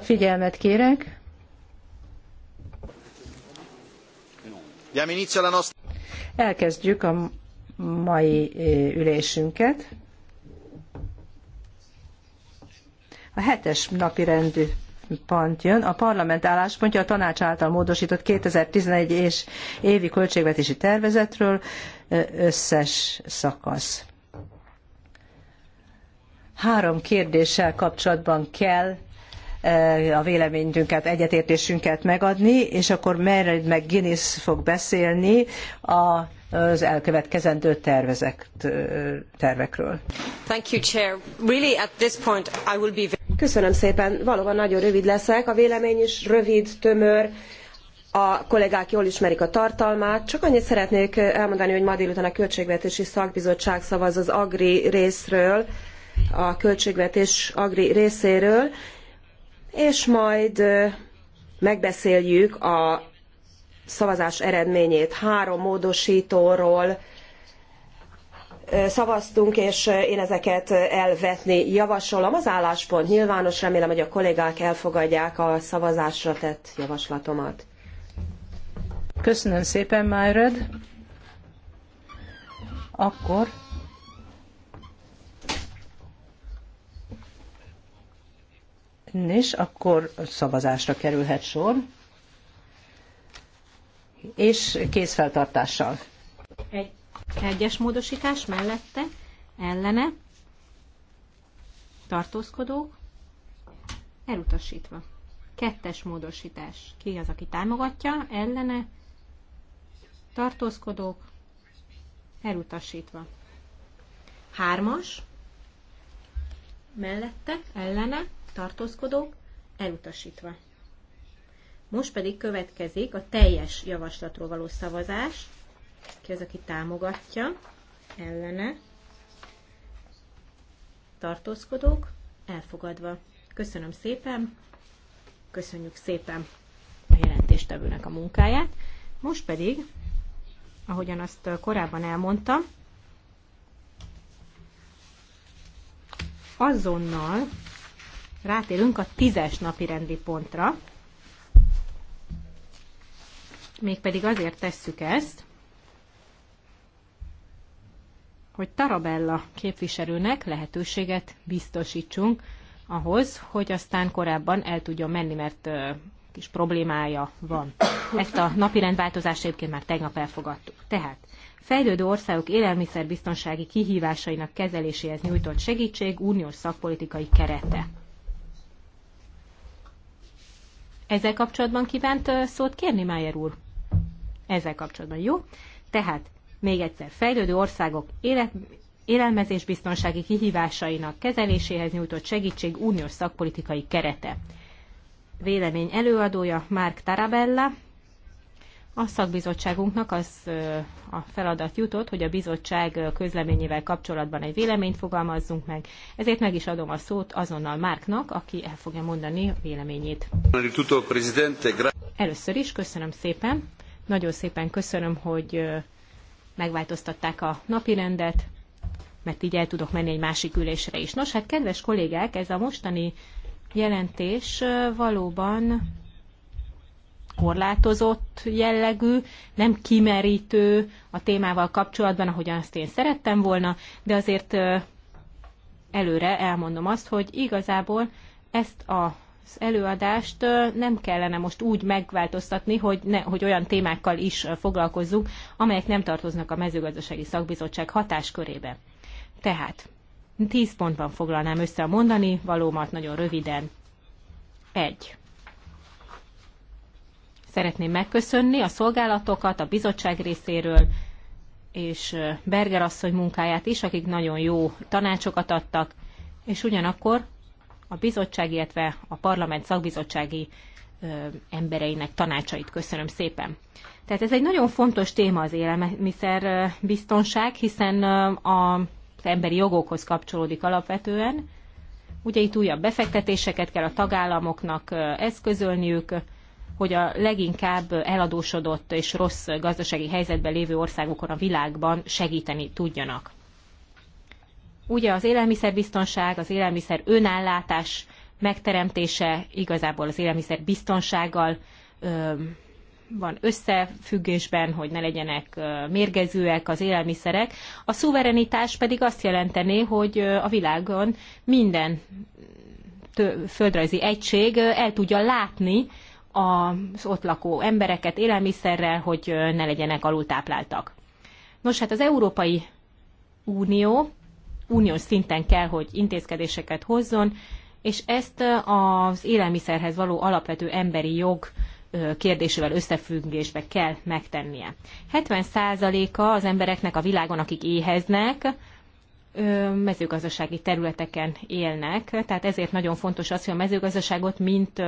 Figyelmet kérek. Elkezdjük a mai eh, ülésünket. A hetes napi rendű pont jön. A parlament álláspontja a tanács által módosított 2011 és évi költségvetési tervezetről eh, összes szakasz. Három kérdéssel kapcsolatban kell e, a véleményünket, egyetértésünket megadni, és akkor Mered meg Guinness fog beszélni az elkövetkezendő tervezek, tervekről. Thank you, Chair. Really at this point I will be... Köszönöm szépen, valóban nagyon rövid leszek. A vélemény is rövid, tömör, a kollégák jól ismerik a tartalmát. Csak annyit szeretnék elmondani, hogy ma délután a Költségvetési Szakbizottság szavaz az Agri részről, a költségvetés agri részéről, és majd megbeszéljük a szavazás eredményét. Három módosítóról szavaztunk, és én ezeket elvetni javasolom. Az álláspont nyilvános, remélem, hogy a kollégák elfogadják a szavazásra tett javaslatomat. Köszönöm szépen, Májred. Akkor és akkor szavazásra kerülhet sor, és kézfeltartással. Egy, egyes módosítás mellette, ellene, tartózkodók, elutasítva. Kettes módosítás. Ki az, aki támogatja, ellene, tartózkodók, elutasítva. Hármas, mellette, ellene, tartózkodók, elutasítva. Most pedig következik a teljes javaslatról való szavazás. Ki az, aki támogatja, ellene, tartózkodók, elfogadva. Köszönöm szépen, köszönjük szépen a jelentéstevőnek a munkáját. Most pedig, ahogyan azt korábban elmondtam, azonnal rátérünk a tízes napi rendi pontra. Mégpedig azért tesszük ezt, hogy Tarabella képviselőnek lehetőséget biztosítsunk ahhoz, hogy aztán korábban el tudjon menni, mert kis problémája van. Ezt a rendváltozást egyébként már tegnap elfogadtuk. Tehát fejlődő országok élelmiszerbiztonsági kihívásainak kezeléséhez nyújtott segítség uniós szakpolitikai kerete. Ezzel kapcsolatban kívánt szót kérni, Májer úr? Ezzel kapcsolatban, jó? Tehát még egyszer, fejlődő országok élet, élelmezésbiztonsági kihívásainak kezeléséhez nyújtott segítség uniós szakpolitikai kerete. Vélemény előadója Mark Tarabella, a szakbizottságunknak az a feladat jutott, hogy a bizottság közleményével kapcsolatban egy véleményt fogalmazzunk meg. Ezért meg is adom a szót azonnal Márknak, aki el fogja mondani a véleményét. Először is köszönöm szépen. Nagyon szépen köszönöm, hogy megváltoztatták a napirendet, mert így el tudok menni egy másik ülésre is. Nos, hát kedves kollégák, ez a mostani jelentés valóban korlátozott jellegű, nem kimerítő a témával kapcsolatban, ahogyan azt én szerettem volna, de azért előre elmondom azt, hogy igazából ezt a az előadást nem kellene most úgy megváltoztatni, hogy, ne, hogy olyan témákkal is foglalkozzunk, amelyek nem tartoznak a mezőgazdasági szakbizottság hatáskörébe. Tehát tíz pontban foglalnám össze a mondani valómat nagyon röviden. Egy szeretném megköszönni a szolgálatokat a bizottság részéről, és Berger asszony munkáját is, akik nagyon jó tanácsokat adtak, és ugyanakkor a bizottság, illetve a parlament szakbizottsági ö, embereinek tanácsait köszönöm szépen. Tehát ez egy nagyon fontos téma az élelmiszer biztonság, hiszen az emberi jogokhoz kapcsolódik alapvetően. Ugye itt újabb befektetéseket kell a tagállamoknak eszközölniük, hogy a leginkább eladósodott és rossz gazdasági helyzetben lévő országokon a világban segíteni tudjanak. Ugye az élelmiszerbiztonság, az élelmiszer önállátás megteremtése igazából az élelmiszer biztonsággal van összefüggésben, hogy ne legyenek mérgezőek az élelmiszerek. A szuverenitás pedig azt jelenteni, hogy a világon minden földrajzi egység el tudja látni, az ott lakó embereket élelmiszerrel, hogy ne legyenek alultápláltak. Nos, hát az Európai Unió uniós szinten kell, hogy intézkedéseket hozzon, és ezt az élelmiszerhez való alapvető emberi jog kérdésével összefüggésbe kell megtennie. 70%-a az embereknek a világon, akik éheznek, mezőgazdasági területeken élnek, tehát ezért nagyon fontos az, hogy a mezőgazdaságot mint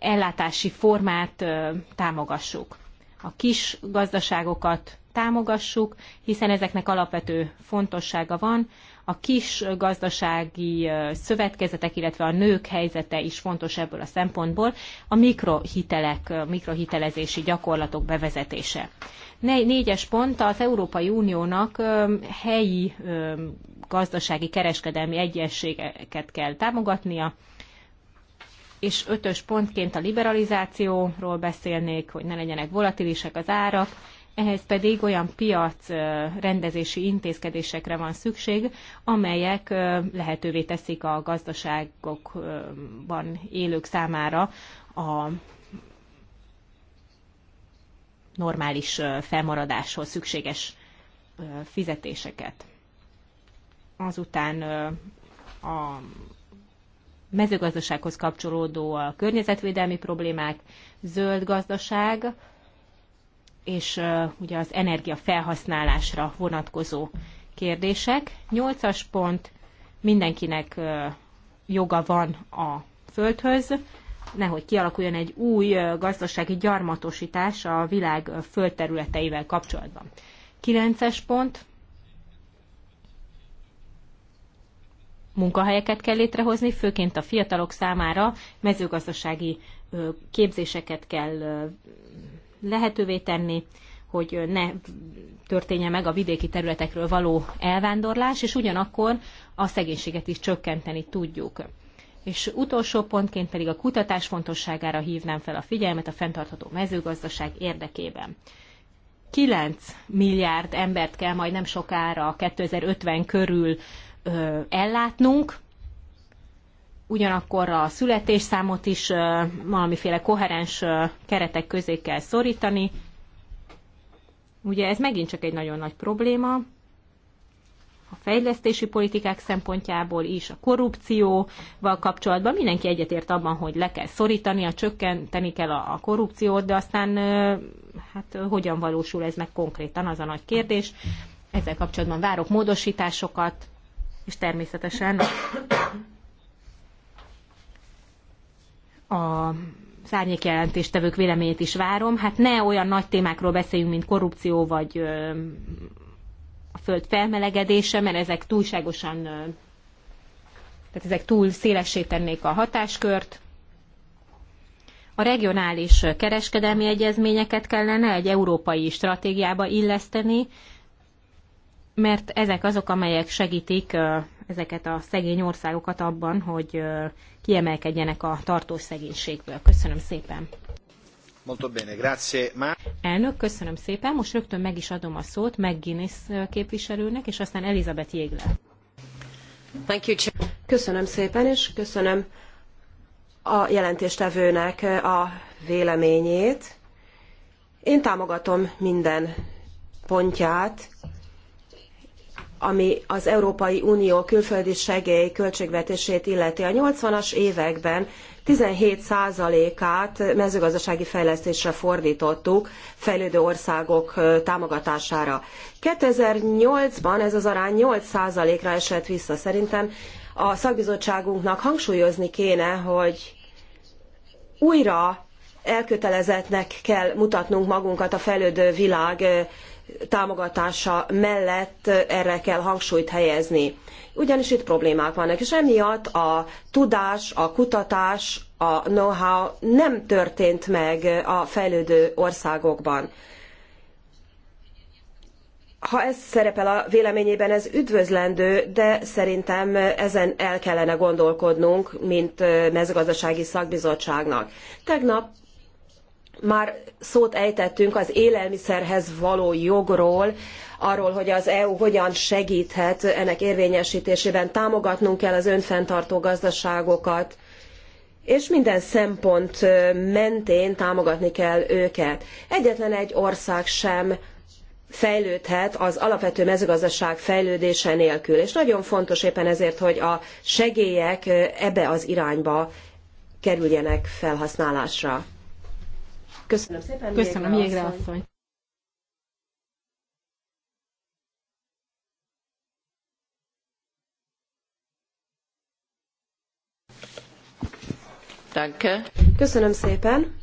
ellátási formát támogassuk. A kis gazdaságokat támogassuk, hiszen ezeknek alapvető fontossága van. A kis gazdasági szövetkezetek, illetve a nők helyzete is fontos ebből a szempontból, a mikrohitelek, mikrohitelezési gyakorlatok bevezetése. Négyes pont az Európai Uniónak helyi gazdasági kereskedelmi egyességeket kell támogatnia, és ötös pontként a liberalizációról beszélnék, hogy ne legyenek volatilisek az árak, ehhez pedig olyan piac rendezési intézkedésekre van szükség, amelyek lehetővé teszik a gazdaságokban élők számára a normális felmaradáshoz szükséges fizetéseket. Azután a mezőgazdasághoz kapcsolódó a környezetvédelmi problémák, zöld gazdaság, és ugye az energia felhasználásra vonatkozó kérdések. Nyolcas pont, mindenkinek joga van a földhöz, nehogy kialakuljon egy új gazdasági gyarmatosítás a világ földterületeivel kapcsolatban. Kilences pont, munkahelyeket kell létrehozni, főként a fiatalok számára mezőgazdasági képzéseket kell lehetővé tenni, hogy ne történje meg a vidéki területekről való elvándorlás, és ugyanakkor a szegénységet is csökkenteni tudjuk. És utolsó pontként pedig a kutatás fontosságára hívnám fel a figyelmet a fenntartható mezőgazdaság érdekében. 9 milliárd embert kell majd nem sokára 2050 körül ellátnunk, ugyanakkor a születésszámot is valamiféle koherens keretek közé kell szorítani. Ugye ez megint csak egy nagyon nagy probléma, a fejlesztési politikák szempontjából is, a korrupcióval kapcsolatban mindenki egyetért abban, hogy le kell szorítani, a csökkenteni kell a, a korrupciót, de aztán hát hogyan valósul ez meg konkrétan, az a nagy kérdés. Ezzel kapcsolatban várok módosításokat, és természetesen a jelentéstevők véleményét is várom. Hát ne olyan nagy témákról beszéljünk, mint korrupció vagy a föld felmelegedése, mert ezek túlságosan, tehát ezek túl szélessé tennék a hatáskört. A regionális kereskedelmi egyezményeket kellene egy európai stratégiába illeszteni, mert ezek azok, amelyek segítik ezeket a szegény országokat abban, hogy kiemelkedjenek a tartós szegénységből. Köszönöm szépen! Molto bene, grazie. Ma... Elnök, köszönöm szépen. Most rögtön meg is adom a szót McGuinness képviselőnek, és aztán Elizabeth Jégle. Thank you, köszönöm szépen, és köszönöm a jelentéstevőnek a véleményét. Én támogatom minden pontját, ami az Európai Unió külföldi segély költségvetését illeti. A 80-as években 17%-át mezőgazdasági fejlesztésre fordítottuk fejlődő országok támogatására. 2008-ban ez az arány 8%-ra esett vissza. Szerintem a szakbizottságunknak hangsúlyozni kéne, hogy újra elkötelezettnek kell mutatnunk magunkat a fejlődő világ támogatása mellett erre kell hangsúlyt helyezni. Ugyanis itt problémák vannak, és emiatt a tudás, a kutatás, a know-how nem történt meg a fejlődő országokban. Ha ez szerepel a véleményében, ez üdvözlendő, de szerintem ezen el kellene gondolkodnunk, mint mezőgazdasági szakbizottságnak. Tegnap már szót ejtettünk az élelmiszerhez való jogról, arról, hogy az EU hogyan segíthet ennek érvényesítésében, támogatnunk kell az önfenntartó gazdaságokat, és minden szempont mentén támogatni kell őket. Egyetlen egy ország sem fejlődhet az alapvető mezőgazdaság fejlődése nélkül. És nagyon fontos éppen ezért, hogy a segélyek ebbe az irányba kerüljenek felhasználásra. Köszönöm szépen, Köszönöm, Jégre asszony. Köszönöm szépen.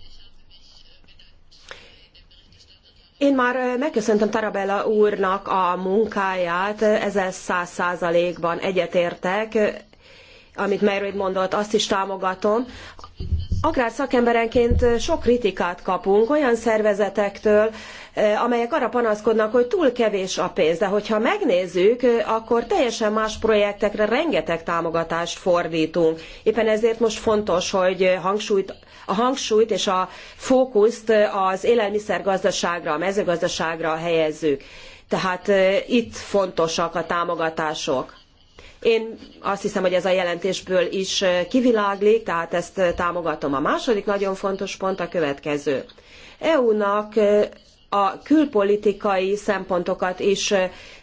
Én már megköszöntem Tarabella úrnak a munkáját, ezzel száz százalékban egyetértek, amit Merritt mondott, azt is támogatom agrárszakemberenként sok kritikát kapunk olyan szervezetektől, eh, amelyek arra panaszkodnak, hogy túl kevés a pénz, de hogyha megnézzük, eh, akkor teljesen más projektekre rengeteg támogatást fordítunk. Éppen ezért most fontos, hogy eh, hangsúlyt, a hangsúlyt és a fókuszt az élelmiszergazdaságra, a mezőgazdaságra helyezzük. Tehát itt fontosak a támogatások. Én azt hiszem, hogy ez a jelentésből is kiviláglik, tehát ezt támogatom. A második nagyon fontos pont a következő. EU-nak a külpolitikai szempontokat is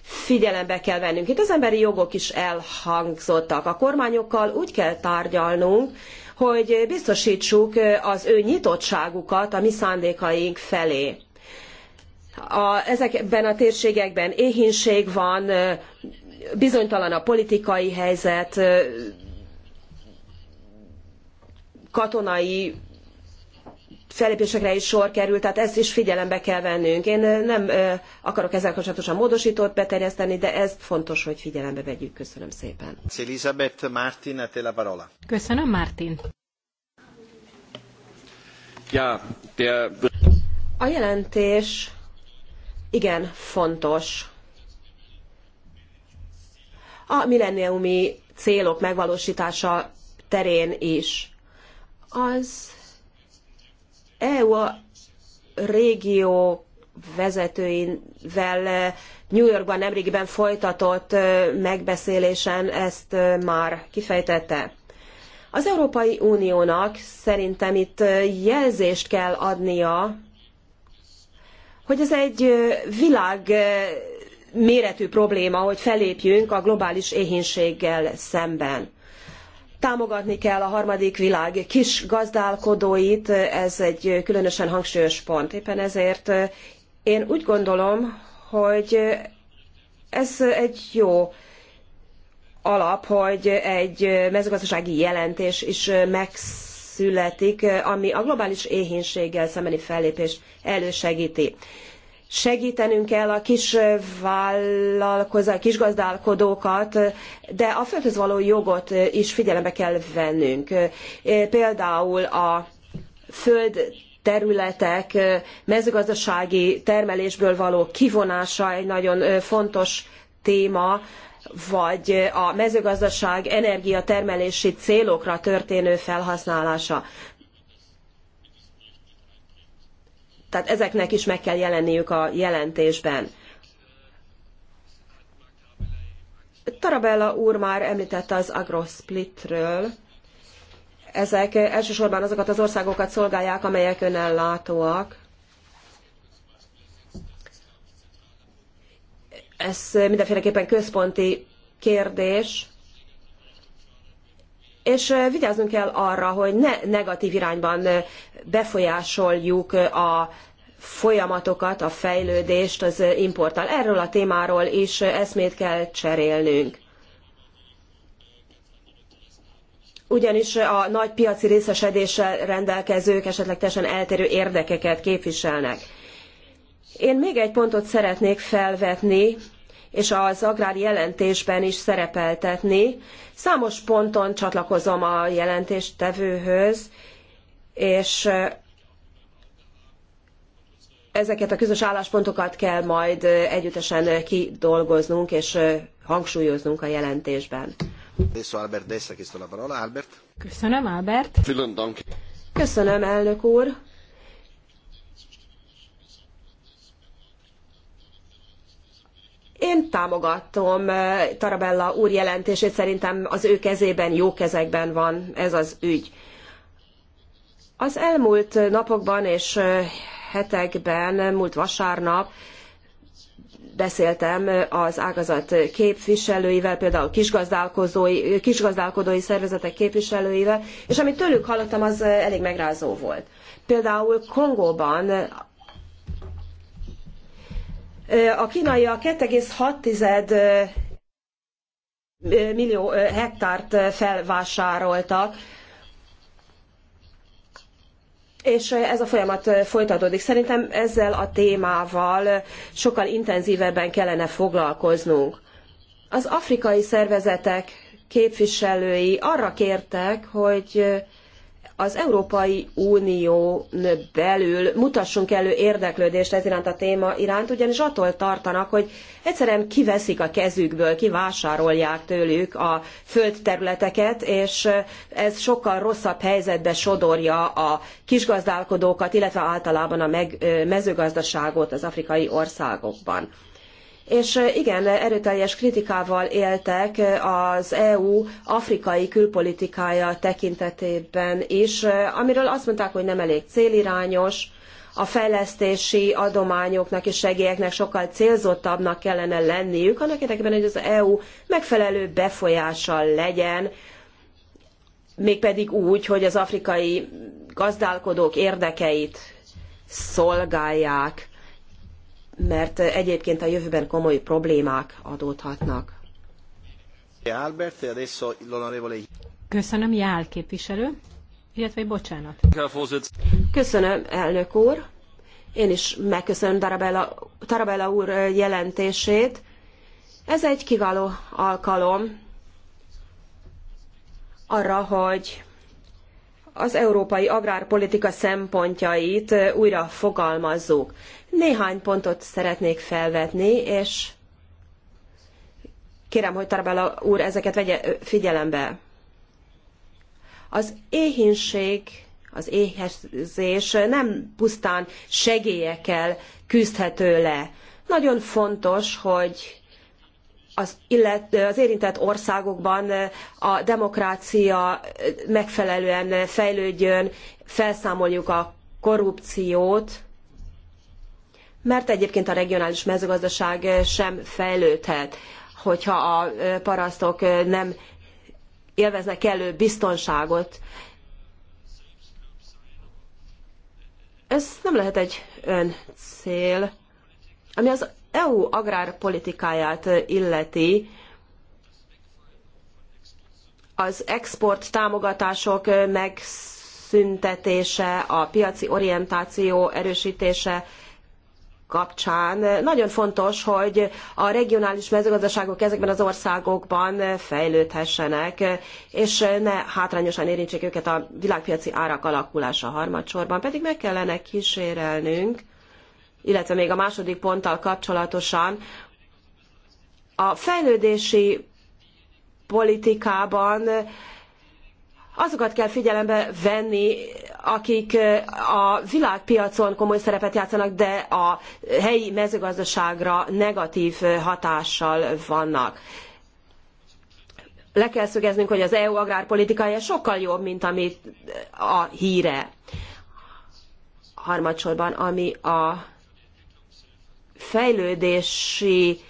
figyelembe kell vennünk. Itt az emberi jogok is elhangzottak. A kormányokkal úgy kell tárgyalnunk, hogy biztosítsuk az ő nyitottságukat a mi szándékaink felé. A, ezekben a térségekben éhínség van, bizonytalan a politikai helyzet, katonai fellépésekre is sor kerül, tehát ezt is figyelembe kell vennünk. Én nem akarok ezzel kapcsolatosan módosítót beterjeszteni, de ezt fontos, hogy figyelembe vegyük. Köszönöm szépen. Elizabeth Martin, la parola. Köszönöm, Martin. Ja, de... A jelentés igen fontos a milleniumi célok megvalósítása terén is. Az EU a régió vezetőinvel eh, New Yorkban nemrégiben folytatott eh, megbeszélésen ezt eh, már kifejtette. Az Európai Uniónak szerintem itt jelzést kell adnia, hogy ez egy világ méretű probléma, hogy felépjünk a globális éhínséggel szemben. Támogatni kell a harmadik világ kis gazdálkodóit, ez egy különösen hangsúlyos pont. Éppen ezért én úgy gondolom, hogy ez egy jó alap, hogy egy mezőgazdasági jelentés is megszületik, ami a globális éhínséggel szembeni fellépést elősegíti segítenünk kell a kis vállalkozó, kis gazdálkodókat, de a földhöz való jogot is figyelembe kell vennünk. Például a föld területek mezőgazdasági termelésből való kivonása egy nagyon fontos téma, vagy a mezőgazdaság energiatermelési célokra történő felhasználása. tehát ezeknek is meg kell jelenniük a jelentésben. Tarabella úr már említette az agrosplitről. Ezek elsősorban azokat az országokat szolgálják, amelyek önellátóak. Ez mindenféleképpen központi kérdés és vigyáznunk kell arra, hogy ne negatív irányban befolyásoljuk a folyamatokat, a fejlődést az importtal. Erről a témáról is eszmét kell cserélnünk. Ugyanis a nagy piaci részesedéssel rendelkezők esetleg teljesen eltérő érdekeket képviselnek. Én még egy pontot szeretnék felvetni, és az agrári jelentésben is szerepeltetni. Számos ponton csatlakozom a jelentéstevőhöz, és ezeket a közös álláspontokat kell majd együttesen kidolgoznunk és hangsúlyoznunk a jelentésben. Albert Dessa, parola. Albert. Köszönöm, Albert. Köszönöm, elnök úr. Én támogatom eh, Tarabella úr jelentését, szerintem az ő kezében, jó kezekben van ez az ügy. Az elmúlt napokban és eh, hetekben, eh, múlt vasárnap beszéltem az ágazat képviselőivel, például kisgazdálkodói kisgazdálkodói szervezetek képviselőivel, és amit tőlük hallottam, az elég megrázó volt. Például Kongóban a kínaiak 2,6 millió hektárt felvásároltak, és ez a folyamat folytatódik. Szerintem ezzel a témával sokkal intenzívebben kellene foglalkoznunk. Az afrikai szervezetek képviselői arra kértek, hogy az Európai Unión belül mutassunk elő érdeklődést ez iránt a téma iránt, ugyanis attól tartanak, hogy egyszerűen kiveszik a kezükből, kivásárolják tőlük a földterületeket, és ez sokkal rosszabb helyzetbe sodorja a kisgazdálkodókat, illetve általában a mezőgazdaságot az afrikai országokban és igen, erőteljes kritikával éltek az EU afrikai külpolitikája tekintetében is, amiről azt mondták, hogy nem elég célirányos, a fejlesztési adományoknak és segélyeknek sokkal célzottabbnak kellene lenniük, annak érdekében, hogy az EU megfelelő befolyással legyen, mégpedig úgy, hogy az afrikai gazdálkodók érdekeit szolgálják mert egyébként a jövőben komoly problémák adódhatnak. E Köszönöm, Jál képviselő, illetve bocsánat. Köszönöm, elnök úr. Én is megköszönöm Tarabella, Tarabella úr jelentését. Ez egy kiváló alkalom arra, hogy az európai agrárpolitika szempontjait újra fogalmazzuk. Néhány pontot szeretnék felvetni, és kérem, hogy Tarabella úr ezeket vegye figyelembe. Az éhínség, az éhezés nem pusztán segélyekkel küzdhető le. Nagyon fontos, hogy az, illet, az érintett országokban a demokrácia megfelelően fejlődjön, felszámoljuk a korrupciót, mert egyébként a regionális mezőgazdaság sem fejlődhet, hogyha a parasztok nem élveznek kellő biztonságot. Ez nem lehet egy ön cél. Ami az EU agrárpolitikáját illeti, az export támogatások megszüntetése, a piaci orientáció erősítése, kapcsán nagyon fontos, hogy a regionális mezőgazdaságok ezekben az országokban fejlődhessenek, és ne hátrányosan érintsék őket a világpiaci árak alakulása harmadsorban, pedig meg kellene kísérelnünk, illetve még a második ponttal kapcsolatosan, a fejlődési politikában azokat kell figyelembe venni, akik a világpiacon komoly szerepet játszanak, de a helyi mezőgazdaságra negatív hatással vannak. Le kell szögeznünk, hogy az EU agrárpolitikája sokkal jobb, mint amit a híre. Harmadsorban, ami a fejlődési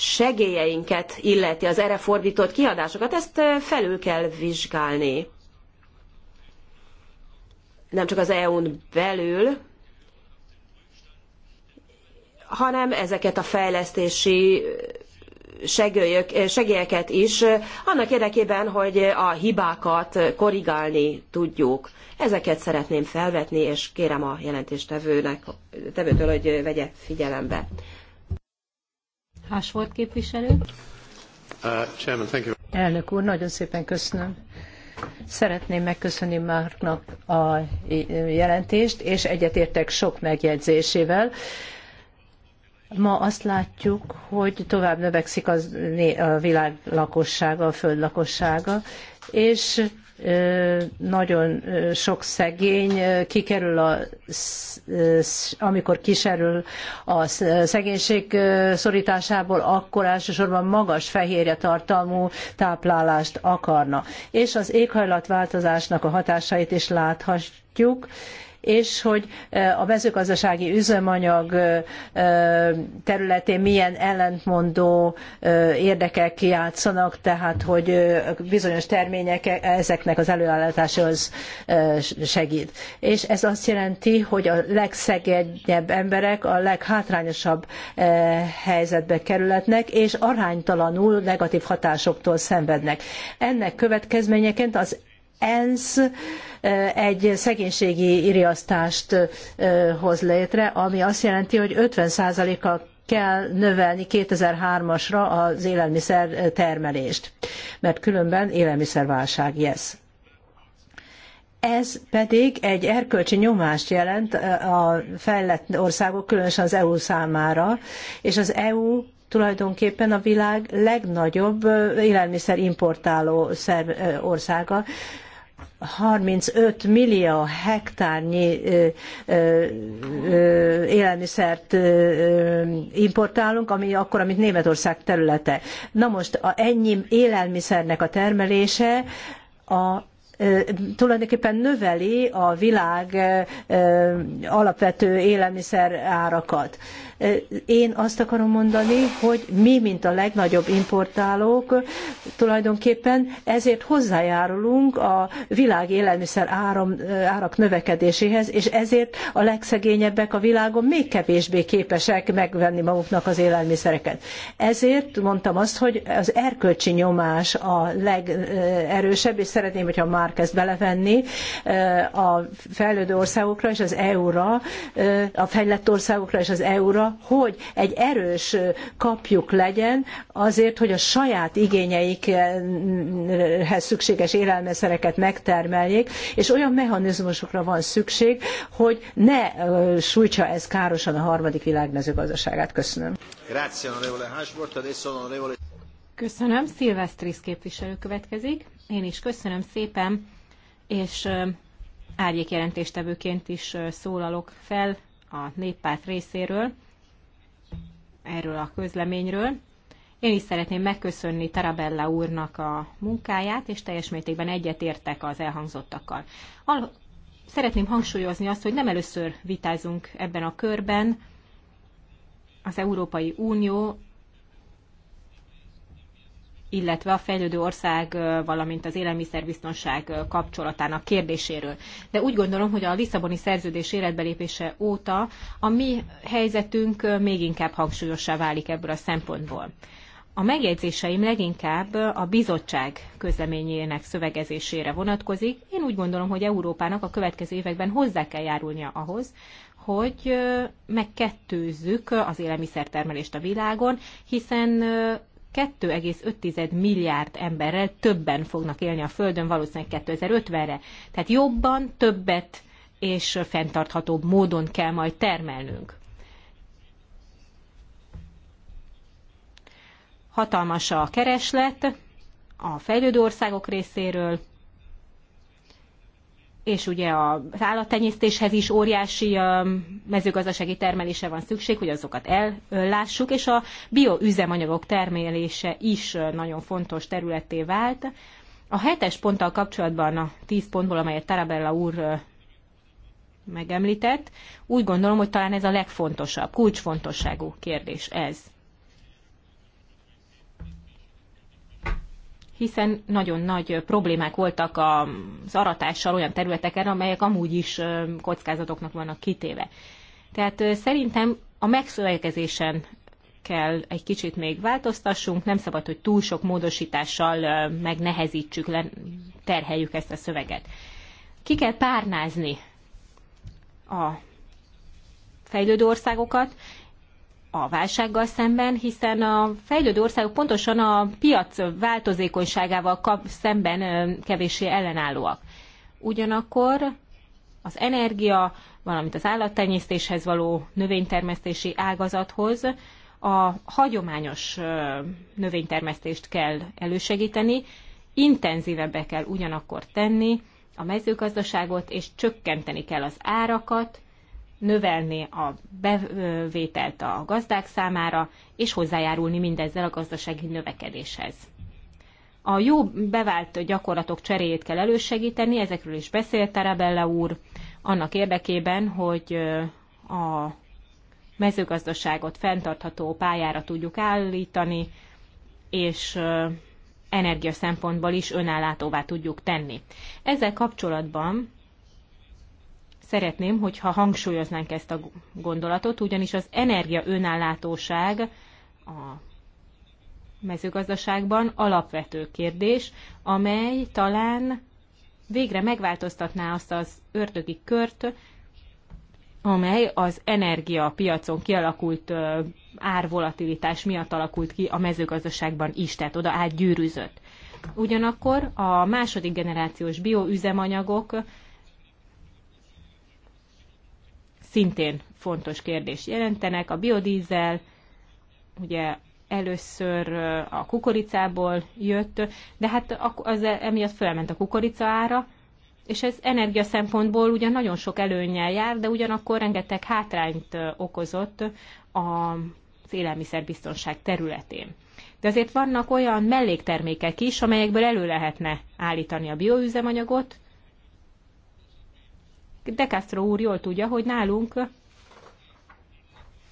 segélyeinket illeti, az erre fordított kiadásokat, ezt felül kell vizsgálni. Nem csak az EU-n belül, hanem ezeket a fejlesztési segélyek, segélyeket is, annak érdekében, hogy a hibákat korrigálni tudjuk. Ezeket szeretném felvetni, és kérem a jelentéstevőnek, tevőtől, hogy vegye figyelembe. Ashford képviselő. Uh, chairman, thank you. Elnök úr, nagyon szépen köszönöm. Szeretném megköszönni Márknak a jelentést, és egyetértek sok megjegyzésével. Ma azt látjuk, hogy tovább növekszik a világ lakossága, a föld lakossága, és nagyon sok szegény kikerül a, amikor kiserül a szegénység szorításából, akkor elsősorban magas fehérje tartalmú táplálást akarna. És az éghajlatváltozásnak a hatásait is láthatjuk, és hogy e, a mezőgazdasági üzemanyag e, e, területén milyen ellentmondó érdekek játszanak, tehát hogy bizonyos termények ezeknek az előállításhoz segít. És ez azt jelenti, hogy a legszegényebb emberek a leghátrányosabb helyzetbe kerülhetnek, és aránytalanul negatív hatásoktól szenvednek. Ennek következményeként az ENSZ egy szegénységi iriasztást hoz létre, ami azt jelenti, hogy 50%-kal kell növelni 2003-asra az élelmiszer termelést, mert különben élelmiszerválság lesz. Ez pedig egy erkölcsi nyomást jelent a fejlett országok, különösen az EU számára, és az EU tulajdonképpen a világ legnagyobb élelmiszerimportáló országa, 35 millió hektárnyi élelmiszert importálunk, ami akkor, amit Németország területe. Na most a ennyi élelmiszernek a termelése a tulajdonképpen növeli a világ alapvető élelmiszer árakat. Én azt akarom mondani, hogy mi, mint a legnagyobb importálók, tulajdonképpen ezért hozzájárulunk a világ élelmiszer áram, árak növekedéséhez, és ezért a legszegényebbek a világon még kevésbé képesek megvenni maguknak az élelmiszereket. Ezért mondtam azt, hogy az erkölcsi nyomás a legerősebb, és szeretném, hogyha már kezd belevenni a fejlődő országokra és az EU-ra, a fejlett országokra és az EU-ra, hogy egy erős kapjuk legyen azért, hogy a saját igényeikhez szükséges élelmeszereket megtermeljék, és olyan mechanizmusokra van szükség, hogy ne sújtsa ez károsan a harmadik világ mezőgazdaságát. Köszönöm. Köszönöm. Szilvesztris képviselő következik. Én is köszönöm szépen, és árnyék árnyékjelentéstevőként is szólalok fel a néppárt részéről erről a közleményről. Én is szeretném megköszönni Tarabella úrnak a munkáját, és teljes mértékben egyetértek az elhangzottakkal. Al- szeretném hangsúlyozni azt, hogy nem először vitázunk ebben a körben. Az Európai Unió illetve a fejlődő ország, valamint az élelmiszerbiztonság kapcsolatának kérdéséről. De úgy gondolom, hogy a Lisszaboni szerződés életbelépése óta a mi helyzetünk még inkább hangsúlyossá válik ebből a szempontból. A megjegyzéseim leginkább a bizottság közleményének szövegezésére vonatkozik. Én úgy gondolom, hogy Európának a következő években hozzá kell járulnia ahhoz, hogy megkettőzzük az élelmiszertermelést a világon, hiszen 2,5 milliárd emberrel többen fognak élni a Földön valószínűleg 2050-re. Tehát jobban, többet és fenntarthatóbb módon kell majd termelnünk. Hatalmas a kereslet a fejlődő országok részéről, és ugye az állattenyésztéshez is óriási mezőgazdasági termelése van szükség, hogy azokat ellássuk, és a bioüzemanyagok termelése is nagyon fontos területé vált. A hetes ponttal kapcsolatban a tíz pontból, amelyet Tarabella úr megemlített, úgy gondolom, hogy talán ez a legfontosabb, kulcsfontosságú kérdés ez. hiszen nagyon nagy problémák voltak az aratással olyan területeken, amelyek amúgy is kockázatoknak vannak kitéve. Tehát szerintem a megszövegezésen kell egy kicsit még változtassunk, nem szabad, hogy túl sok módosítással megnehezítsük, terheljük ezt a szöveget. Ki kell párnázni a fejlődő országokat, a válsággal szemben, hiszen a fejlődő országok pontosan a piac változékonyságával kap szemben kevéssé ellenállóak. Ugyanakkor az energia, valamint az állattenyésztéshez való növénytermesztési ágazathoz a hagyományos növénytermesztést kell elősegíteni, intenzívebbe kell ugyanakkor tenni a mezőgazdaságot, és csökkenteni kell az árakat, növelni a bevételt a gazdák számára, és hozzájárulni mindezzel a gazdasági növekedéshez. A jó bevált gyakorlatok cseréjét kell elősegíteni, ezekről is beszélt Tarabella úr, annak érdekében, hogy a mezőgazdaságot fenntartható pályára tudjuk állítani, és energia szempontból is önállátóvá tudjuk tenni. Ezzel kapcsolatban szeretném, hogyha hangsúlyoznánk ezt a gondolatot, ugyanis az energia önállátóság a mezőgazdaságban alapvető kérdés, amely talán végre megváltoztatná azt az ördögi kört, amely az energiapiacon kialakult árvolatilitás miatt alakult ki a mezőgazdaságban is, tehát oda átgyűrűzött. Ugyanakkor a második generációs bioüzemanyagok szintén fontos kérdést jelentenek. A biodízel ugye először a kukoricából jött, de hát az e- emiatt felment a kukorica ára, és ez energia szempontból ugyan nagyon sok előnnyel jár, de ugyanakkor rengeteg hátrányt okozott az élelmiszerbiztonság területén. De azért vannak olyan melléktermékek is, amelyekből elő lehetne állítani a bioüzemanyagot, de Castro úr jól tudja, hogy nálunk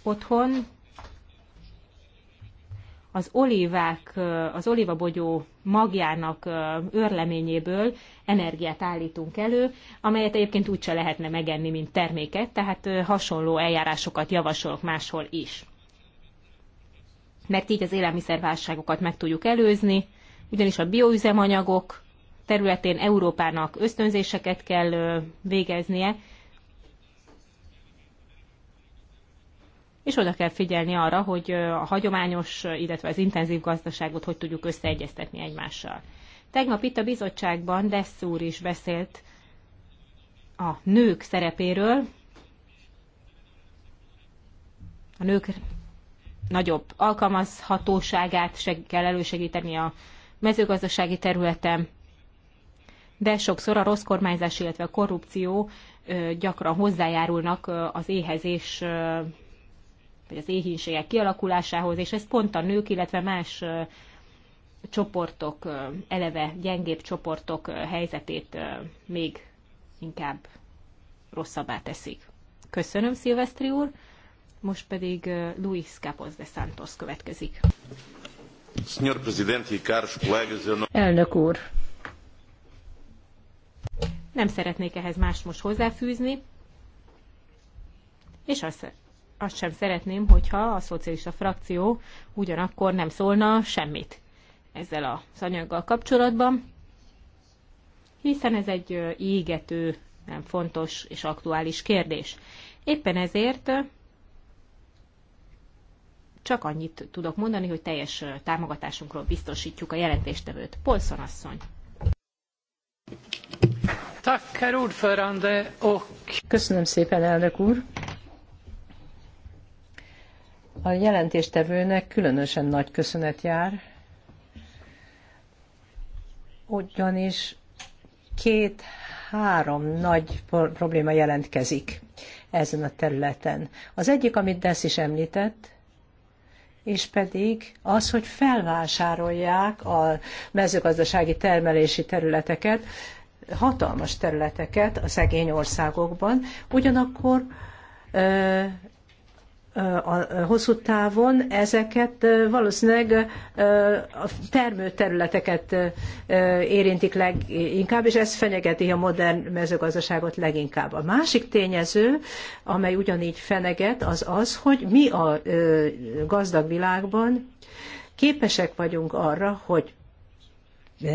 otthon az olívák, az olívabogyó magjának örleményéből energiát állítunk elő, amelyet egyébként úgyse lehetne megenni, mint terméket, tehát hasonló eljárásokat javasolok máshol is. Mert így az élelmiszerválságokat meg tudjuk előzni, ugyanis a bioüzemanyagok területén Európának ösztönzéseket kell végeznie, és oda kell figyelni arra, hogy a hagyományos, illetve az intenzív gazdaságot hogy tudjuk összeegyeztetni egymással. Tegnap itt a bizottságban Dessz úr is beszélt a nők szerepéről, a nők nagyobb alkalmazhatóságát kell elősegíteni a mezőgazdasági területen, de sokszor a rossz kormányzás, illetve a korrupció gyakran hozzájárulnak az éhezés vagy az éhínségek kialakulásához, és ez pont a nők, illetve más csoportok, eleve gyengébb csoportok helyzetét még inkább rosszabbá teszik. Köszönöm, Szilvesztri úr! Most pedig Luis Capos de Santos következik. E Elnök úr, nem szeretnék ehhez mást most hozzáfűzni, és azt, azt sem szeretném, hogyha a szocialista frakció ugyanakkor nem szólna semmit ezzel az anyaggal kapcsolatban, hiszen ez egy égető, nem fontos és aktuális kérdés. Éppen ezért csak annyit tudok mondani, hogy teljes támogatásunkról biztosítjuk a jelentéstevőt. Polszon asszony. Köszönöm szépen, elnök úr. A jelentéstevőnek különösen nagy köszönet jár, ugyanis két-három nagy probléma jelentkezik ezen a területen. Az egyik, amit Desz is említett, és pedig az, hogy felvásárolják a mezőgazdasági termelési területeket, hatalmas területeket a szegény országokban, ugyanakkor a hosszú távon ezeket valószínűleg a termőterületeket érintik leginkább, és ez fenyegeti a modern mezőgazdaságot leginkább. A másik tényező, amely ugyanígy feneget, az az, hogy mi a gazdag világban képesek vagyunk arra, hogy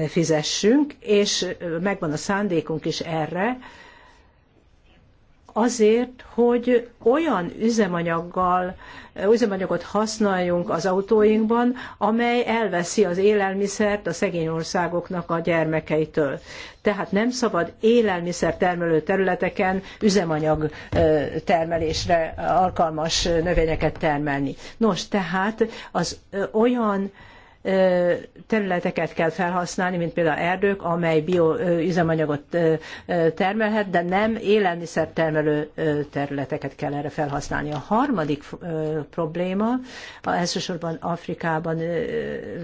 fizessünk, és megvan a szándékunk is erre, azért, hogy olyan üzemanyaggal, üzemanyagot használjunk az autóinkban, amely elveszi az élelmiszert a szegény országoknak a gyermekeitől. Tehát nem szabad élelmiszer termelő területeken üzemanyag termelésre alkalmas növényeket termelni. Nos, tehát az olyan területeket kell felhasználni, mint például erdők, amely bioüzemanyagot termelhet, de nem termelő területeket kell erre felhasználni. A harmadik probléma, elsősorban Afrikában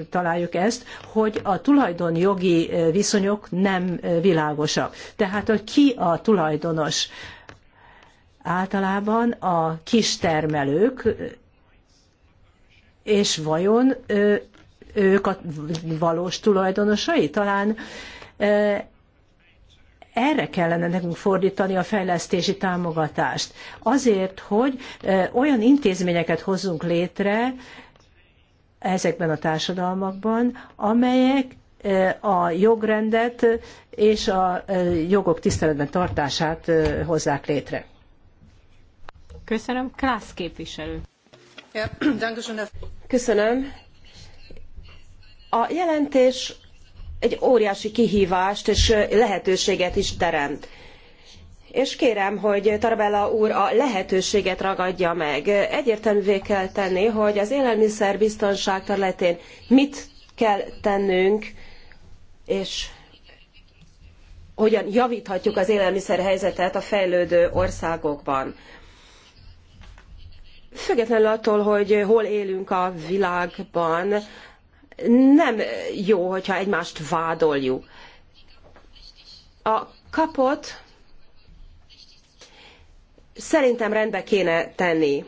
találjuk ezt, hogy a tulajdonjogi viszonyok nem világosak. Tehát, hogy ki a tulajdonos? Általában a kis termelők, és vajon ők a valós tulajdonosai? Talán erre kellene nekünk fordítani a fejlesztési támogatást. Azért, hogy olyan intézményeket hozzunk létre ezekben a társadalmakban, amelyek a jogrendet és a jogok tiszteletben tartását hozzák létre. Köszönöm, Klász képviselő. Köszönöm. A jelentés egy óriási kihívást és lehetőséget is teremt. És kérem, hogy Tarabella úr a lehetőséget ragadja meg. Egyértelművé kell tenni, hogy az élelmiszerbiztonság területén mit kell tennünk, és hogyan javíthatjuk az élelmiszer helyzetet a fejlődő országokban. Függetlenül attól, hogy hol élünk a világban, nem jó, hogyha egymást vádoljuk. A kapot szerintem rendbe kéne tenni.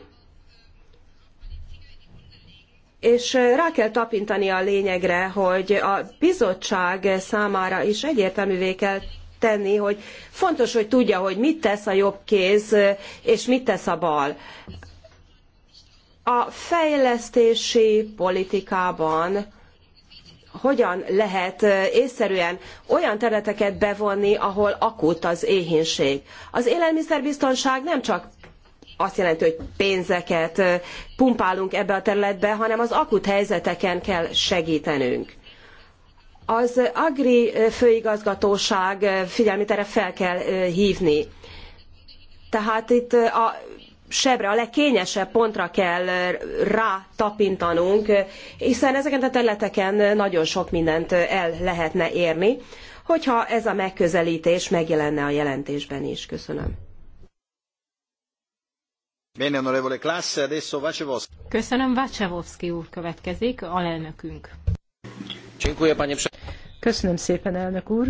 És rá kell tapintani a lényegre, hogy a bizottság számára is egyértelművé kell tenni, hogy fontos, hogy tudja, hogy mit tesz a jobb kéz, és mit tesz a bal. A fejlesztési politikában hogyan lehet észszerűen olyan területeket bevonni, ahol akut az éhínség. Az élelmiszerbiztonság nem csak azt jelenti, hogy pénzeket pumpálunk ebbe a területbe, hanem az akut helyzeteken kell segítenünk. Az Agri főigazgatóság figyelmét erre fel kell hívni. Tehát itt a sebre, a legkényesebb pontra kell rá tapintanunk, hiszen ezeken a területeken nagyon sok mindent el lehetne érni, hogyha ez a megközelítés megjelenne a jelentésben is. Köszönöm. Köszönöm, Vacevovszki úr következik, alelnökünk. Köszönöm szépen, elnök úr.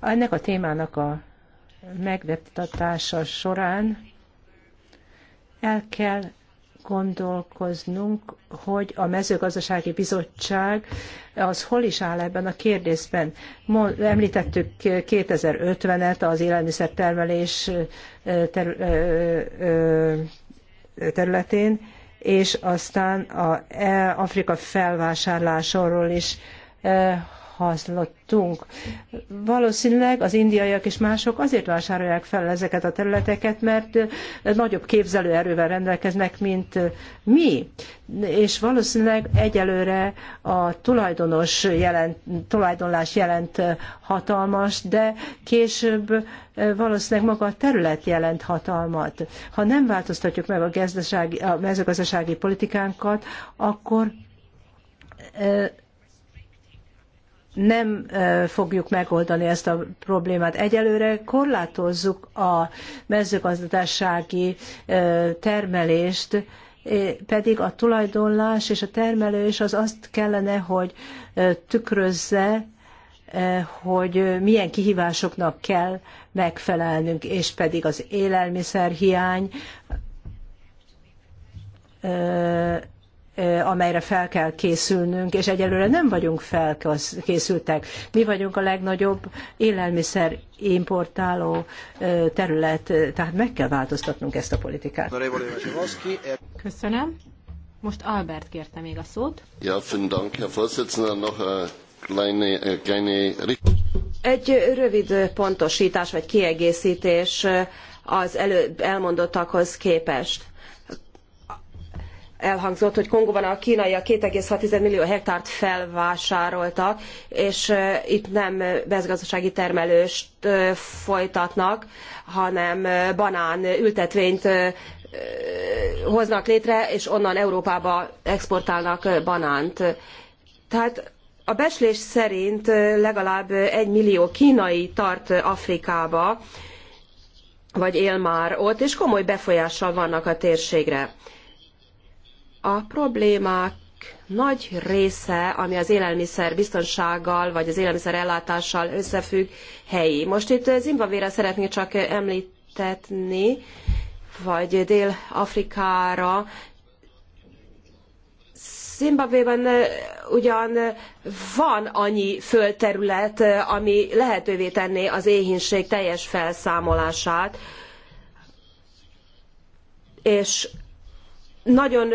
Ennek a témának a megvettatása során el kell gondolkoznunk, hogy a mezőgazdasági bizottság az hol is áll ebben a kérdésben. Említettük 2050-et az élelmiszertermelés területén, és aztán a e, Afrika felvásárlásáról is hazlottunk. Valószínűleg az indiaiak és mások azért vásárolják fel ezeket a területeket, mert eh, nagyobb képzelőerővel rendelkeznek, mint eh, mi. És valószínűleg egyelőre a tulajdonos jelent, tulajdonlás jelent eh, hatalmas, de később valószínűleg maga a terület jelent hatalmat. Ha nem változtatjuk meg a, a mezőgazdasági politikánkat, akkor nem fogjuk megoldani ezt a problémát. Egyelőre korlátozzuk a mezőgazdasági termelést, pedig a tulajdonlás és a termelés az azt kellene, hogy tükrözze, hogy milyen kihívásoknak kell megfelelnünk, és pedig az élelmiszerhiány amelyre fel kell készülnünk, és egyelőre nem vagyunk felkészültek. Mi vagyunk a legnagyobb élelmiszer importáló terület, tehát meg kell változtatnunk ezt a politikát. Köszönöm. Most Albert kérte még a szót. Ja, Dank, äh, Egy rövid pontosítás vagy kiegészítés az előbb elmondottakhoz képest elhangzott, hogy Kongóban a kínaiak 2,6 millió hektárt felvásároltak, és itt nem mezgazdasági termelést folytatnak, hanem banán ültetvényt hoznak létre, és onnan Európába exportálnak banánt. Tehát a beslés szerint legalább egy millió kínai tart Afrikába, vagy él már ott, és komoly befolyással vannak a térségre a problémák nagy része, ami az élelmiszer biztonsággal vagy az élelmiszer ellátással összefügg, helyi. Most itt Zimbabvére szeretnék csak említetni, vagy Dél-Afrikára. Zimbabvében eh, ugyan van annyi földterület, eh, ami lehetővé tenné az éhínség teljes felszámolását, és nagyon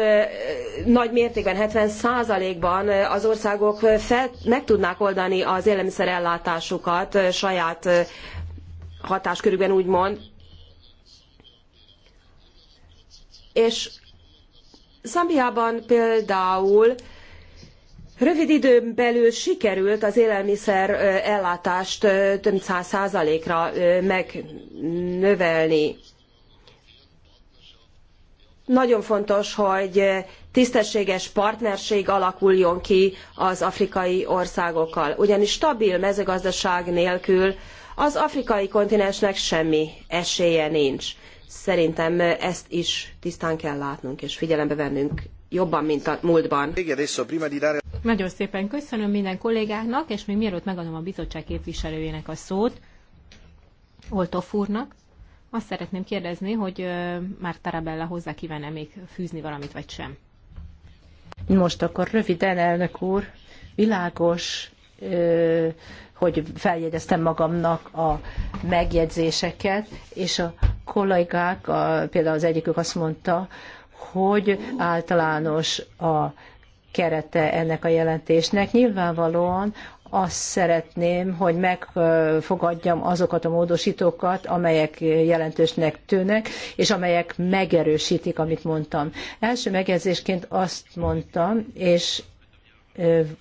nagy mértékben, 70%-ban az országok fel, meg tudnák oldani az élelmiszerellátásukat saját hatáskörükben, úgymond. És Zambiában például rövid időn belül sikerült az élelmiszer ellátást több száz százalékra megnövelni. Nagyon fontos, hogy tisztességes partnerség alakuljon ki az afrikai országokkal, ugyanis stabil mezőgazdaság nélkül az afrikai kontinensnek semmi esélye nincs. Szerintem ezt is tisztán kell látnunk és figyelembe vennünk jobban, mint a múltban. Nagyon szépen köszönöm minden kollégának, és még mielőtt megadom a bizottság képviselőjének a szót, Oltof úrnak, azt szeretném kérdezni, hogy már Tarabella hozzá kívánne még fűzni valamit, vagy sem? Most akkor röviden, elnök úr, világos, hogy feljegyeztem magamnak a megjegyzéseket, és a kollégák, a, például az egyikük azt mondta, hogy általános a kerete ennek a jelentésnek. Nyilvánvalóan azt szeretném, hogy megfogadjam azokat a módosítókat, amelyek jelentősnek tűnnek, és amelyek megerősítik, amit mondtam. Első megjegyzésként azt mondtam, és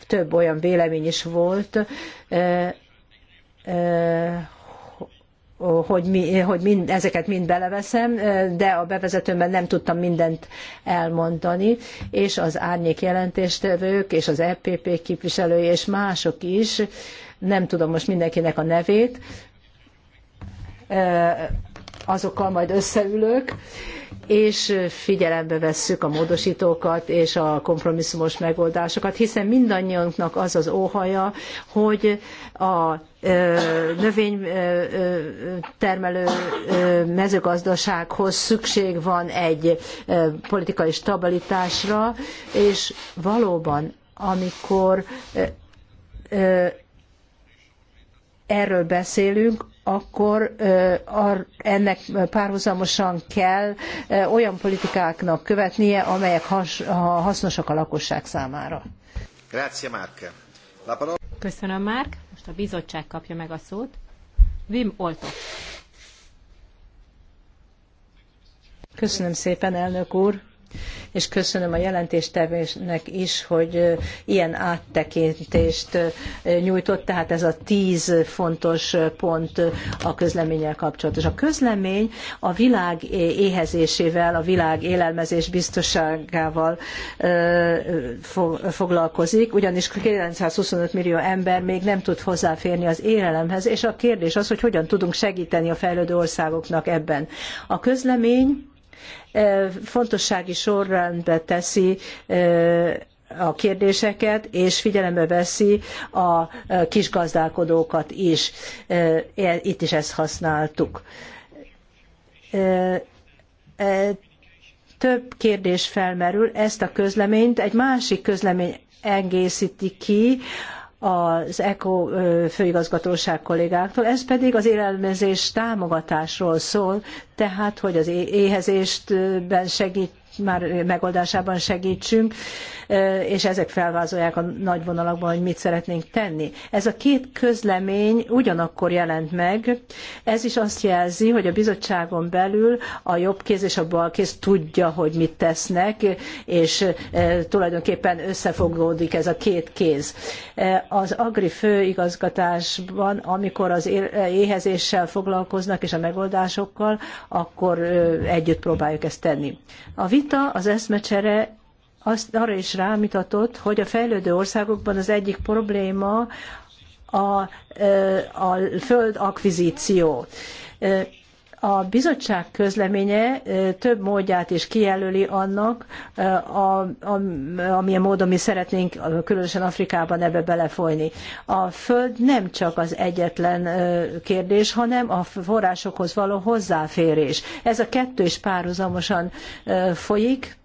több olyan vélemény is volt, hogy, mi, hogy mind, ezeket mind beleveszem, de a bevezetőmben nem tudtam mindent elmondani, és az árnyék jelentéstevők, és az EPP képviselői, és mások is, nem tudom most mindenkinek a nevét, azokkal majd összeülök, és figyelembe vesszük a módosítókat és a kompromisszumos megoldásokat, hiszen mindannyiunknak az az óhaja, hogy a növénytermelő mezőgazdasághoz szükség van egy politikai stabilitásra, és valóban, amikor erről beszélünk, akkor ennek párhuzamosan kell olyan politikáknak követnie, amelyek hasznosak a lakosság számára. Köszönöm, Márk most a bizottság kapja meg a szót. Vim Oltok. Köszönöm szépen, elnök úr és köszönöm a jelentéstevésnek is, hogy ilyen áttekintést nyújtott, tehát ez a tíz fontos pont a közleménnyel kapcsolatos. A közlemény a világ éhezésével, a világ élelmezés biztonságával foglalkozik, ugyanis 925 millió ember még nem tud hozzáférni az élelemhez, és a kérdés az, hogy hogyan tudunk segíteni a fejlődő országoknak ebben. A közlemény fontossági sorrendbe teszi a kérdéseket, és figyelembe veszi a kisgazdálkodókat is. E, itt is ezt használtuk. E, több kérdés felmerül, ezt a közleményt egy másik közlemény egészíti ki, az ECO főigazgatóság kollégáktól, ez pedig az élelmezés támogatásról szól, tehát hogy az éhezést segít, már megoldásában segítsünk, és ezek felvázolják a nagy vonalakban, hogy mit szeretnénk tenni. Ez a két közlemény ugyanakkor jelent meg. Ez is azt jelzi, hogy a bizottságon belül a jobb kéz és a bal kéz tudja, hogy mit tesznek, és tulajdonképpen összefogódik ez a két kéz. Az Agri főigazgatásban, amikor az éhezéssel foglalkoznak és a megoldásokkal, akkor együtt próbáljuk ezt tenni. A vita, az eszmecsere azt arra is rámutatott, hogy a fejlődő országokban az egyik probléma a, a földakvizíció. A bizottság közleménye több módját is kijelöli annak, amilyen módon mi szeretnénk különösen Afrikában ebbe belefolyni. A föld nem csak az egyetlen kérdés, hanem a forrásokhoz való hozzáférés. Ez a kettő is párhuzamosan folyik,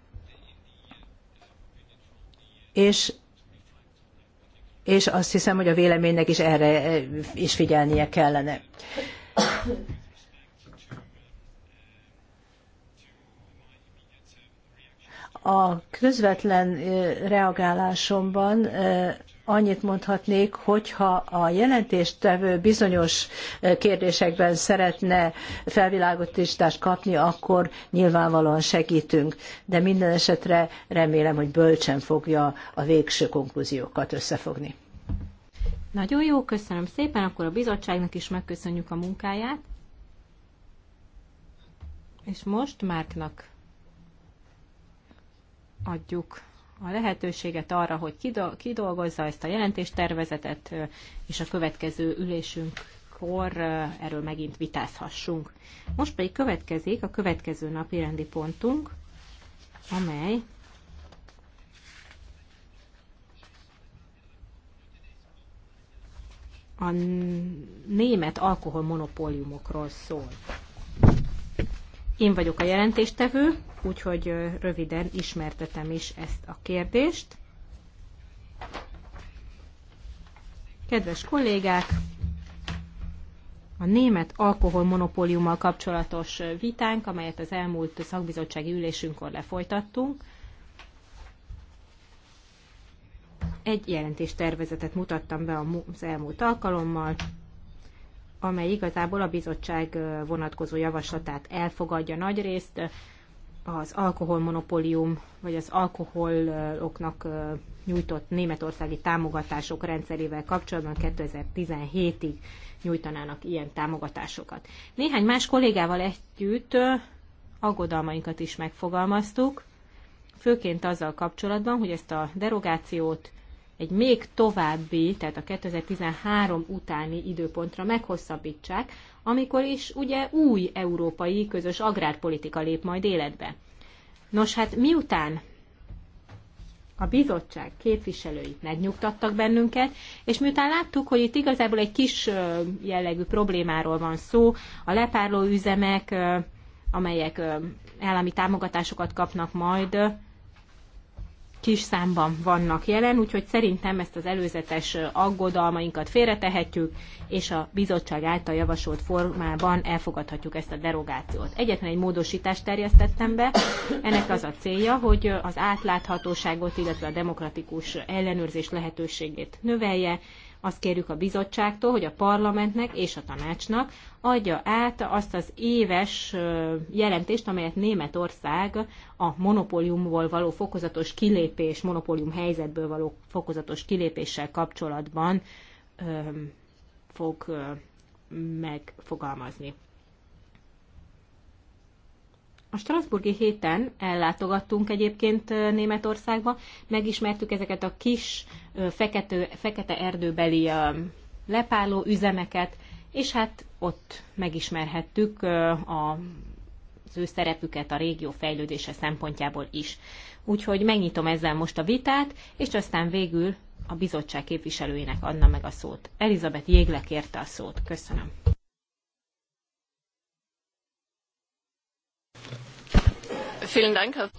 és és azt hiszem, hogy a véleménynek is erre eh, is figyelnie kellene. A közvetlen eh, reagálásomban eh, annyit mondhatnék, hogyha a jelentéstevő bizonyos eh, kérdésekben szeretne felvilágosítást kapni, akkor nyilvánvalóan segítünk. De minden esetre remélem, hogy bölcsen fogja a végső konklúziókat összefogni. Nagyon jó, köszönöm szépen, akkor a bizottságnak is megköszönjük a munkáját. És most Márknak adjuk a lehetőséget arra, hogy kidolgozza ezt a jelentéstervezetet, és a következő ülésünkkor erről megint vitázhassunk. Most pedig következik a következő napi rendi pontunk, amely a német alkoholmonopóliumokról szól. Én vagyok a jelentéstevő, úgyhogy röviden ismertetem is ezt a kérdést. Kedves kollégák, a német alkoholmonopóliummal kapcsolatos vitánk, amelyet az elmúlt szakbizottsági ülésünkkor lefolytattunk, egy jelentéstervezetet mutattam be az elmúlt alkalommal, amely igazából a bizottság vonatkozó javaslatát elfogadja nagyrészt, az alkoholmonopólium, vagy az alkoholoknak nyújtott németországi támogatások rendszerével kapcsolatban 2017-ig nyújtanának ilyen támogatásokat. Néhány más kollégával együtt aggodalmainkat is megfogalmaztuk, főként azzal kapcsolatban, hogy ezt a derogációt egy még további, tehát a 2013 utáni időpontra meghosszabbítsák, amikor is ugye új európai közös agrárpolitika lép majd életbe. Nos, hát miután a bizottság képviselői megnyugtattak bennünket, és miután láttuk, hogy itt igazából egy kis jellegű problémáról van szó, a lepárló üzemek, amelyek állami támogatásokat kapnak majd, kis számban vannak jelen, úgyhogy szerintem ezt az előzetes aggodalmainkat félretehetjük, és a bizottság által javasolt formában elfogadhatjuk ezt a derogációt. Egyetlen egy módosítást terjesztettem be, ennek az a célja, hogy az átláthatóságot, illetve a demokratikus ellenőrzés lehetőségét növelje, azt kérjük a bizottságtól, hogy a parlamentnek és a tanácsnak adja át azt az éves jelentést, amelyet Németország a monopóliumból való fokozatos kilépés, monopólium helyzetből való fokozatos kilépéssel kapcsolatban fog megfogalmazni. A Strasburgi héten ellátogattunk egyébként Németországba, megismertük ezeket a kis fekete, fekete erdőbeli lepáló üzemeket, és hát ott megismerhettük a az ő szerepüket a régió fejlődése szempontjából is. Úgyhogy megnyitom ezzel most a vitát, és aztán végül a bizottság képviselőinek adna meg a szót. Elizabeth Jégle kérte a szót. Köszönöm.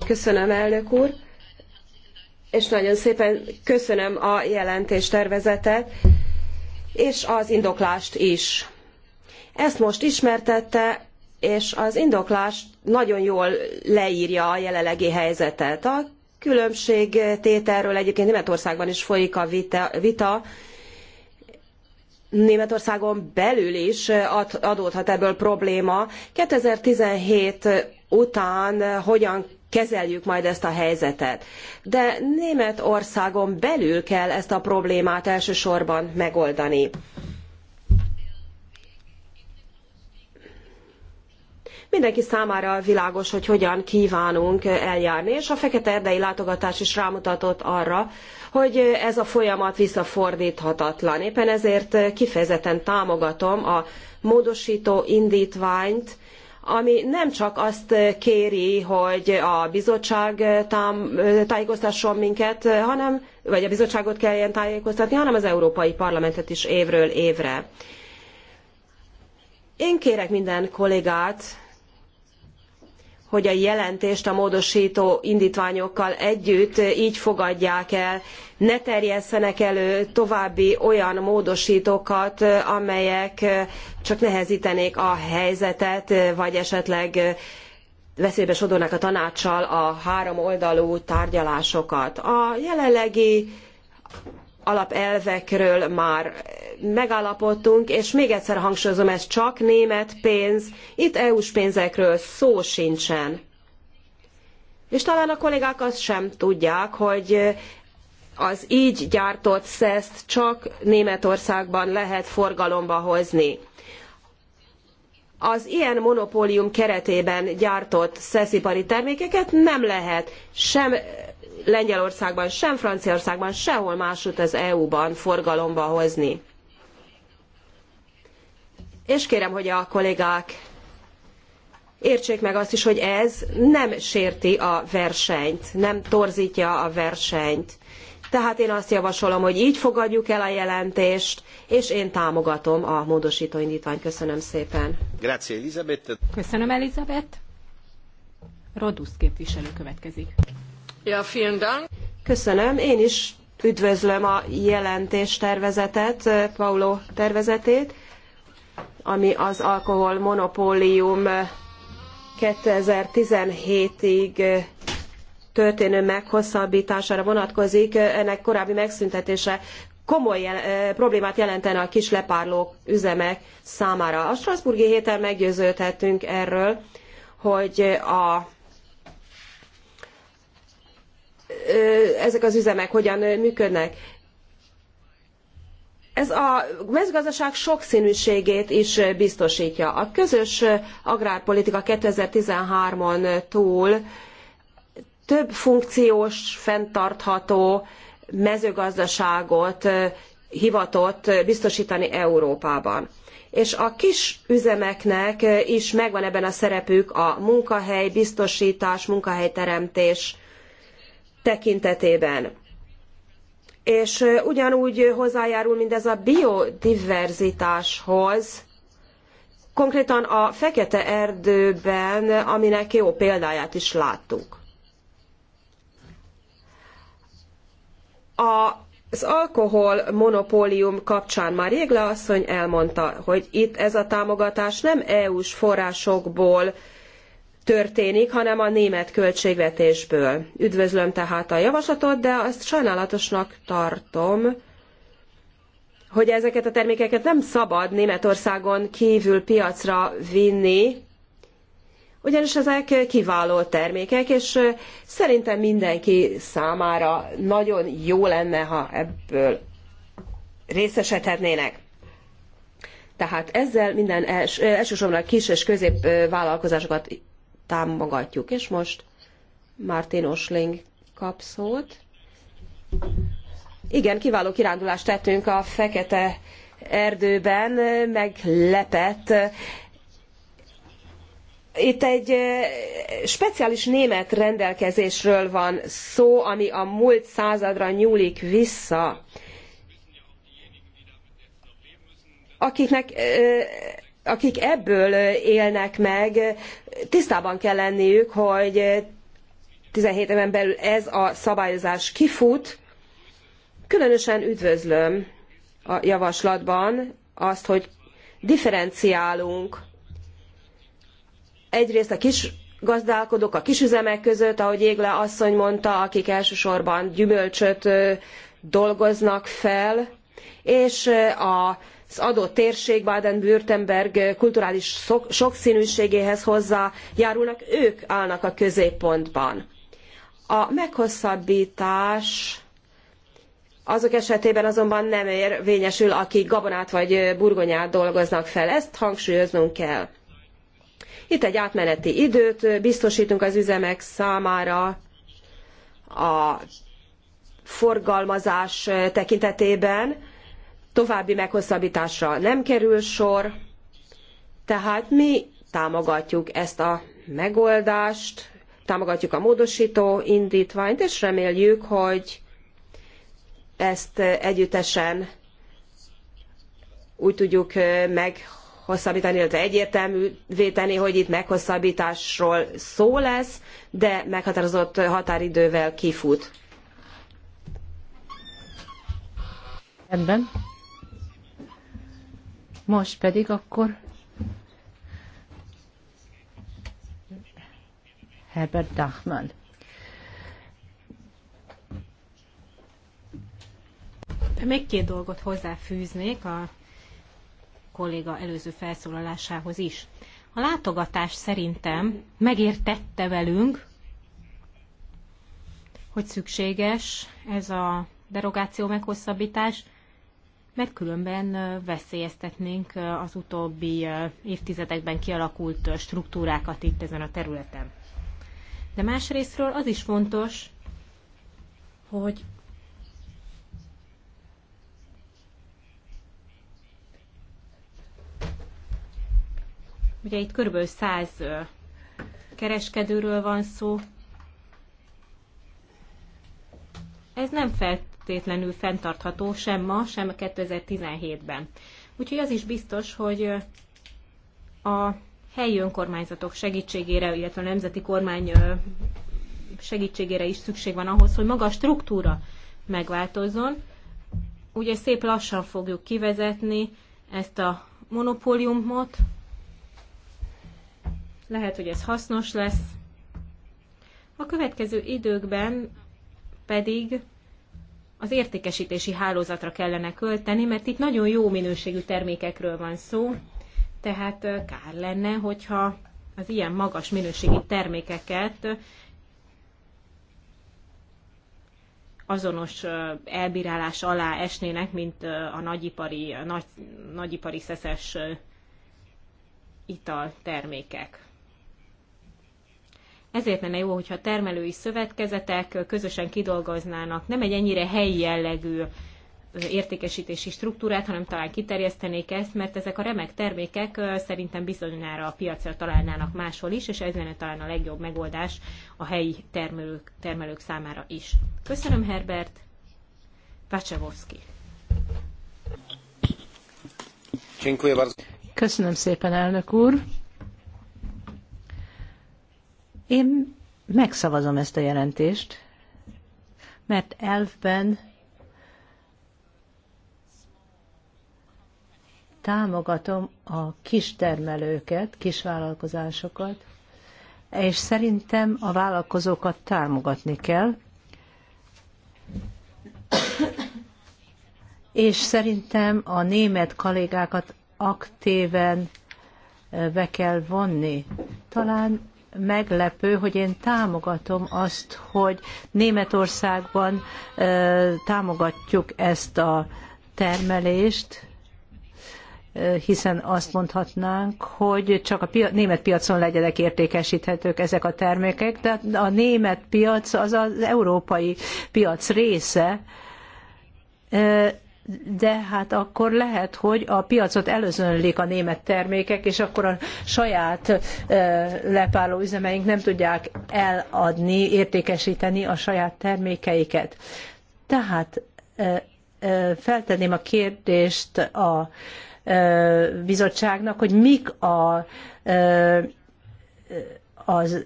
Köszönöm, elnök úr és nagyon szépen köszönöm a jelentéstervezetet, és az indoklást is. Ezt most ismertette, és az indoklás nagyon jól leírja a jelenlegi helyzetet. A különbségtételről egyébként Németországban is folyik a vita, vita Németországon belül is adódhat ebből probléma. 2017 után hogyan kezeljük majd ezt a helyzetet. De Németországon belül kell ezt a problémát elsősorban megoldani. mindenki számára világos, hogy hogyan kívánunk eljárni, és a Fekete Erdei látogatás is rámutatott arra, hogy ez a folyamat visszafordíthatatlan. Éppen ezért kifejezetten támogatom a módosító indítványt, ami nem csak azt kéri, hogy a bizottság tám, tájékoztasson minket, hanem, vagy a bizottságot kelljen tájékoztatni, hanem az Európai Parlamentet is évről évre. Én kérek minden kollégát, hogy a jelentést a módostó indítványokkal együtt így fogadják el. Ne terjesszenek elő további olyan módosítókat, amelyek csak nehezítenék a helyzetet, vagy esetleg veszélybe sodornák a tanácssal a háromoldalú tárgyalásokat. A jelenlegi alapelvekről már megállapodtunk, és még egyszer hangsúlyozom, ez csak német pénz, itt EU-s pénzekről szó sincsen. És talán a kollégák azt sem tudják, hogy az így gyártott szeszt csak Németországban lehet forgalomba hozni. Az ilyen monopólium keretében gyártott szeszipari termékeket nem lehet sem Lengyelországban, sem Franciaországban, sehol másút az EU-ban forgalomba hozni. És kérem, hogy a kollégák értsék meg azt is, hogy ez nem sérti a versenyt, nem torzítja a versenyt. Tehát én azt javasolom, hogy így fogadjuk el a jelentést, és én támogatom a módosító indítványt. Köszönöm szépen. Grazie, Elizabeth. Köszönöm, Elizabeth. Rodusz képviselő következik. Köszönöm. Én is üdvözlöm a jelentés tervezetet, Paulo tervezetét, ami az alkohol monopólium 2017-ig történő meghosszabbítására vonatkozik. Ennek korábbi megszüntetése komoly jel eh, problémát jelentene a kis kislepárló üzemek számára. A Strasburgi héten meggyőződhetünk erről, hogy a ezek az üzemek hogyan működnek. Ez a mezőgazdaság sokszínűségét is biztosítja. A közös agrárpolitika 2013-on túl több funkciós, fenntartható mezőgazdaságot hivatott biztosítani Európában. És a kis üzemeknek is megvan ebben a szerepük a munkahely biztosítás, munkahelyteremtés tekintetében. És ugyanúgy hozzájárul mindez a biodiverzitáshoz, konkrétan a fekete erdőben, aminek jó példáját is láttuk. az alkohol monopólium kapcsán már Jégle asszony elmondta, hogy itt ez a támogatás nem EU-s forrásokból történik, hanem a német költségvetésből. Üdvözlöm tehát a javaslatot, de azt sajnálatosnak tartom, hogy ezeket a termékeket nem szabad Németországon kívül piacra vinni, ugyanis ezek kiváló termékek, és szerintem mindenki számára nagyon jó lenne, ha ebből részesedhetnének. Tehát ezzel minden els, elsősorban a kis és középvállalkozásokat támogatjuk. És most Martin Osling kap szót. Igen, kiváló kirándulást tettünk a fekete erdőben, meglepett. Itt egy eh, speciális német rendelkezésről van szó, ami a múlt századra nyúlik vissza. Akiknek eh, akik ebből élnek meg, tisztában kell lenniük, hogy 17 éven belül ez a szabályozás kifut. Különösen üdvözlöm a javaslatban azt, hogy differenciálunk egyrészt a kis gazdálkodók a kisüzemek között, ahogy Égle asszony mondta, akik elsősorban gyümölcsöt dolgoznak fel, és a az adott térség Baden-Württemberg kulturális sokszínűségéhez hozzájárulnak, ők állnak a középpontban. A meghosszabbítás azok esetében azonban nem érvényesül, akik gabonát vagy burgonyát dolgoznak fel. Ezt hangsúlyoznunk kell. Itt egy átmeneti időt biztosítunk az üzemek számára a forgalmazás tekintetében, további meghosszabbításra nem kerül sor, tehát mi támogatjuk ezt a megoldást, támogatjuk a módosító indítványt, és reméljük, hogy ezt együttesen úgy tudjuk meghosszabbítani, illetve egyértelművé tenni, hogy itt meghosszabbításról szó lesz, de meghatározott határidővel kifut. Rendben. Most pedig akkor Herbert Dachmann. Még két dolgot hozzáfűznék a kolléga előző felszólalásához is. A látogatás szerintem megértette velünk, hogy szükséges ez a derogáció meghosszabbítás, mert különben veszélyeztetnénk az utóbbi évtizedekben kialakult struktúrákat itt ezen a területen. De másrésztről az is fontos, hogy ugye itt körülbelül 100 kereskedőről van szó, ez nem feltétlenül fenntartható sem ma, sem 2017-ben. Úgyhogy az is biztos, hogy a helyi önkormányzatok segítségére, illetve a nemzeti kormány segítségére is szükség van ahhoz, hogy maga a struktúra megváltozzon. Ugye szép lassan fogjuk kivezetni ezt a monopóliumot. Lehet, hogy ez hasznos lesz. A következő időkben pedig az értékesítési hálózatra kellene költeni, mert itt nagyon jó minőségű termékekről van szó, tehát kár lenne, hogyha az ilyen magas minőségi termékeket azonos elbírálás alá esnének, mint a nagyipari, nagy, nagyipari szeszes italtermékek. Ezért lenne jó, hogyha termelői szövetkezetek közösen kidolgoznának nem egy ennyire helyi jellegű értékesítési struktúrát, hanem talán kiterjesztenék ezt, mert ezek a remek termékek szerintem bizonyára a piacra találnának máshol is, és ez lenne talán a legjobb megoldás a helyi termelők, termelők számára is. Köszönöm, Herbert. Vacsevovszki. Köszönöm szépen, elnök úr. Én megszavazom ezt a jelentést, mert elfben támogatom a kistermelőket, kisvállalkozásokat, és szerintem a vállalkozókat támogatni kell. És szerintem a német kollégákat aktíven be kell vonni. Talán meglepő, hogy én támogatom azt, hogy Németországban támogatjuk ezt a termelést, hiszen azt mondhatnánk, hogy csak a német piacon legyenek értékesíthetők ezek a termékek, de a német piac az az európai piac része, de hát akkor lehet, hogy a piacot előzönlik a német termékek, és akkor a saját lepárló üzemeink nem tudják eladni, értékesíteni a saját termékeiket. Tehát feltenném a kérdést a bizottságnak, hogy mik a, az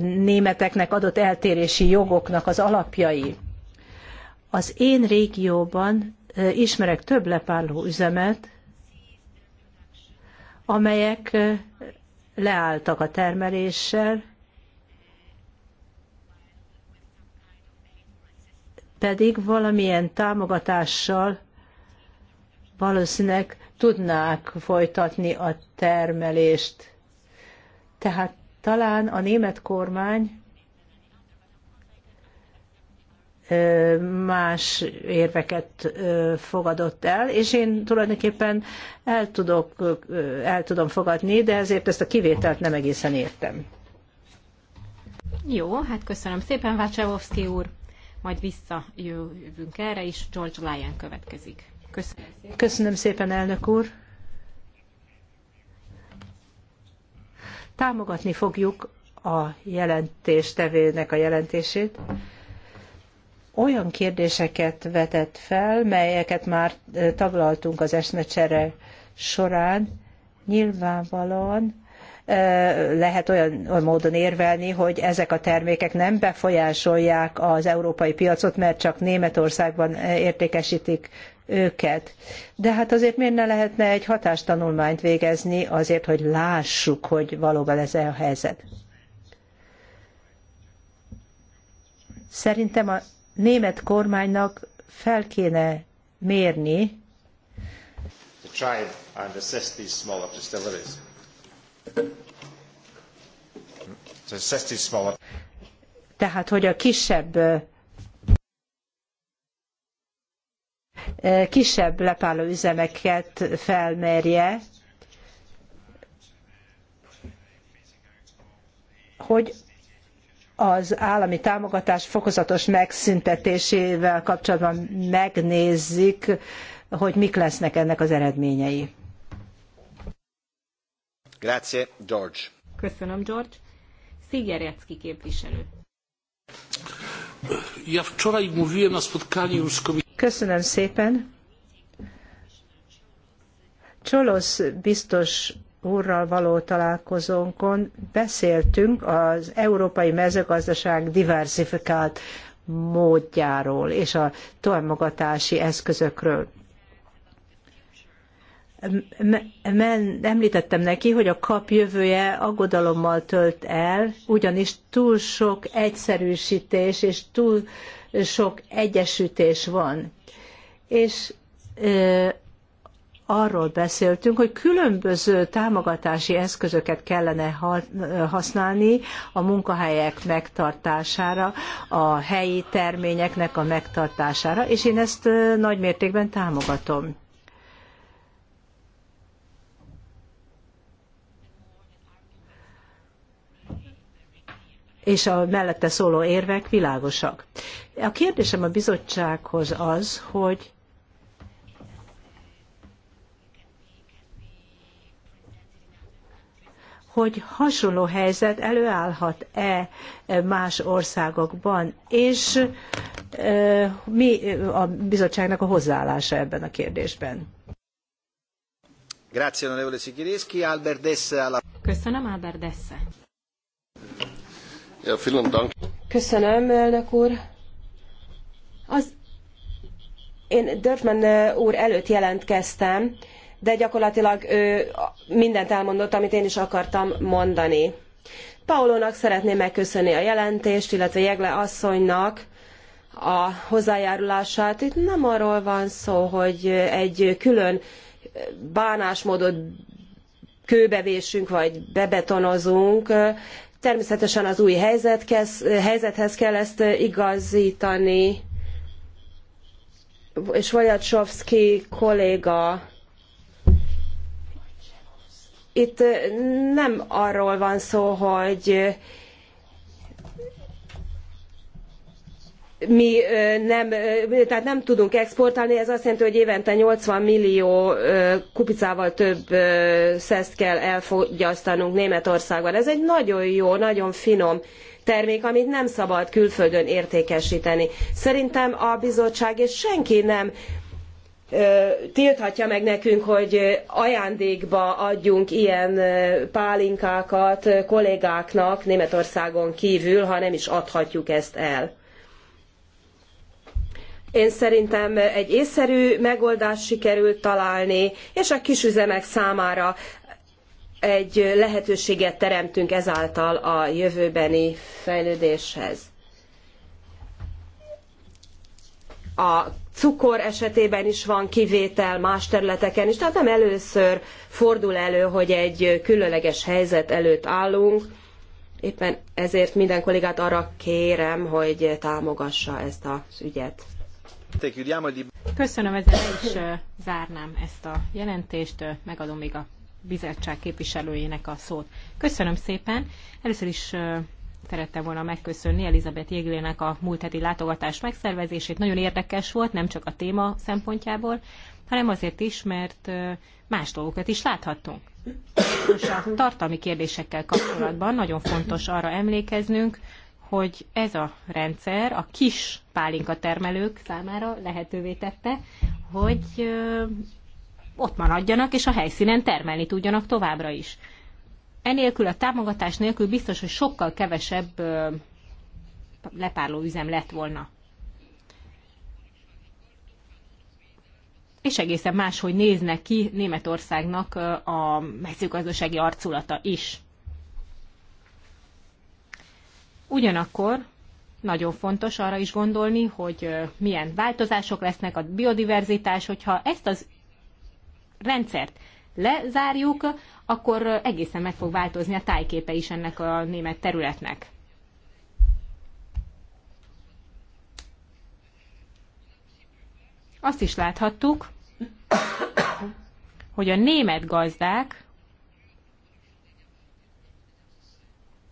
németeknek adott eltérési jogoknak az alapjai. Az én régióban ismerek több lepárló üzemet, amelyek leálltak a termeléssel, pedig valamilyen támogatással valószínűleg tudnák folytatni a termelést. Tehát talán a német kormány más érveket fogadott el, és én tulajdonképpen el, tudok, el tudom fogadni, de ezért ezt a kivételt nem egészen értem. Jó, hát köszönöm szépen, Vácsevovszki úr. Majd visszajövünk erre és George Lyon következik. Köszönöm szépen. köszönöm szépen, elnök úr. Támogatni fogjuk a jelentéstevőnek a jelentését olyan kérdéseket vetett fel, melyeket már taglaltunk az eszmecsere során, nyilvánvalóan lehet olyan, olyan módon érvelni, hogy ezek a termékek nem befolyásolják az európai piacot, mert csak Németországban értékesítik őket. De hát azért miért ne lehetne egy hatástanulmányt végezni azért, hogy lássuk, hogy valóban ez a helyzet. Szerintem a német kormánynak fel kéne mérni, tehát, hogy a kisebb kisebb lepáló üzemeket felmerje, hogy az állami támogatás fokozatos megszüntetésével kapcsolatban megnézzük, hogy mik lesznek ennek az eredményei. Grazie, George. Köszönöm, George. Szigerecki képviselő. Ja wczoraj mówiłem na spotkaniu z Köszönöm szépen. Csolosz biztos úrral való találkozónkon beszéltünk az európai mezőgazdaság diversifikált módjáról és a támogatási eszközökről. Men, említettem neki, hogy a kap jövője aggodalommal tölt el, ugyanis túl sok egyszerűsítés és túl sok egyesítés van. És arról beszéltünk, hogy különböző támogatási eszközöket kellene használni a munkahelyek megtartására, a helyi terményeknek a megtartására, és én ezt nagy mértékben támogatom. és a mellette szóló érvek világosak. A kérdésem a bizottsághoz az, hogy hogy hasonló helyzet előállhat-e más országokban, és mi a bizottságnak a hozzáállása ebben a kérdésben. Grazie, onorevole Szikirészki. Albert Desse. Alla... Köszönöm, Albert Desse. Ja, vielen Dank. Köszönöm, elnök úr. Az én Dörfman úr előtt jelentkeztem, de gyakorlatilag ő mindent elmondott, amit én is akartam mondani. Paulónak szeretném megköszönni a jelentést, illetve Jegle asszonynak a hozzájárulását. Itt nem arról van szó, hogy egy külön bánásmódot kőbevésünk vagy bebetonozunk. Természetesen az új helyzet kez, helyzethez kell ezt igazítani. És Vojacsovszki kolléga itt nem arról van szó, hogy mi nem, tehát nem tudunk exportálni, ez azt jelenti, hogy évente 80 millió kupicával több szeszt kell elfogyasztanunk Németországban. Ez egy nagyon jó, nagyon finom termék, amit nem szabad külföldön értékesíteni. Szerintem a bizottság és senki nem tilthatja meg nekünk, hogy ajándékba adjunk ilyen pálinkákat kollégáknak Németországon kívül, ha nem is adhatjuk ezt el. Én szerintem egy észszerű megoldást sikerült találni, és a kisüzemek számára egy lehetőséget teremtünk ezáltal a jövőbeni fejlődéshez. A cukor esetében is van kivétel más területeken is, tehát nem először fordul elő, hogy egy különleges helyzet előtt állunk. Éppen ezért minden kollégát arra kérem, hogy támogassa ezt az ügyet. Köszönöm, ezzel is zárnám ezt a jelentést, megadom még a bizottság képviselőjének a szót. Köszönöm szépen. Először is szerettem volna megköszönni Elizabeth Jégülének a múlt heti látogatás megszervezését. Nagyon érdekes volt, nem csak a téma szempontjából, hanem azért is, mert más dolgokat is láthattunk. Most a tartalmi kérdésekkel kapcsolatban nagyon fontos arra emlékeznünk, hogy ez a rendszer a kis pálinka termelők számára lehetővé tette, hogy ott maradjanak, és a helyszínen termelni tudjanak továbbra is. Enélkül a támogatás nélkül biztos, hogy sokkal kevesebb lepárló üzem lett volna. És egészen máshogy néznek ki Németországnak a mezőgazdasági arculata is. Ugyanakkor nagyon fontos arra is gondolni, hogy milyen változások lesznek a biodiverzitás, hogyha ezt az rendszert lezárjuk, akkor egészen meg fog változni a tájképe is ennek a német területnek. Azt is láthattuk, hogy a német gazdák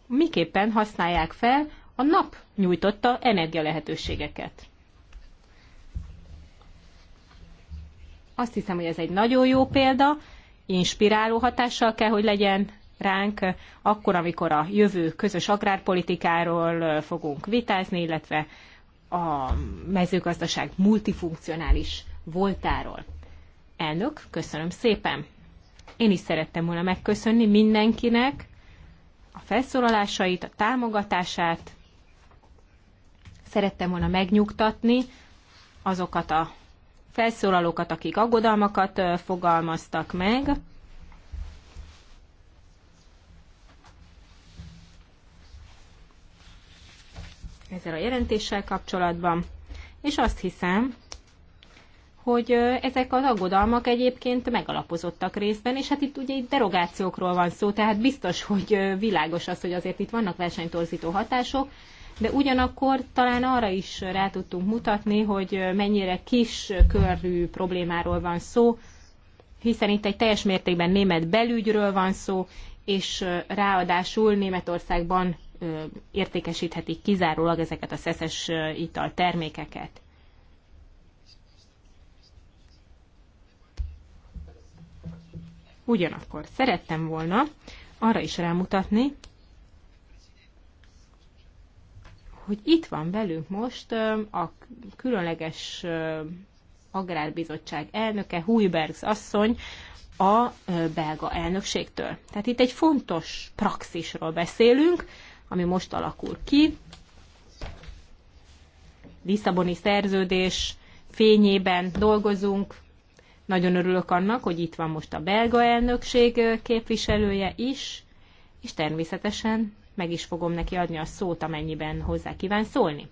miképpen használják fel a nap nyújtotta energia lehetőségeket. Azt hiszem, hogy ez egy nagyon jó példa, inspiráló hatással kell, hogy legyen ránk, akkor, amikor a jövő közös agrárpolitikáról fogunk vitázni, illetve a mezőgazdaság multifunkcionális voltáról. Elnök, köszönöm szépen! Én is szerettem volna megköszönni mindenkinek a felszólalásait, a támogatását. Szerettem volna megnyugtatni azokat a felszólalókat, akik aggodalmakat fogalmaztak meg. ezzel a jelentéssel kapcsolatban, és azt hiszem, hogy ezek az aggodalmak egyébként megalapozottak részben, és hát itt ugye itt derogációkról van szó, tehát biztos, hogy világos az, hogy azért itt vannak versenytorzító hatások, de ugyanakkor talán arra is rá tudtunk mutatni, hogy mennyire kis körű problémáról van szó, hiszen itt egy teljes mértékben német belügyről van szó, és ráadásul Németországban értékesíthetik kizárólag ezeket a szeszes ital termékeket. Ugyanakkor szerettem volna arra is rámutatni, hogy itt van velünk most a különleges Agrárbizottság elnöke, Hújbergs asszony, a belga elnökségtől. Tehát itt egy fontos praxisról beszélünk, ami most alakul ki. Lisszaboni szerződés fényében dolgozunk. Nagyon örülök annak, hogy itt van most a belga elnökség képviselője is, és természetesen meg is fogom neki adni a szót, amennyiben hozzá kíván szólni.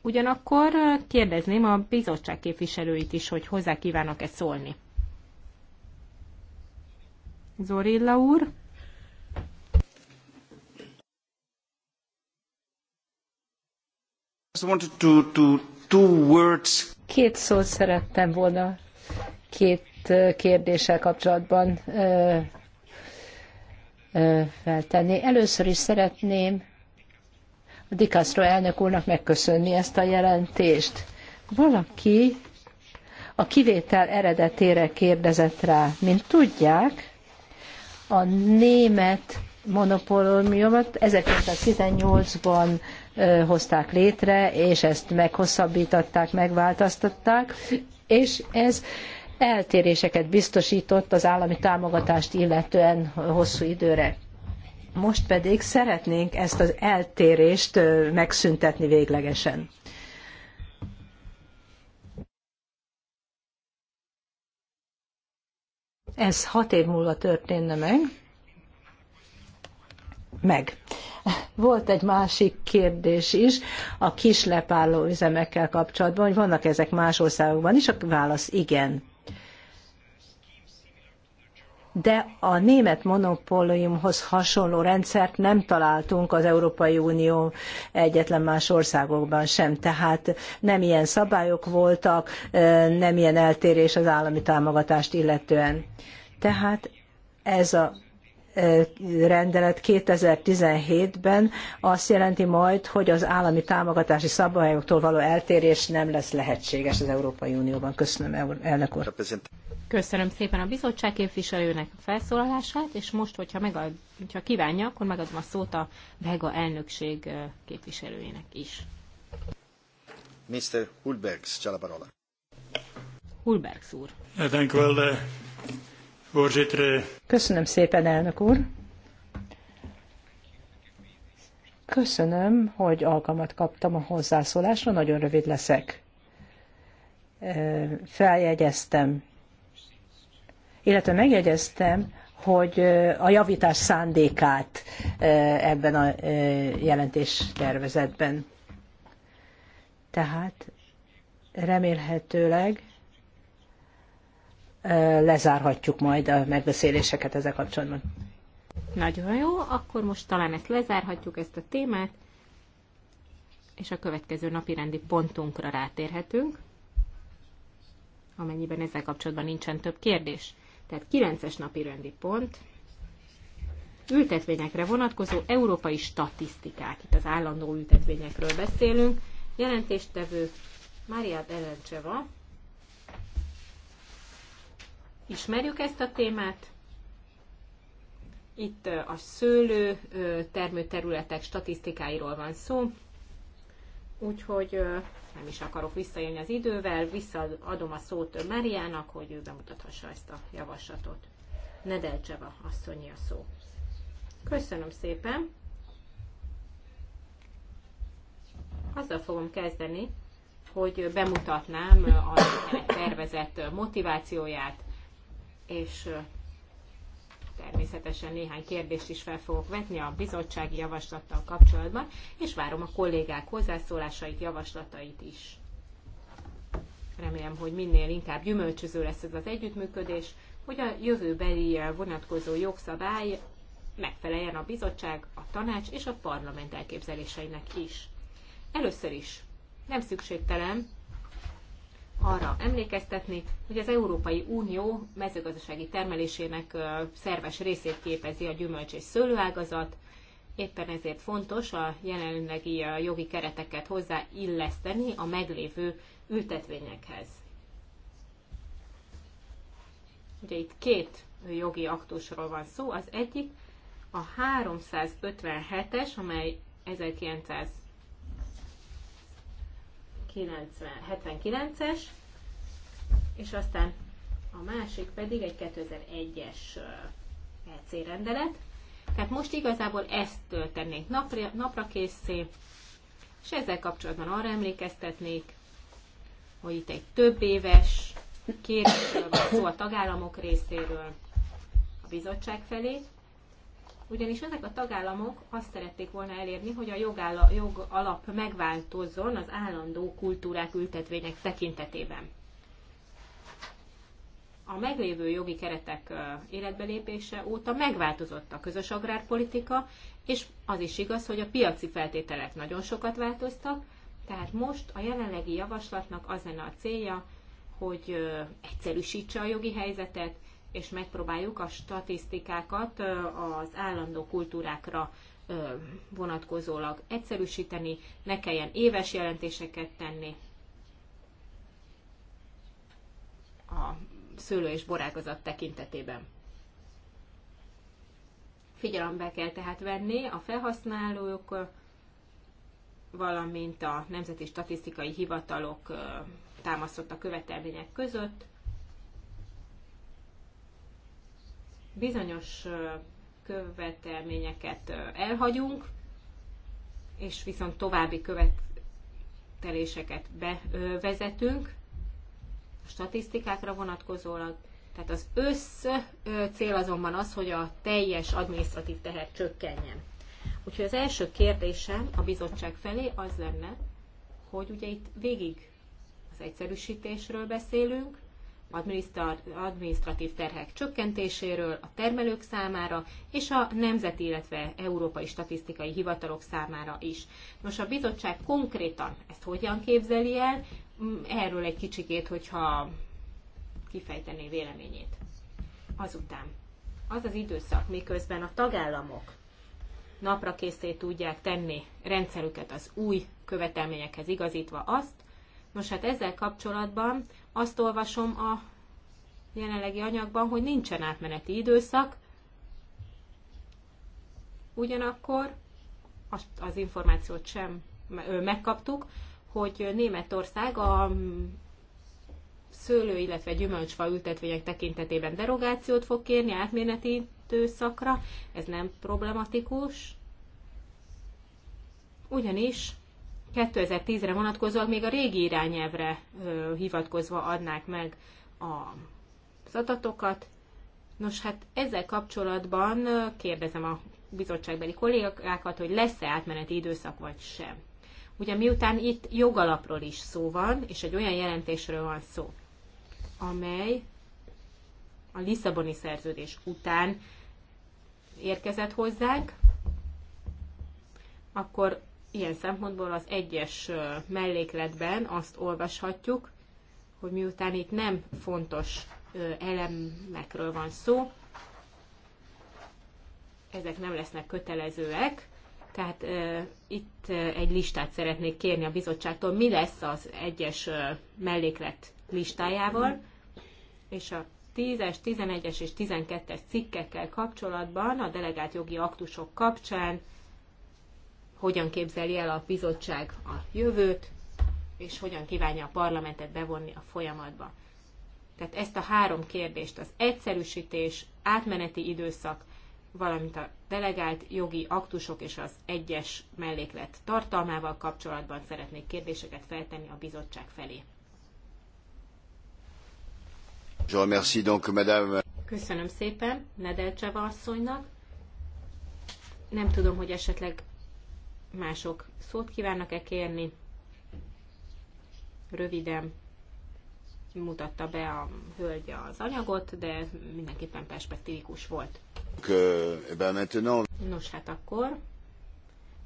Ugyanakkor kérdezném a bizottság képviselőit is, hogy hozzá kívánok-e szólni. Zorilla úr. Két szót szerettem volna két kérdéssel kapcsolatban feltenni. Először is szeretném a Dikasztro elnök úrnak megköszönni ezt a jelentést. Valaki a kivétel eredetére kérdezett rá. Mint tudják, a német monopóliumot 1918-ban hozták létre, és ezt meghosszabbították, megváltoztatták, és ez eltéréseket biztosított az állami támogatást illetően hosszú időre. Most pedig szeretnénk ezt az eltérést megszüntetni véglegesen. Ez hat év múlva történne meg. Meg. Volt egy másik kérdés is a kislepálló üzemekkel kapcsolatban, hogy vannak ezek más országokban is, a válasz igen de a német monopóliumhoz hasonló rendszert nem találtunk az Európai Unió egyetlen más országokban sem. Tehát nem ilyen szabályok voltak, nem ilyen eltérés az állami támogatást illetően. Tehát ez a rendelet 2017-ben azt jelenti majd, hogy az állami támogatási szabályoktól való eltérés nem lesz lehetséges az Európai Unióban. Köszönöm, elnök úr. Köszönöm szépen a bizottság képviselőnek a felszólalását, és most, hogyha, megad, hogyha kívánja, akkor megadom a szót a Vega elnökség képviselőjének is. Mr. Hulbergs, csalabarola. parola. Hulbergs úr. Eh, Köszönöm szépen, elnök úr. Köszönöm, hogy alkalmat kaptam a hozzászólásra, nagyon rövid leszek. Eh, feljegyeztem illetve megjegyeztem, hogy a javítás szándékát ebben a jelentés tervezetben. Tehát remélhetőleg lezárhatjuk majd a megbeszéléseket ezzel kapcsolatban. Nagyon jó, akkor most talán ezt lezárhatjuk, ezt a témát, és a következő napi rendi pontunkra rátérhetünk, amennyiben ezzel kapcsolatban nincsen több kérdés. Tehát 9-es napi rendi pont, ültetvényekre vonatkozó európai statisztikák. Itt az állandó ültetvényekről beszélünk. Jelentéstevő Mária Belencseva. Ismerjük ezt a témát. Itt a szőlő termőterületek statisztikáiról van szó úgyhogy nem is akarok visszaélni az idővel, visszaadom a szót Máriának, hogy ő bemutathassa ezt a javaslatot. Nedelcseva asszonyi a szó. Köszönöm szépen! Azzal fogom kezdeni, hogy bemutatnám a tervezett motivációját, és természetesen néhány kérdést is fel fogok vetni a bizottsági javaslattal kapcsolatban, és várom a kollégák hozzászólásait, javaslatait is. Remélem, hogy minél inkább gyümölcsöző lesz ez az együttműködés, hogy a jövőbeli vonatkozó jogszabály megfeleljen a bizottság, a tanács és a parlament elképzeléseinek is. Először is nem szükségtelen arra emlékeztetni, hogy az Európai Unió mezőgazdasági termelésének szerves részét képezi a gyümölcs és szőlőágazat, éppen ezért fontos a jelenlegi jogi kereteket hozzáilleszteni a meglévő ültetvényekhez. Ugye itt két jogi aktusról van szó, az egyik a 357-es, amely 1900 90, 79-es, és aztán a másik pedig egy 2001-es EC rendelet. Tehát most igazából ezt tennénk napra, napra készé, és ezzel kapcsolatban arra emlékeztetnék, hogy itt egy több éves kérdésről van szó a tagállamok részéről a bizottság felé, ugyanis ezek a tagállamok azt szerették volna elérni, hogy a jogála, jog alap megváltozzon az állandó kultúrák ültetvények tekintetében. A meglévő jogi keretek életbelépése óta megváltozott a közös agrárpolitika, és az is igaz, hogy a piaci feltételek nagyon sokat változtak, tehát most a jelenlegi javaslatnak az lenne a célja, hogy egyszerűsítse a jogi helyzetet, és megpróbáljuk a statisztikákat az állandó kultúrákra vonatkozólag egyszerűsíteni, ne kelljen éves jelentéseket tenni a szőlő és borágazat tekintetében. Figyelembe kell tehát venni a felhasználók, valamint a Nemzeti Statisztikai Hivatalok támasztott a követelmények között, bizonyos követelményeket elhagyunk, és viszont további követeléseket bevezetünk a statisztikákra vonatkozólag. Tehát az össz cél azonban az, hogy a teljes adminisztratív teher csökkenjen. Úgyhogy az első kérdésem a bizottság felé az lenne, hogy ugye itt végig az egyszerűsítésről beszélünk, adminisztratív terhek csökkentéséről a termelők számára és a nemzeti, illetve európai statisztikai hivatalok számára is. Nos, a bizottság konkrétan ezt hogyan képzeli el? Mm, erről egy kicsikét, hogyha kifejtené véleményét. Azután az az időszak, miközben a tagállamok napra készé tudják tenni rendszerüket az új követelményekhez igazítva azt, Nos hát ezzel kapcsolatban azt olvasom a jelenlegi anyagban, hogy nincsen átmeneti időszak, ugyanakkor azt az információt sem megkaptuk, hogy Németország a szőlő, illetve gyümölcsfa ültetvények tekintetében derogációt fog kérni átmeneti időszakra. Ez nem problematikus, ugyanis 2010-re vonatkozóan még a régi irányelvre hivatkozva adnák meg az adatokat. Nos, hát ezzel kapcsolatban kérdezem a bizottságbeli kollégákat, hogy lesz-e átmeneti időszak, vagy sem. Ugye miután itt jogalapról is szó van, és egy olyan jelentésről van szó, amely a Lisszaboni szerződés után érkezett hozzánk, akkor ilyen szempontból az egyes mellékletben azt olvashatjuk, hogy miután itt nem fontos elemekről van szó, ezek nem lesznek kötelezőek, tehát itt egy listát szeretnék kérni a bizottságtól, mi lesz az egyes melléklet listájával, és a 10-es, 11-es és 12-es cikkekkel kapcsolatban, a delegált jogi aktusok kapcsán hogyan képzeli el a bizottság a jövőt, és hogyan kívánja a parlamentet bevonni a folyamatba. Tehát ezt a három kérdést, az egyszerűsítés, átmeneti időszak, valamint a delegált jogi aktusok és az egyes melléklet tartalmával kapcsolatban szeretnék kérdéseket feltenni a bizottság felé. Köszönöm szépen Nedelcseva asszonynak. Nem tudom, hogy esetleg Mások szót kívánnak-e kérni? Röviden mutatta be a hölgy az anyagot, de mindenképpen perspektívikus volt. Eh, Nos, hát akkor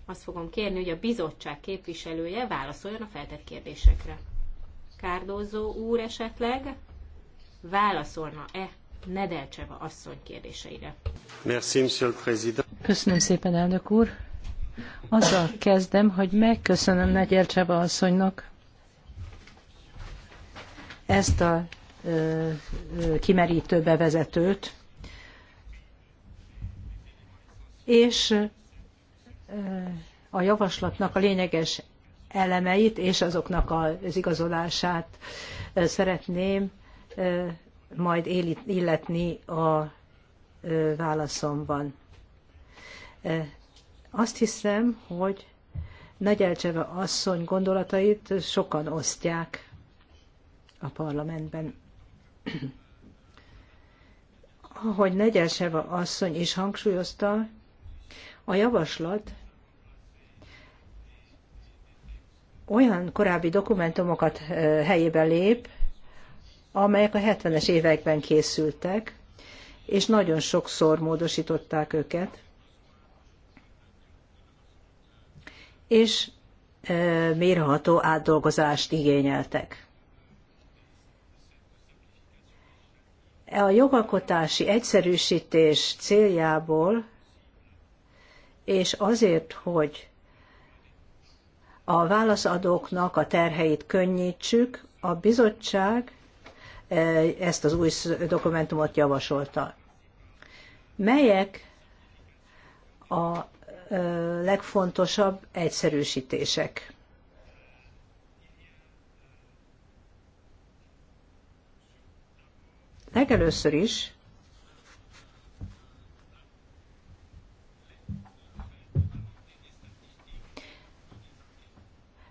azt fogom kérni, hogy a bizottság képviselője válaszoljon a feltett kérdésekre. Kárdózó úr esetleg válaszolna-e Nedelcseva asszony kérdéseire? Köszönöm szépen, elnök úr! Azzal kezdem, hogy megköszönöm Negyel Csaba asszonynak ezt a ö, kimerítő bevezetőt, és a javaslatnak a lényeges elemeit és azoknak az igazolását szeretném majd illetni a válaszomban. Azt hiszem, hogy Nagy Elcseve asszony gondolatait sokan osztják a parlamentben. Ahogy Negyelseva asszony is hangsúlyozta, a javaslat olyan korábbi dokumentumokat helyébe lép, amelyek a 70-es években készültek, és nagyon sokszor módosították őket. és mérható átdolgozást igényeltek. A jogalkotási egyszerűsítés céljából és azért, hogy a válaszadóknak a terheit könnyítsük, a bizottság ezt az új dokumentumot javasolta. Melyek a legfontosabb egyszerűsítések. Legelőször is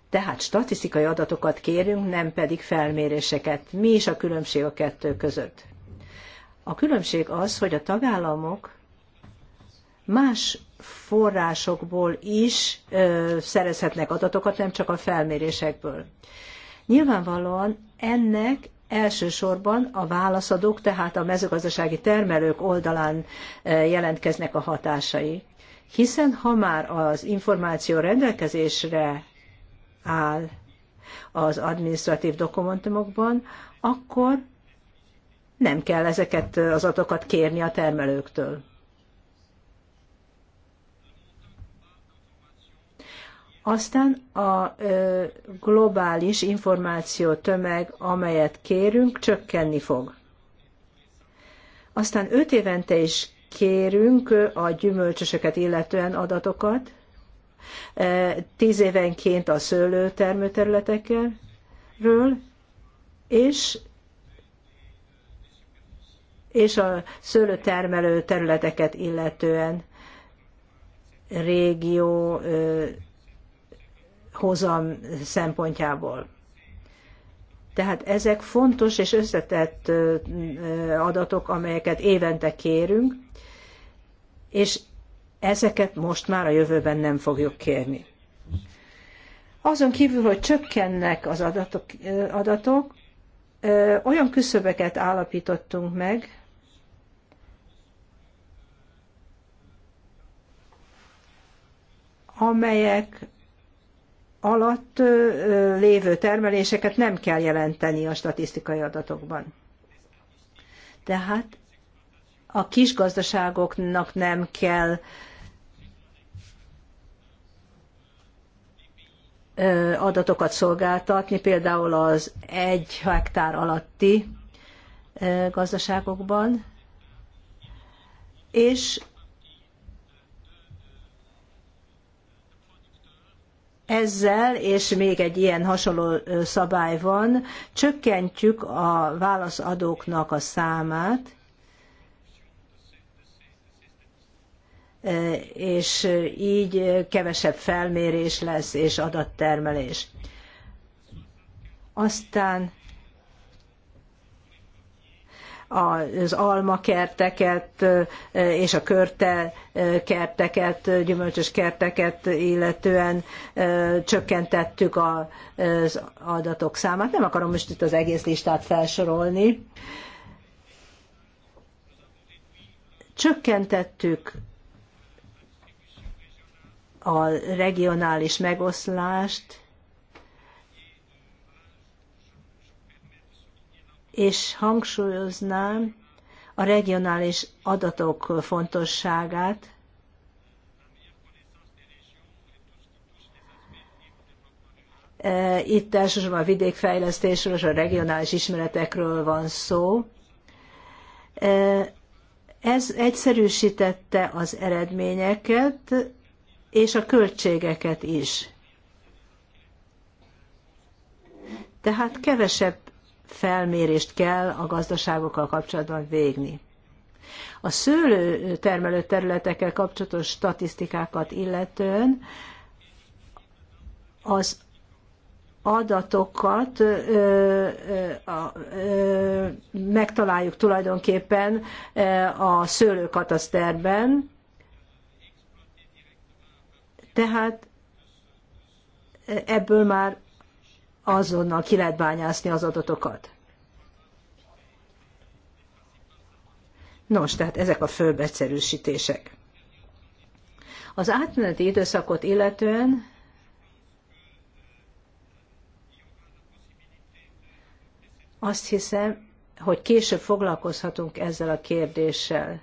Tehát statisztikai adatokat kérünk, nem pedig felméréseket. Mi is a különbség a kettő között? A különbség az, hogy a tagállamok más forrásokból is szerezhetnek adatokat, nem csak a felmérésekből. Nyilvánvalóan ennek elsősorban a válaszadók, tehát a mezőgazdasági termelők oldalán jelentkeznek a hatásai. Hiszen ha már az információ rendelkezésre áll az administratív dokumentumokban, akkor nem kell ezeket az adatokat kérni a termelőktől. Aztán a globális információ tömeg, amelyet kérünk, csökkenni fog. Aztán öt évente is kérünk a gyümölcsöseket illetően adatokat, tíz évenként a szőlő termőterületekről, és és a szőlőtermelő területeket illetően régió hozam szempontjából. Tehát ezek fontos és összetett adatok, amelyeket évente kérünk, és ezeket most már a jövőben nem fogjuk kérni. Azon kívül, hogy csökkennek az adatok, adatok olyan küszöbeket állapítottunk meg, amelyek alatt lévő termeléseket nem kell jelenteni a statisztikai adatokban. Tehát a kis gazdaságoknak nem kell adatokat szolgáltatni, például az egy hektár alatti gazdaságokban, és ezzel, és még egy ilyen hasonló szabály van, csökkentjük a válaszadóknak a számát, és így kevesebb felmérés lesz és adattermelés. Aztán az almakerteket és a körte kerteket, gyümölcsös kerteket illetően csökkentettük az adatok számát. Nem akarom most itt az egész listát felsorolni. Csökkentettük a regionális megoszlást, és hangsúlyoznám a regionális adatok fontosságát, e, Itt elsősorban a vidékfejlesztésről és a regionális ismeretekről van szó. E, ez egyszerűsítette az eredményeket és a költségeket is. Tehát kevesebb felmérést kell a gazdaságokkal kapcsolatban végni. A szőlőtermelő területekkel kapcsolatos statisztikákat illetően az adatokat ö, ö, ö, megtaláljuk tulajdonképpen a szőlőkataszterben. Tehát ebből már azonnal ki lehet bányászni az adatokat. Nos, tehát ezek a főbb egyszerűsítések. Az átmeneti időszakot illetően azt hiszem, hogy később foglalkozhatunk ezzel a kérdéssel.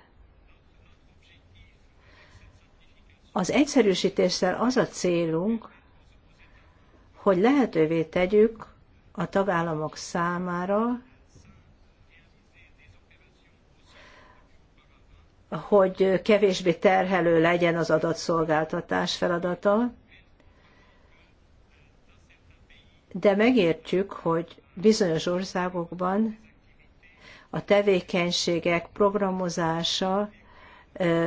Az egyszerűsítéssel az a célunk, hogy lehetővé tegyük a tagállamok számára, hogy kevésbé terhelő legyen az adatszolgáltatás feladata, de megértjük, hogy bizonyos országokban a tevékenységek programozása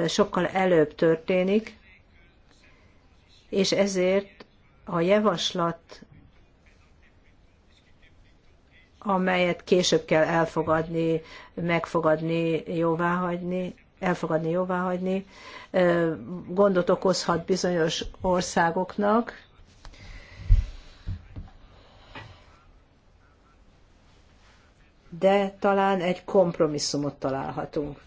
sokkal előbb történik, és ezért a javaslat, amelyet később kell elfogadni, megfogadni, jóváhagyni, elfogadni, jóváhagyni, gondot okozhat bizonyos országoknak, de talán egy kompromisszumot találhatunk.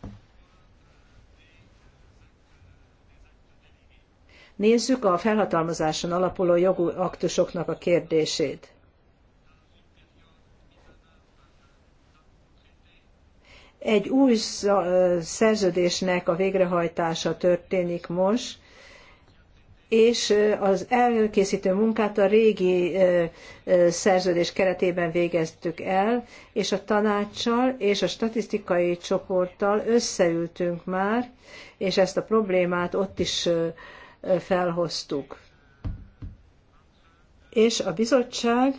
Nézzük a felhatalmazáson alapuló jogú aktusoknak a kérdését. Egy új szerződésnek a végrehajtása történik most, és az elkészítő munkát a régi szerződés keretében végeztük el, és a tanácssal és a statisztikai csoporttal összeültünk már, és ezt a problémát ott is felhoztuk. És a bizottság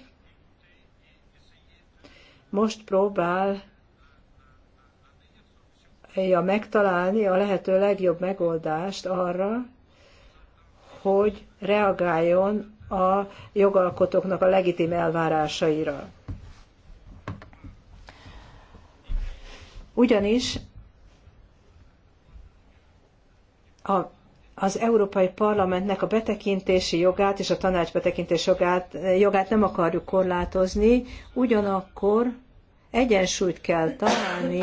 most próbál megtalálni a lehető legjobb megoldást arra, hogy reagáljon a jogalkotóknak a legitim elvárásaira. Ugyanis a az Európai Parlamentnek a betekintési jogát és a tanács betekintési jogát, jogát nem akarjuk korlátozni, ugyanakkor egyensúlyt kell találni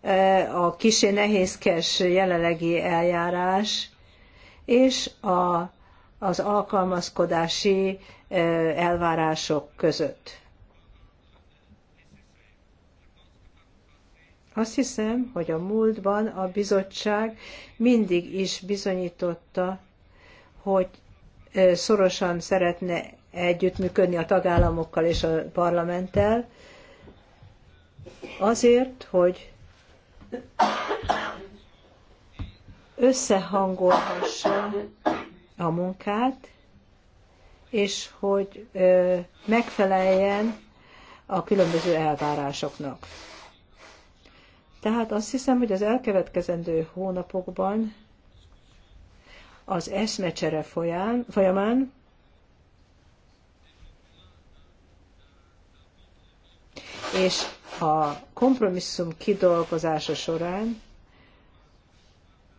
e, a kisé nehézkes jelenlegi eljárás és a, az alkalmazkodási e, elvárások között. Azt hiszem, hogy a múltban a bizottság mindig is bizonyította, hogy szorosan szeretne együttműködni a tagállamokkal és a parlamenttel, azért, hogy összehangolhassa a munkát, és hogy megfeleljen a különböző elvárásoknak. Tehát azt hiszem, hogy az elkövetkezendő hónapokban az eszmecsere folyán, folyamán és a kompromisszum kidolgozása során,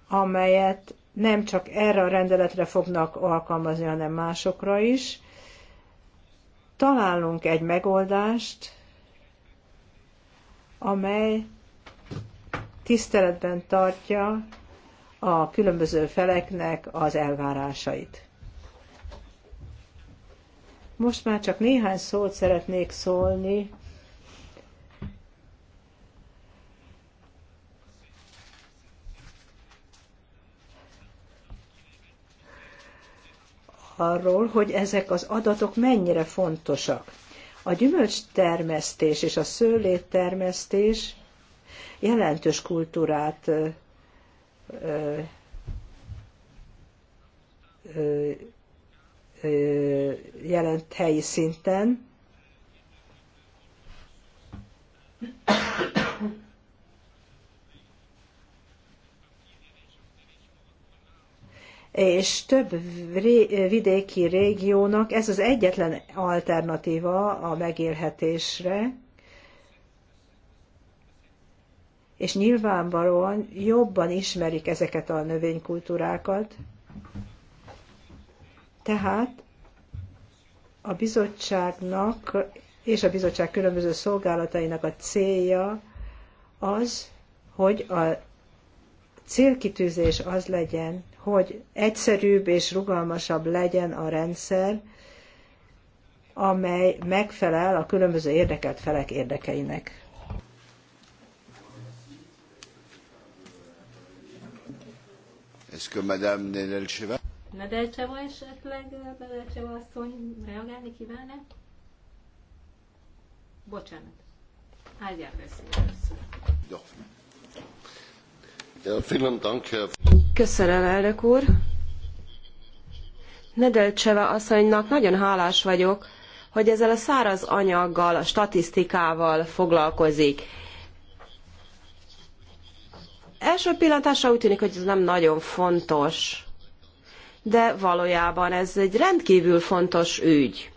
amelyet nem csak erre a rendeletre fognak alkalmazni, hanem másokra is, találunk egy megoldást, amely tiszteletben tartja a különböző feleknek az elvárásait. Most már csak néhány szót szeretnék szólni arról, hogy ezek az adatok mennyire fontosak. A gyümölcstermesztés és a szőléttermesztés jelentős kultúrát jelent helyi szinten. És több vidéki régiónak ez az egyetlen alternatíva a megélhetésre, és nyilvánvalóan jobban ismerik ezeket a növénykultúrákat. Tehát a bizottságnak és a bizottság különböző szolgálatainak a célja az, hogy a célkitűzés az legyen, hogy egyszerűbb és rugalmasabb legyen a rendszer, amely megfelel a különböző érdekelt felek érdekeinek. Est-ce que Madame Nedelcheva? Nedelcheva esetleg, eh, Nedelcheva asszony reagálni kíván Bocsánat. beszélni. Köszönöm, elnök úr. Nedelcseva asszonynak nagyon hálás vagyok, hogy ezzel a száraz anyaggal, a statisztikával foglalkozik Első pillantásra úgy tűnik, hogy ez nem nagyon fontos, de valójában ez egy rendkívül fontos ügy.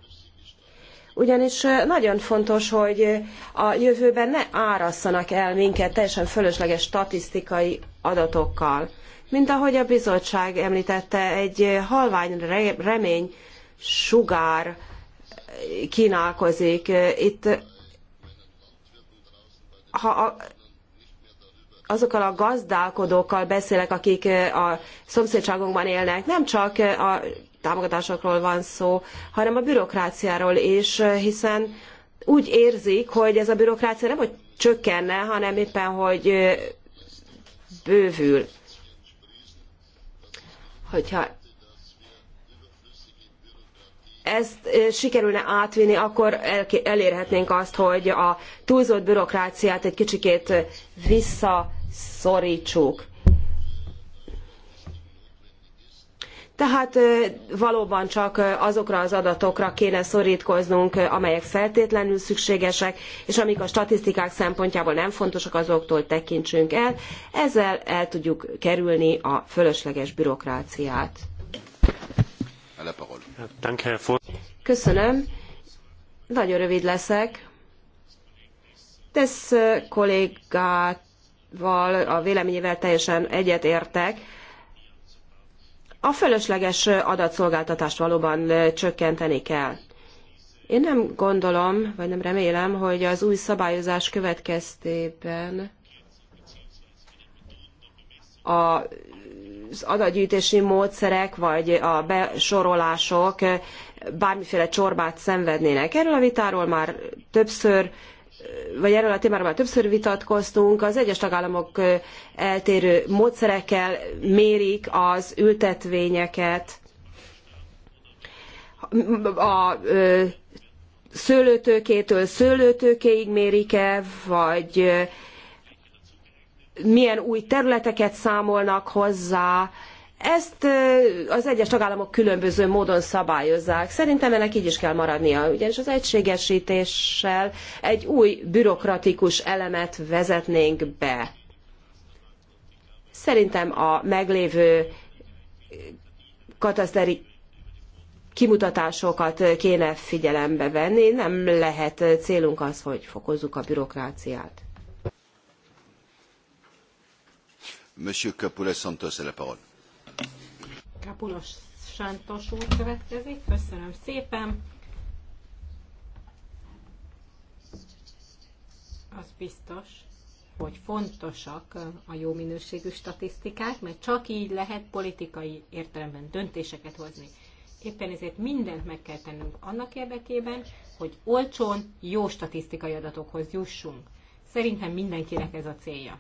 Ugyanis nagyon fontos, hogy a jövőben ne árasszanak el minket teljesen fölösleges statisztikai adatokkal. Mint ahogy a bizottság említette, egy halvány remény sugár kínálkozik. Itt ha a azokkal a gazdálkodókkal beszélek, akik a szomszédságunkban élnek. Nem csak a támogatásokról van szó, hanem a bürokráciáról is, hiszen úgy érzik, hogy ez a bürokrácia nem hogy csökkenne, hanem éppen, hogy bővül. Hogyha ezt sikerülne átvinni, akkor elérhetnénk azt, hogy a túlzott bürokráciát egy kicsikét visszaszorítsuk. Tehát valóban csak azokra az adatokra kéne szorítkoznunk, amelyek feltétlenül szükségesek, és amik a statisztikák szempontjából nem fontosak, azoktól tekintsünk el. Ezzel el tudjuk kerülni a fölösleges bürokráciát. Köszönöm. Nagyon rövid leszek. Tesz kollégával, a véleményével teljesen egyetértek. A fölösleges adatszolgáltatást valóban csökkenteni kell. Én nem gondolom, vagy nem remélem, hogy az új szabályozás következtében a az adatgyűjtési módszerek vagy a besorolások bármiféle csorbát szenvednének. Erről a vitáról már többször vagy erről a témáról már többször vitatkoztunk, az egyes tagállamok eltérő módszerekkel mérik az ültetvényeket, a szőlőtőkétől szőlőtőkéig mérik-e, vagy milyen új területeket számolnak hozzá, ezt az egyes tagállamok különböző módon szabályozzák. Szerintem ennek így is kell maradnia, ugyanis az egységesítéssel egy új bürokratikus elemet vezetnénk be. Szerintem a meglévő kataszteri kimutatásokat kéne figyelembe venni, nem lehet célunk az, hogy fokozzuk a bürokráciát. Capoulas Santos a la parole. Capoulas Santos úr következik. Köszönöm szépen. Az biztos, hogy fontosak a jó minőségű statisztikák, mert csak így lehet politikai értelemben döntéseket hozni. Éppen ezért mindent meg kell tennünk annak érdekében, hogy olcsón jó statisztikai adatokhoz jussunk. Szerintem mindenkinek ez a célja.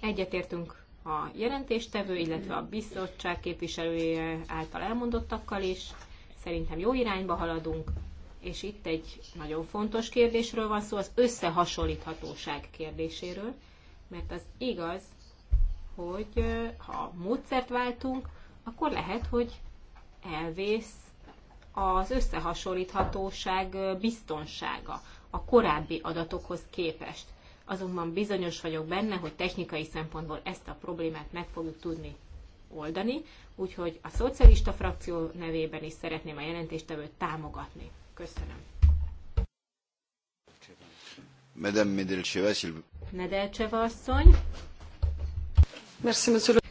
Egyetértünk a jelentéstevő, illetve a bizottság képviselője által elmondottakkal is. Szerintem jó irányba haladunk, és itt egy nagyon fontos kérdésről van szó, az összehasonlíthatóság kérdéséről, mert az igaz, hogy ha módszert váltunk, akkor lehet, hogy elvész az összehasonlíthatóság biztonsága a korábbi adatokhoz képest azonban bizonyos vagyok benne, hogy technikai szempontból ezt a problémát meg fogjuk tudni oldani, úgyhogy a szocialista frakció nevében is szeretném a jelentéstevőt támogatni. Köszönöm. Madame asszony.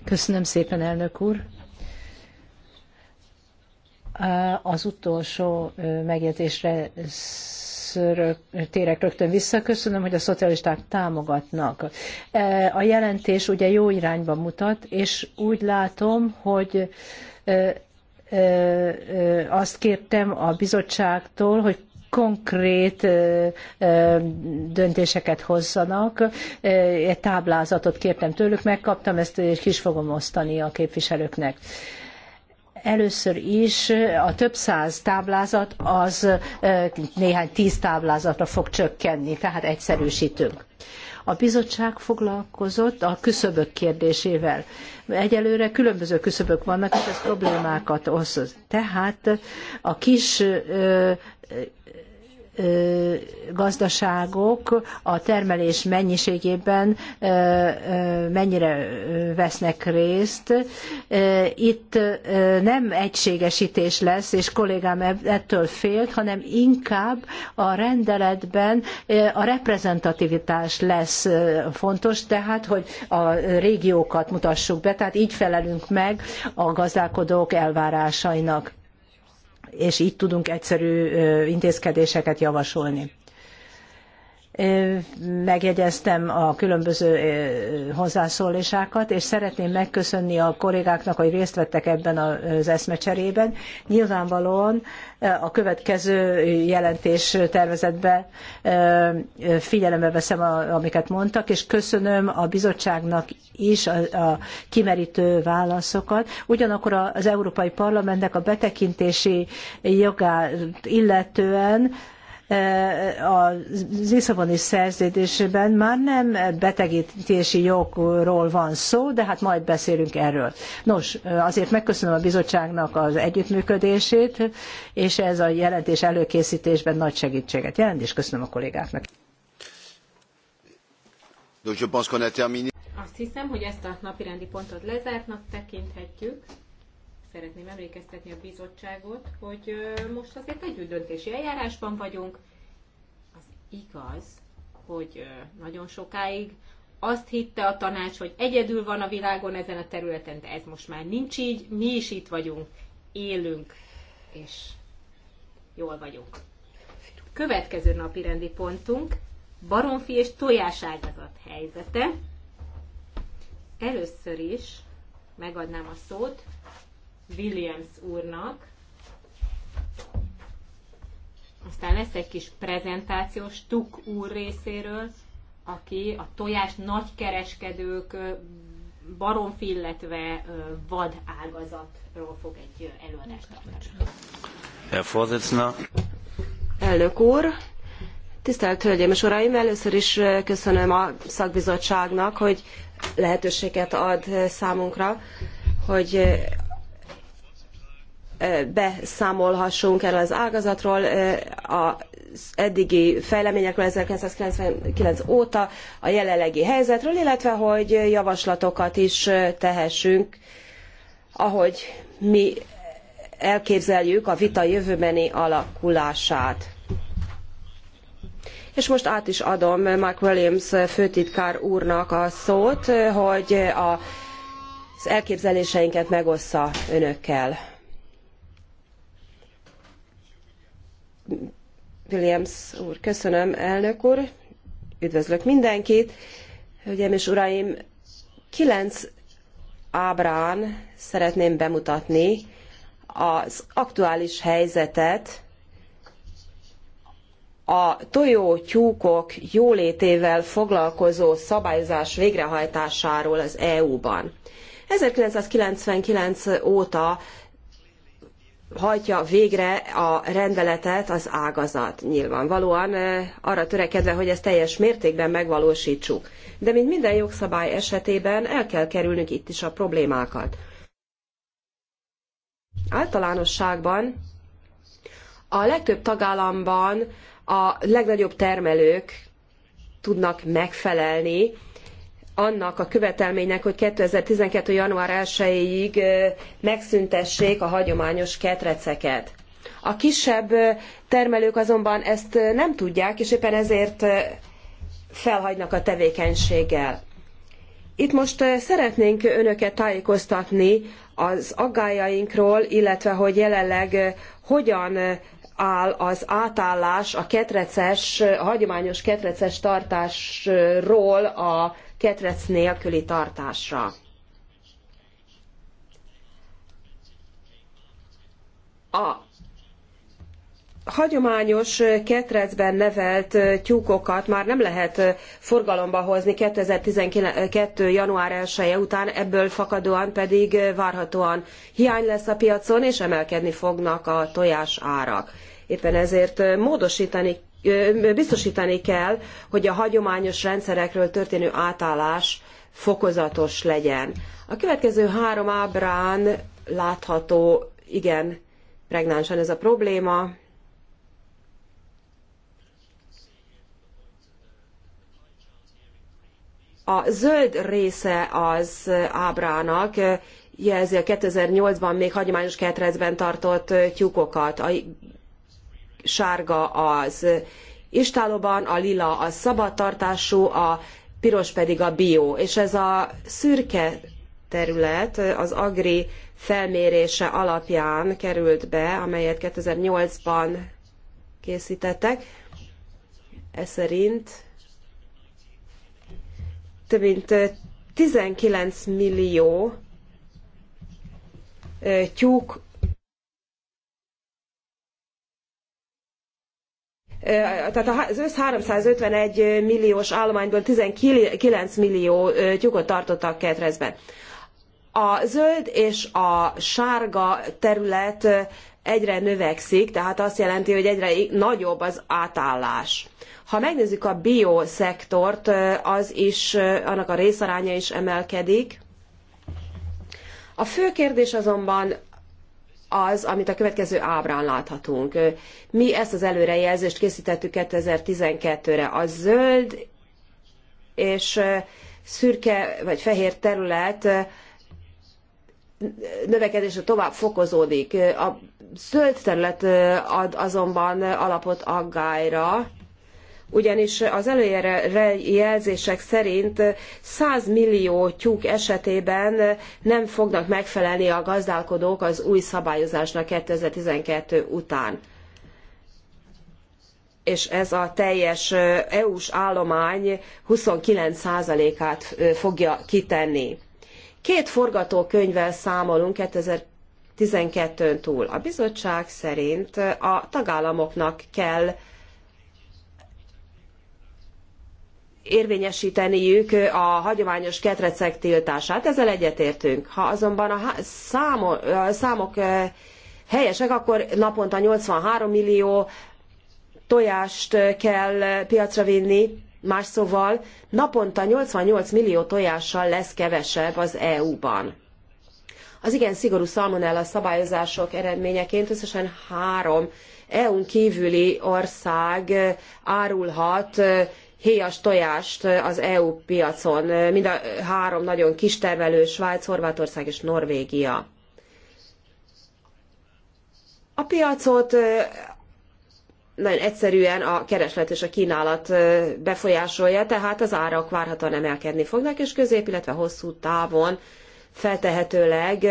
Köszönöm szépen, elnök úr. Az utolsó megjegyzésre térek rögtön vissza. Köszönöm, hogy a szocialisták támogatnak. E, a jelentés ugye jó irányba mutat, és úgy látom, hogy e, e, azt kértem a bizottságtól, hogy konkrét döntéseket hozzanak. Egy táblázatot kértem tőlük, megkaptam ezt, és kis fogom osztani a képviselőknek először is eh, a több száz táblázat az eh, néhány tíz táblázatra fog csökkenni, tehát egyszerűsítünk. A bizottság foglalkozott a küszöbök kérdésével. Egyelőre különböző küszöbök vannak, és ez problémákat okoz. Tehát a kis eh, gazdaságok a termelés mennyiségében mennyire vesznek részt. Itt nem egységesítés lesz, és kollégám ettől félt, hanem inkább a rendeletben a reprezentativitás lesz fontos, tehát hogy a régiókat mutassuk be, tehát így felelünk meg a gazdálkodók elvárásainak és így tudunk egyszerű intézkedéseket javasolni megjegyeztem a különböző hozzászólásokat, és szeretném megköszönni a kollégáknak, hogy részt vettek ebben az eszmecserében. Nyilvánvalóan a következő jelentés tervezetbe figyelembe veszem, amiket mondtak, és köszönöm a bizottságnak is a kimerítő válaszokat. Ugyanakkor az Európai Parlamentnek a betekintési jogát illetően Eh, az iszaboni szerződésben már nem betegítési jogról van szó, de hát majd beszélünk erről. Nos, azért megköszönöm a bizottságnak az együttműködését, és ez a jelentés előkészítésben nagy segítséget jelent, és köszönöm a kollégáknak. Azt hiszem, hogy ezt a napirendi pontot lezártnak tekinthetjük szeretném emlékeztetni a bizottságot, hogy most azért együtt döntési eljárásban vagyunk. Az igaz, hogy nagyon sokáig azt hitte a tanács, hogy egyedül van a világon ezen a területen, de ez most már nincs így, mi is itt vagyunk, élünk, és jól vagyunk. Következő napi rendi pontunk, baromfi és tojáságazat helyzete. Először is megadnám a szót Williams úrnak. Aztán lesz egy kis prezentáció Stuck úr részéről, aki a tojás nagykereskedők baromfi, illetve vad ágazatról fog egy előadást tartani. Herr Vorsitzender. Elnök úr, tisztelt Hölgyeim és Uraim, először is köszönöm a szakbizottságnak, hogy lehetőséget ad számunkra, hogy beszámolhassunk erről az ágazatról, az eddigi fejleményekről 1999 óta, a jelenlegi helyzetről, illetve hogy javaslatokat is tehessünk, ahogy mi elképzeljük a vita jövőbeni alakulását. És most át is adom Mark Williams főtitkár úrnak a szót, hogy a, az elképzeléseinket megossza önökkel. Williams úr, köszönöm, elnök úr, üdvözlök mindenkit. Hölgyeim és uraim, kilenc ábrán szeretném bemutatni az aktuális helyzetet a tojótyúkok jólétével foglalkozó szabályozás végrehajtásáról az EU-ban. 1999 óta hajtja végre a rendeletet az ágazat nyilvánvalóan, arra törekedve, hogy ezt teljes mértékben megvalósítsuk. De mint minden jogszabály esetében el kell kerülnünk itt is a problémákat. Általánosságban a legtöbb tagállamban a legnagyobb termelők tudnak megfelelni annak a követelménynek, hogy 2012. január 1-ig megszüntessék a hagyományos ketreceket. A kisebb termelők azonban ezt nem tudják, és éppen ezért felhagynak a tevékenységgel. Itt most szeretnénk önöket tájékoztatni az aggájainkról, illetve hogy jelenleg hogyan áll az átállás a ketreces, a hagyományos ketreces tartásról a ketrec nélküli tartásra. A hagyományos ketrecben nevelt tyúkokat már nem lehet forgalomba hozni 2012. január 1 -e után, ebből fakadóan pedig várhatóan hiány lesz a piacon, és emelkedni fognak a tojás árak. Éppen ezért módosítani biztosítani kell, hogy a hagyományos rendszerekről történő átállás fokozatos legyen. A következő három ábrán látható, igen, pregnánsan ez a probléma. A zöld része az ábrának jelzi a 2008-ban még hagyományos ketrecben tartott tyúkokat. A sárga az istálóban, a lila a szabadtartású, a piros pedig a bio. És ez a szürke terület az Agri felmérése alapján került be, amelyet 2008-ban készítettek. Ez szerint több mint 19 millió tyúk tehát az össz 351 milliós állományból 19 millió tyúkot tartottak ketrezben. A zöld és a sárga terület egyre növekszik, tehát azt jelenti, hogy egyre nagyobb az átállás. Ha megnézzük a bioszektort, az is, annak a részaránya is emelkedik. A fő kérdés azonban az, amit a következő ábrán láthatunk. Mi ezt az előrejelzést készítettük 2012-re. A zöld és szürke vagy fehér terület növekedése tovább fokozódik. A zöld terület ad azonban alapot aggályra, ugyanis az előjelre jelzések szerint 100 millió tyúk esetében nem fognak megfelelni a gazdálkodók az új szabályozásnak 2012 után. És ez a teljes EU-s állomány 29%-át fogja kitenni. Két forgatókönyvvel számolunk 2012 12-ön túl. A bizottság szerint a tagállamoknak kell érvényesíteniük a hagyományos ketrecek tiltását, ezzel egyetértünk. Ha azonban a számok eh, helyesek, akkor naponta 83 millió tojást eh, kell eh, piacra vinni, más szóval naponta 88 millió tojással lesz kevesebb az EU-ban. Az igen szigorú szalmonella szabályozások eredményeként összesen három EU-n kívüli ország árulhat héjas tojást az EU piacon. Mind a három nagyon kis termelő, Svájc, Horvátország és Norvégia. A piacot nagyon egyszerűen a kereslet és a kínálat befolyásolja, tehát az árak várhatóan emelkedni fognak, és közép, illetve hosszú távon feltehetőleg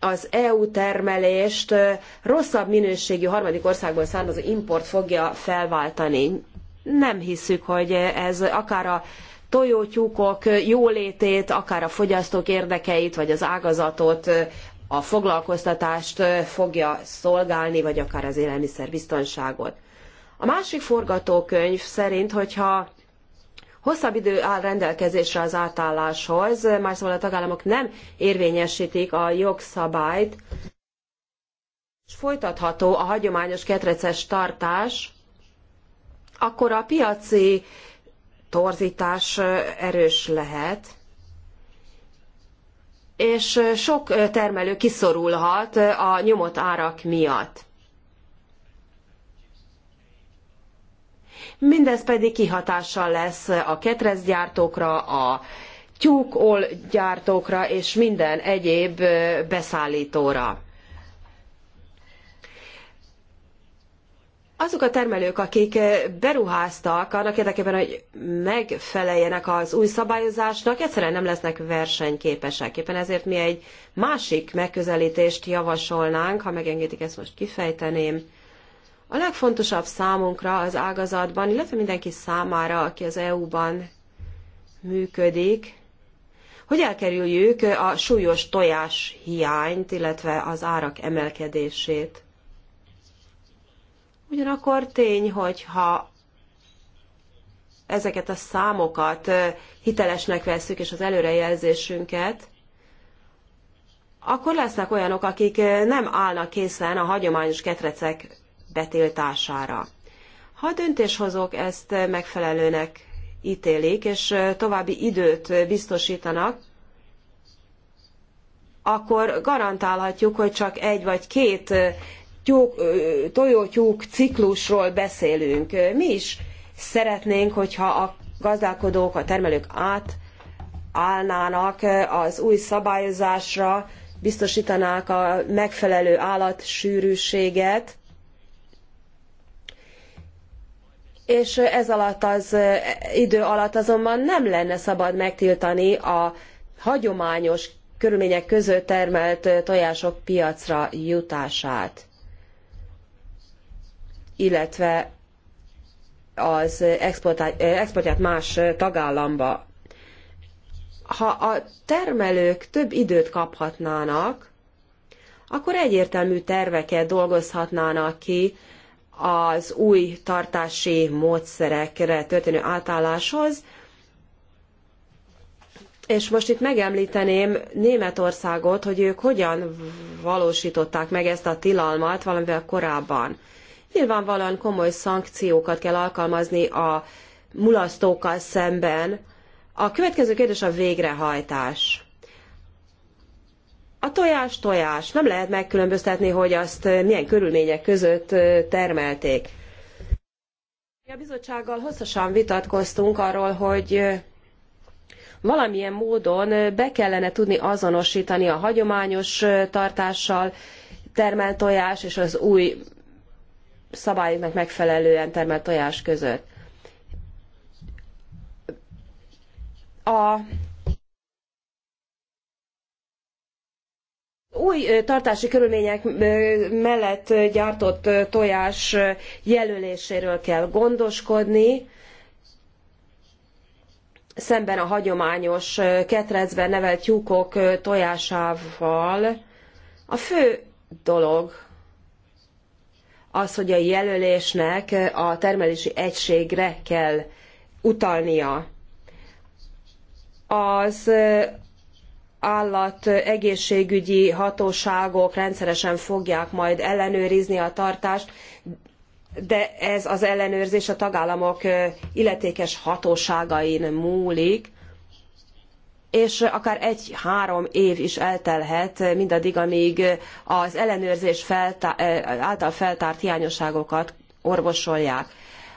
az EU termelést rosszabb minőségű harmadik országból származó import fogja felváltani nem hiszük, hogy ez akár a tojótyúkok jólétét, akár a fogyasztók érdekeit, vagy az ágazatot, a foglalkoztatást fogja szolgálni, vagy akár az élelmiszerbiztonságot. A másik forgatókönyv szerint, hogyha hosszabb idő áll rendelkezésre az átálláshoz, más szóval a tagállamok nem érvényesítik a jogszabályt, és folytatható a hagyományos ketreces tartás, akkor a piaci torzítás erős lehet, és sok termelő kiszorulhat a nyomott árak miatt. Mindez pedig kihatással lesz a ketrezgyártókra, a tyúkolgyártókra és minden egyéb beszállítóra. azok a termelők, akik eh, beruháztak annak érdekében, hogy megfeleljenek az új szabályozásnak, egyszerűen nem lesznek versenyképesek. Éppen ezért mi egy másik megközelítést javasolnánk, ha megengedik ezt most kifejteném. A legfontosabb számunkra az ágazatban, illetve mindenki számára, aki az EU-ban működik, hogy elkerüljük a súlyos tojás hiányt, illetve az árak emelkedését. Ugyanakkor tény, hogyha ezeket a számokat hitelesnek vesszük, és az előrejelzésünket, akkor lesznek olyanok, akik nem állnak készen a hagyományos ketrecek betiltására. Ha a döntéshozók ezt megfelelőnek ítélik, és további időt biztosítanak, akkor garantálhatjuk, hogy csak egy vagy két tyúk, tojótyúk ciklusról beszélünk. Mi is szeretnénk, hogyha a gazdálkodók, a termelők átállnának az új szabályozásra, biztosítanák a megfelelő állatsűrűséget, és ez alatt az idő alatt azonban nem lenne szabad megtiltani a hagyományos körülmények között termelt tojások piacra jutását illetve az exportját más tagállamba. Ha a termelők több időt kaphatnának, akkor egyértelmű terveket dolgozhatnának ki az új tartási módszerekre történő átálláshoz, és most itt megemlíteném Németországot, hogy ők hogyan valósították meg ezt a tilalmat valamivel korábban. Nyilvánvalóan komoly szankciókat kell alkalmazni a mulasztókkal szemben. A következő kérdés a végrehajtás. A tojás tojás. Nem lehet megkülönböztetni, hogy azt milyen körülmények között termelték. A bizottsággal hosszasan vitatkoztunk arról, hogy valamilyen módon be kellene tudni azonosítani a hagyományos tartással termelt tojás és az új szabályoknak megfelelően termelt tojás között. A új tartási körülmények mellett gyártott tojás jelöléséről kell gondoskodni, szemben a hagyományos ketrecben nevelt tyúkok tojásával. A fő dolog, az, hogy a jelölésnek a termelési egységre kell utalnia. Az állat egészségügyi hatóságok rendszeresen fogják majd ellenőrizni a tartást, de ez az ellenőrzés a tagállamok illetékes hatóságain múlik és akár egy-három év is eltelhet mindaddig, amíg az ellenőrzés feltá- által feltárt hiányosságokat orvosolják.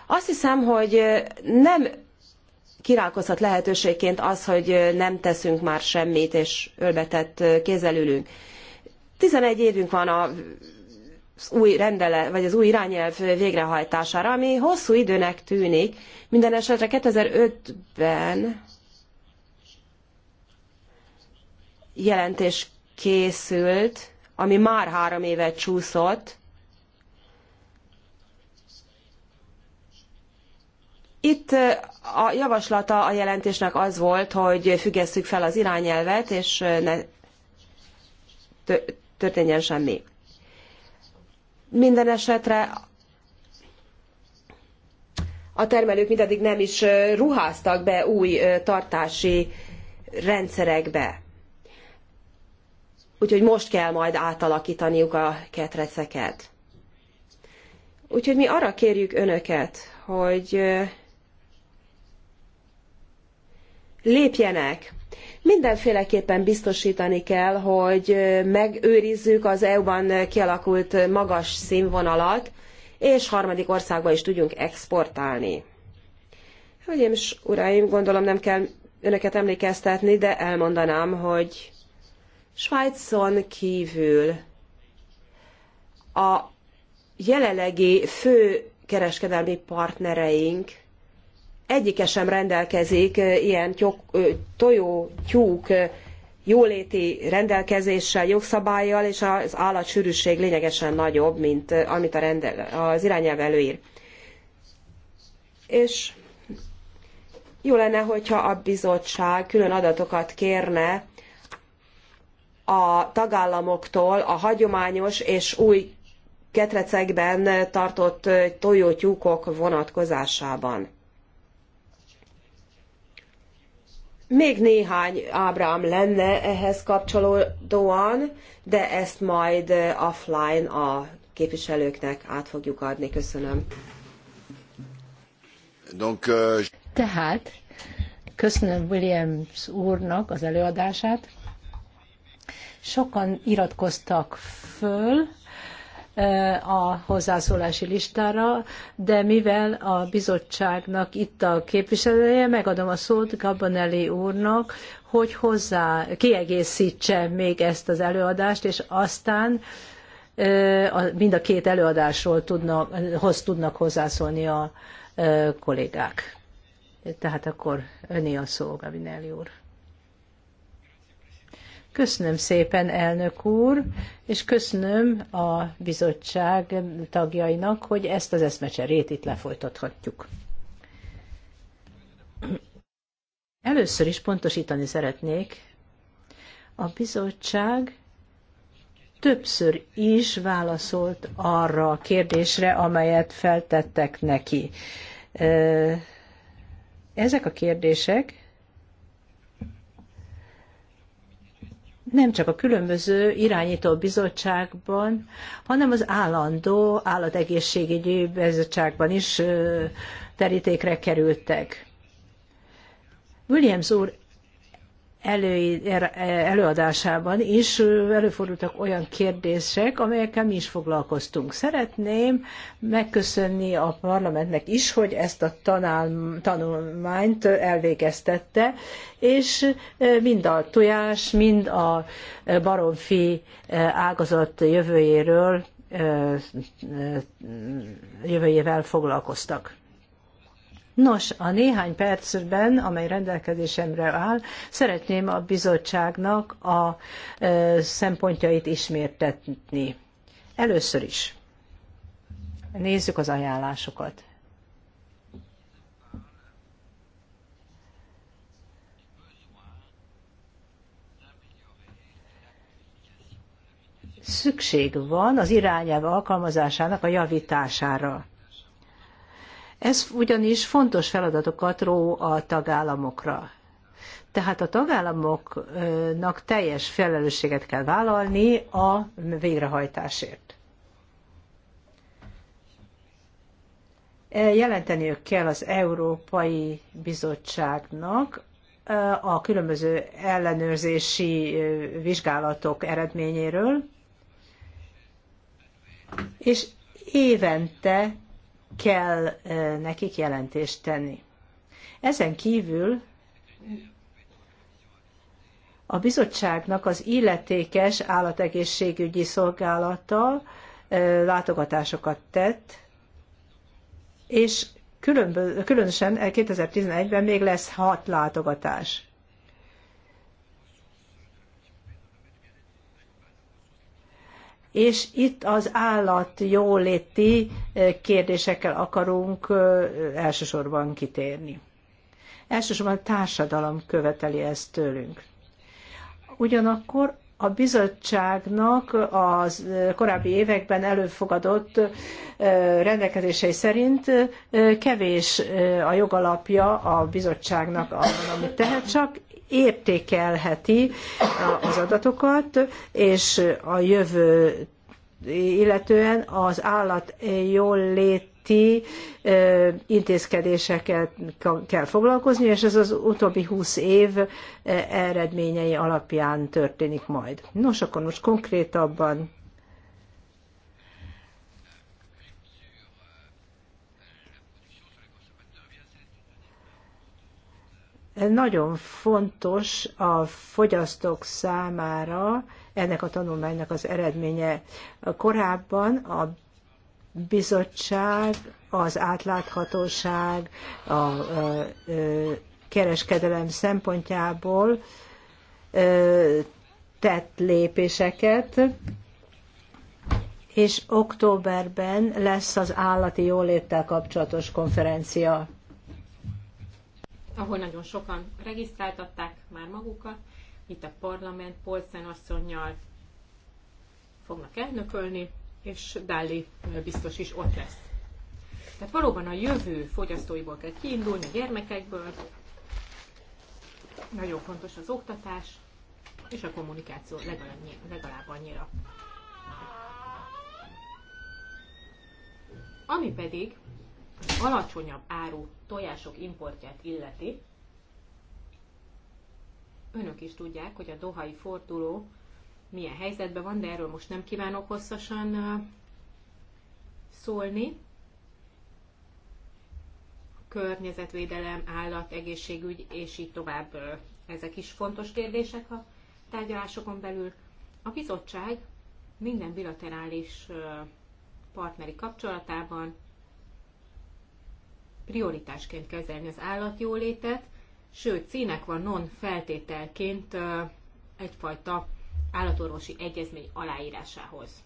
Azt hiszem, hogy nem királkozhat lehetőségként az, hogy nem teszünk már semmit, és ölbetett kézzel ülünk. 11 évünk van a az új rendelet, vagy az új irányelv végrehajtására, ami hosszú időnek tűnik. Minden esetre 2005-ben jelentés készült, ami már három évet csúszott. Itt eh, a javaslata a jelentésnek az volt, hogy függesszük fel az irányelvet, és eh, ne történjen semmi. Minden esetre a termelők mindaddig nem is eh, ruháztak be új tartási rendszerekbe. Úgyhogy most kell majd átalakítaniuk a ketreceket. Úgyhogy mi arra kérjük önöket, hogy lépjenek. Mindenféleképpen biztosítani kell, hogy megőrizzük az EU-ban kialakult magas színvonalat, és harmadik országba is tudjunk exportálni. Hölgyeim és uraim, gondolom nem kell önöket emlékeztetni, de elmondanám, hogy Svájcon kívül a jelenlegi fő kereskedelmi partnereink egyike sem rendelkezik ilyen tojó, tyúk jóléti rendelkezéssel, jogszabályjal, és az állatsűrűség lényegesen nagyobb, mint amit a rendel, az irányelv előír. És jó lenne, hogyha a bizottság külön adatokat kérne a tagállamoktól a hagyományos és új ketrecekben tartott tojótyúkok vonatkozásában. Még néhány ábrám lenne ehhez kapcsolódóan, de ezt majd offline a képviselőknek át fogjuk adni. Köszönöm. Tehát köszönöm Williams úrnak az előadását. Sokan iratkoztak föl a hozzászólási listára, de mivel a bizottságnak itt a képviselője, megadom a szót Gabonelli úrnak, hogy hozzá kiegészítse még ezt az előadást, és aztán mind a két előadásról tudnak, hoz tudnak hozzászólni a kollégák. Tehát akkor öné a szó, Gabinelli úr. Köszönöm szépen, elnök úr, és köszönöm a bizottság tagjainak, hogy ezt az eszmecserét itt lefolytathatjuk. Először is pontosítani szeretnék, a bizottság többször is válaszolt arra a kérdésre, amelyet feltettek neki. Ezek a kérdések nem csak a különböző irányító bizottságban, hanem az állandó állategészségügyi bizottságban is terítékre kerültek. Williams úr elő, er, e, előadásában is előfordultak olyan kérdések, amelyekkel mi is foglalkoztunk. Szeretném megköszönni a parlamentnek is, hogy ezt a tanál, tanulmányt elvégeztette, és e, mind a tojás, mind a e, baromfi ágazat jövőjéről jövőjével foglalkoztak. Nos, a néhány percben, amely rendelkezésemre áll, szeretném a bizottságnak a szempontjait ismértetni. Először is nézzük az ajánlásokat. Szükség van az irányelv alkalmazásának a javítására ez ugyanis fontos feladatokat ró a tagállamokra. Tehát a tagállamoknak teljes felelősséget kell vállalni a végrehajtásért. Jelenteniük kell az Európai Bizottságnak eh, a különböző ellenőrzési eh, vizsgálatok eredményéről, és évente kell nekik jelentést tenni. Ezen kívül a bizottságnak az illetékes állategészségügyi szolgálata látogatásokat tett, és különösen 2011-ben még lesz hat látogatás. és itt az állat jóléti eh, kérdésekkel akarunk eh, elsősorban kitérni. Elsősorban a társadalom követeli ezt tőlünk. Ugyanakkor a bizottságnak az korábbi években előfogadott rendelkezései szerint kevés a jogalapja a bizottságnak abban, amit tehet, csak értékelheti az adatokat, és a jövő illetően az állat jól lét ti intézkedésekkel kell foglalkozni, és ez az utóbbi húsz év eredményei alapján történik majd. Nos, akkor most konkrétabban nagyon fontos a fogyasztók számára ennek a tanulmánynak az eredménye. Korábban a bizottság, az átláthatóság, a, kereskedelem szempontjából tett lépéseket, és októberben lesz az állati jóléttel kapcsolatos konferencia. Ahol nagyon sokan regisztráltatták már magukat, itt a parlament Polszen asszonynal fognak elnökölni és Dalli biztos is ott lesz. Tehát valóban a jövő fogyasztóiból kell kiindulni, a gyermekekből. Nagyon fontos az oktatás és a kommunikáció legalább, legalább annyira. Ami pedig az alacsonyabb áru tojások importját illeti, önök is tudják, hogy a dohai forduló milyen helyzetben van, de erről most nem kívánok hosszasan szólni. Környezetvédelem, állat, egészségügy és így tovább ezek is fontos kérdések a tárgyalásokon belül. A bizottság minden bilaterális partneri kapcsolatában prioritásként kezelni az állatjólétet, sőt, színek van non feltételként egyfajta állatorvosi egyezmény aláírásához.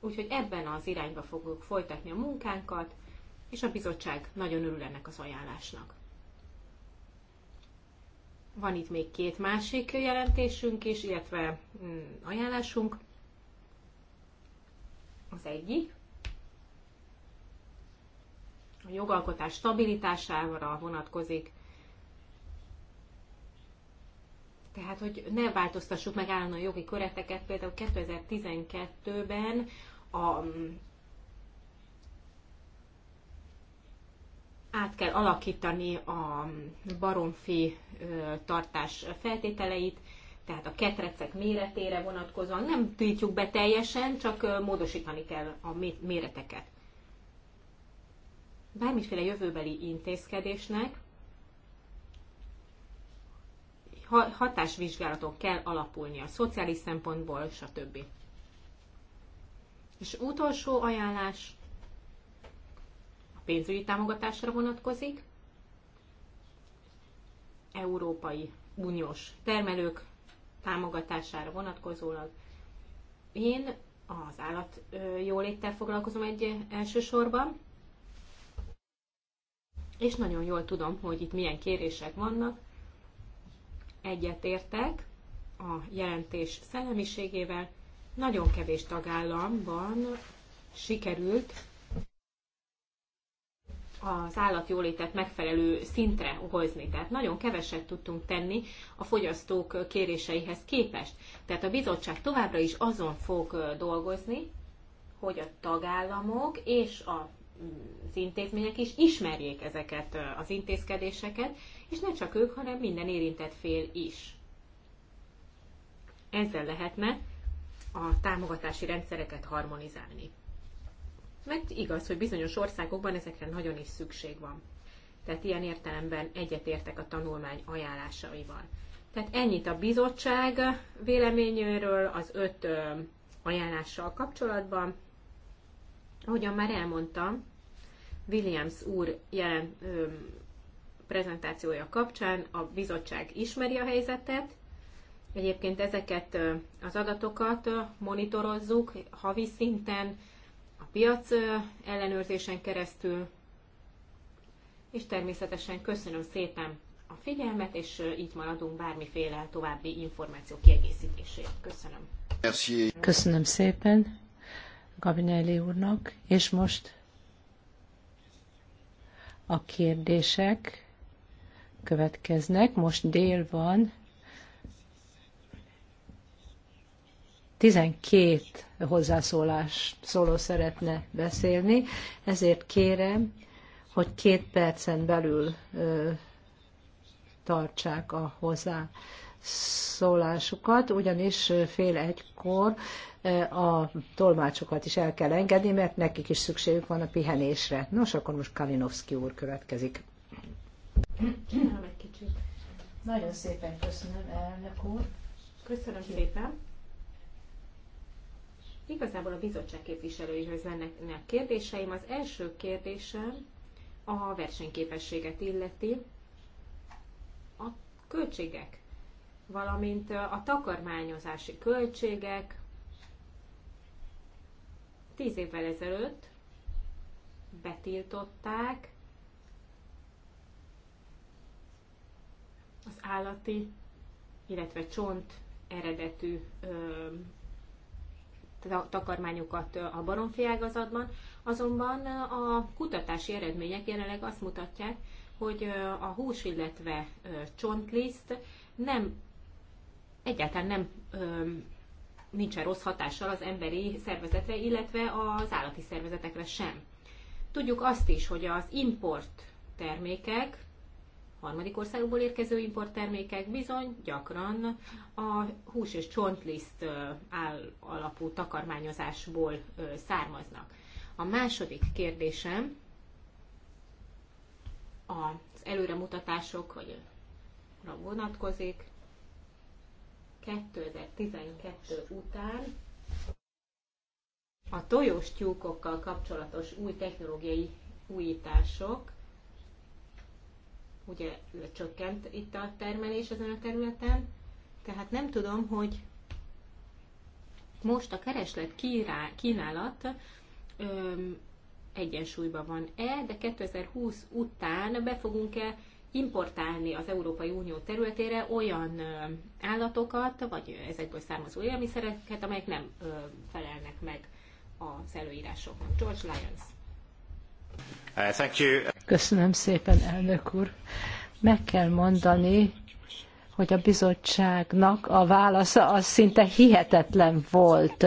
Úgyhogy ebben az irányba fogjuk folytatni a munkánkat, és a bizottság nagyon örül ennek az ajánlásnak. Van itt még két másik jelentésünk is, illetve mm, ajánlásunk. Az egyik a jogalkotás stabilitására vonatkozik, Tehát, hogy ne változtassuk meg állandóan jogi köreteket, például 2012-ben a át kell alakítani a baromfi tartás feltételeit, tehát a ketrecek méretére vonatkozóan nem tiltjuk be teljesen, csak módosítani kell a méreteket. Bármiféle jövőbeli intézkedésnek Hatásvizsgálatok kell alapulnia, szociális szempontból, stb. És utolsó ajánlás a pénzügyi támogatásra vonatkozik. Európai Uniós termelők támogatására vonatkozólag. Én az állat jóléttel foglalkozom egy elsősorban, és nagyon jól tudom, hogy itt milyen kérések vannak, egyetértek a jelentés szellemiségével. Nagyon kevés tagállamban sikerült az állatjólétet megfelelő szintre hozni. Tehát nagyon keveset tudtunk tenni a fogyasztók kéréseihez képest. Tehát a bizottság továbbra is azon fog dolgozni, hogy a tagállamok és a intézmények is ismerjék ezeket az intézkedéseket, és ne csak ők, hanem minden érintett fél is. Ezzel lehetne a támogatási rendszereket harmonizálni. Mert igaz, hogy bizonyos országokban ezekre nagyon is szükség van. Tehát ilyen értelemben egyetértek a tanulmány ajánlásaival. Tehát ennyit a bizottság véleményéről az öt ajánlással kapcsolatban. Ahogyan már elmondtam, Williams úr jelen ö, prezentációja kapcsán a bizottság ismeri a helyzetet. Egyébként ezeket az adatokat monitorozzuk havi szinten, a piac ellenőrzésen keresztül, és természetesen köszönöm szépen a figyelmet, és itt maradunk bármiféle további információ kiegészítésért. Köszönöm. Köszönöm szépen Gabinelli úrnak, és most a kérdések következnek. Most dél van. 12 hozzászólás szóló szeretne beszélni, ezért kérem, hogy két percen belül ö, tartsák a hozzászólásukat, ugyanis fél egykor a tolmácsokat is el kell engedni, mert nekik is szükségük van a pihenésre. Nos, akkor most Kalinowski úr következik. Kínálom egy kicsit. Nagyon szépen köszönöm, elnök úr. Köszönöm szépen. Igazából a bizottság képviselőihez lennek kérdéseim. Az első kérdésem a versenyképességet illeti. A költségek, valamint a takarmányozási költségek, Tíz évvel ezelőtt betiltották az állati, illetve csont eredetű ö, takarmányokat a baromfi ágazatban, azonban a kutatási eredmények jelenleg azt mutatják, hogy a hús, illetve csontliszt nem egyáltalán nem nincsen rossz hatással az emberi szervezetre, illetve az állati szervezetekre sem. Tudjuk azt is, hogy az import termékek, harmadik országból érkező import termékek bizony gyakran a hús és csontliszt alapú takarmányozásból származnak. A második kérdésem az előremutatásokra vonatkozik, 2012 után a tojós tyúkokkal kapcsolatos új technológiai újítások, ugye csökkent itt a termelés ezen a területen, tehát nem tudom, hogy most a kereslet kínálat öm, egyensúlyban van-e, de 2020 után be fogunk-e importálni az Európai Unió területére olyan állatokat, vagy ezekből származó élelmiszereket, amelyek nem felelnek meg az előírásoknak. George Lyons. Uh, thank you. Köszönöm szépen, elnök úr. Meg kell mondani, hogy a bizottságnak a válasza az szinte hihetetlen volt.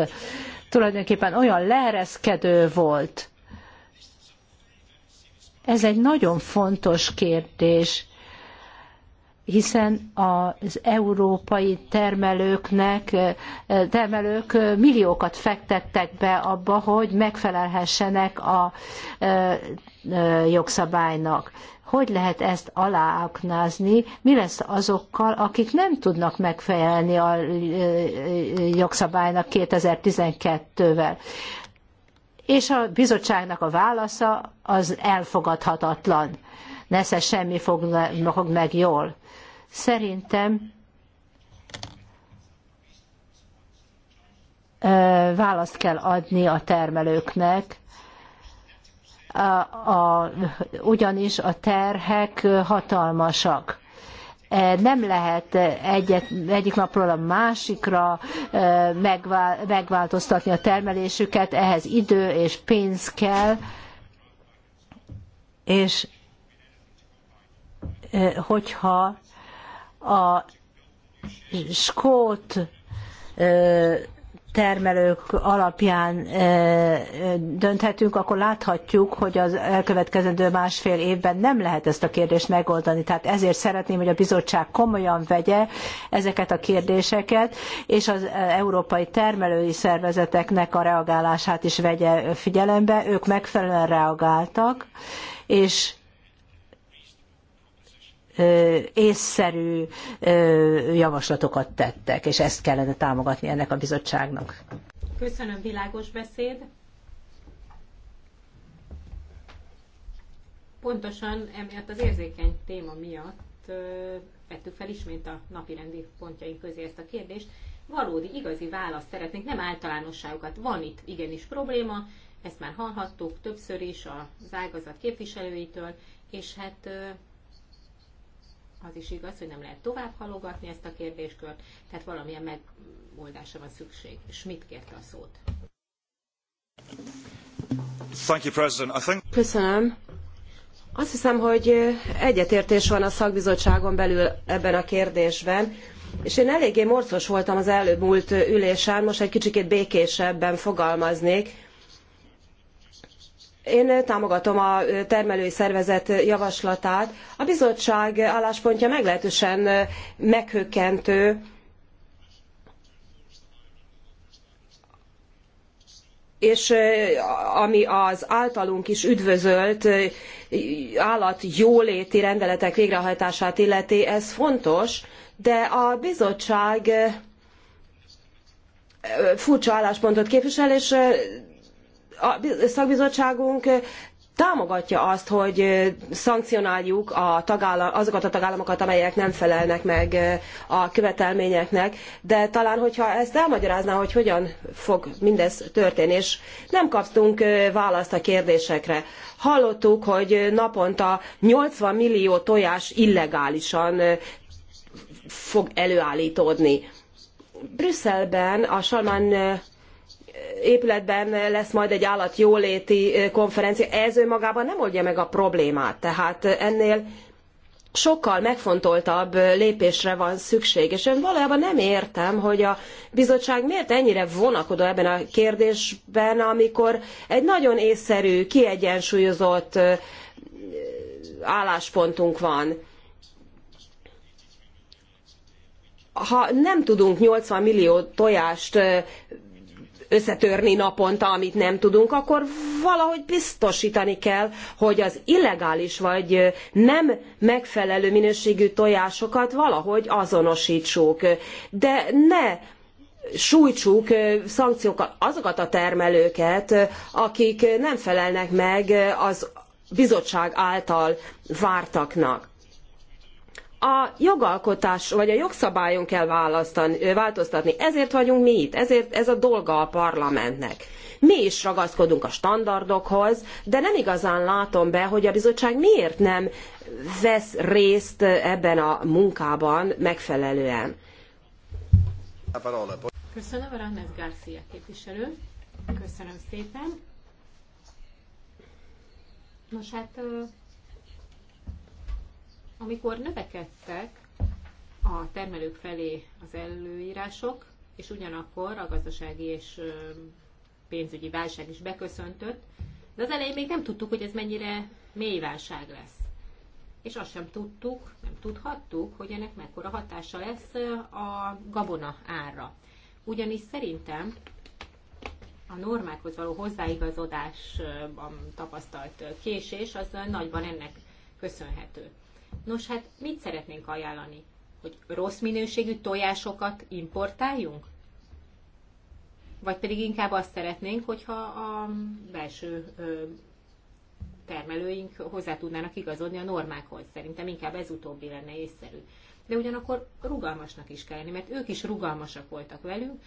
Tulajdonképpen olyan leereszkedő volt ez egy nagyon fontos kérdés, hiszen az európai termelőknek, termelők milliókat fektettek be abba, hogy megfelelhessenek a jogszabálynak hogy lehet ezt aláaknázni, mi lesz azokkal, akik nem tudnak megfelelni a jogszabálynak 2012-vel és a bizottságnak a válasza az elfogadhatatlan. Nesze semmi fog, fog meg jól. Szerintem választ kell adni a termelőknek, a, a, ugyanis a terhek hatalmasak E, nem lehet egyet, egyik napról a másikra e, megváltoztatni a termelésüket, ehhez idő és pénz kell, és e, hogyha a skót termelők alapján dönthetünk, akkor láthatjuk, hogy az elkövetkezendő másfél évben nem lehet ezt a kérdést megoldani. Tehát ezért szeretném, hogy a bizottság komolyan vegye ezeket a kérdéseket, és az európai termelői szervezeteknek a reagálását is vegye figyelembe. Ők megfelelően reagáltak, és észszerű javaslatokat tettek, és ezt kellene támogatni ennek a bizottságnak. Köszönöm, világos beszéd. Pontosan emiatt az érzékeny téma miatt vettük fel ismét a napirendi pontjaink közé ezt a kérdést. Valódi, igazi választ szeretnénk, nem általánosságokat. Van itt igenis probléma, ezt már hallhattuk többször is az ágazat képviselőitől, és hát az is igaz, hogy nem lehet tovább halogatni ezt a kérdéskört, tehát valamilyen megoldásra van szükség. mit kérte a szót. Thank you, President. I think... Köszönöm. Azt hiszem, hogy egyetértés van a szakbizottságon belül ebben a kérdésben, és én eléggé morcos voltam az előmúlt ülésen, most egy kicsikét békésebben fogalmaznék én támogatom a termelői szervezet javaslatát. A bizottság álláspontja meglehetősen meghökkentő. és ami az általunk is üdvözölt állatjóléti rendeletek végrehajtását illeti, ez fontos, de a bizottság furcsa álláspontot képvisel, és a szakbizottságunk eh, támogatja azt, hogy eh, szankcionáljuk a tagállam, azokat a tagállamokat, amelyek nem felelnek meg eh, a követelményeknek, de talán, hogyha ezt elmagyarázná, hogy hogyan fog mindez történni, és nem kaptunk választ a kérdésekre. Hallottuk, hogy naponta 80 millió tojás illegálisan fog előállítódni. Brüsszelben a Salman épületben lesz majd egy állatjóléti konferencia, ez önmagában nem oldja meg a problémát. Tehát ennél sokkal megfontoltabb lépésre van szükség, és én valójában nem értem, hogy a bizottság miért ennyire vonakodó ebben a kérdésben, amikor egy nagyon észszerű, kiegyensúlyozott álláspontunk van. Ha nem tudunk 80 millió tojást összetörni naponta, amit nem tudunk, akkor valahogy biztosítani kell, hogy az illegális vagy nem megfelelő minőségű tojásokat valahogy azonosítsuk. De ne sújtsuk szankciókkal azokat a termelőket, akik nem felelnek meg az bizottság által vártaknak a jogalkotás vagy a jogszabályon kell választani, változtatni. Ezért vagyunk mi itt, ezért ez a dolga a parlamentnek. Mi is ragaszkodunk a standardokhoz, de nem igazán látom be, hogy a bizottság miért nem vesz részt ebben a munkában megfelelően. Köszönöm, Randes Garcia képviselő. Köszönöm szépen. Nos hát amikor növekedtek a termelők felé az előírások, és ugyanakkor a gazdasági és pénzügyi válság is beköszöntött, de az elején még nem tudtuk, hogy ez mennyire mély válság lesz. És azt sem tudtuk, nem tudhattuk, hogy ennek mekkora hatása lesz a gabona ára. Ugyanis szerintem a normákhoz való hozzáigazodásban tapasztalt késés az nagyban ennek köszönhető. Nos, hát mit szeretnénk ajánlani? Hogy rossz minőségű tojásokat importáljunk? Vagy pedig inkább azt szeretnénk, hogyha a belső termelőink hozzá tudnának igazodni a normákhoz. Szerintem inkább ez utóbbi lenne észszerű. De ugyanakkor rugalmasnak is kell lenni, mert ők is rugalmasak voltak velünk.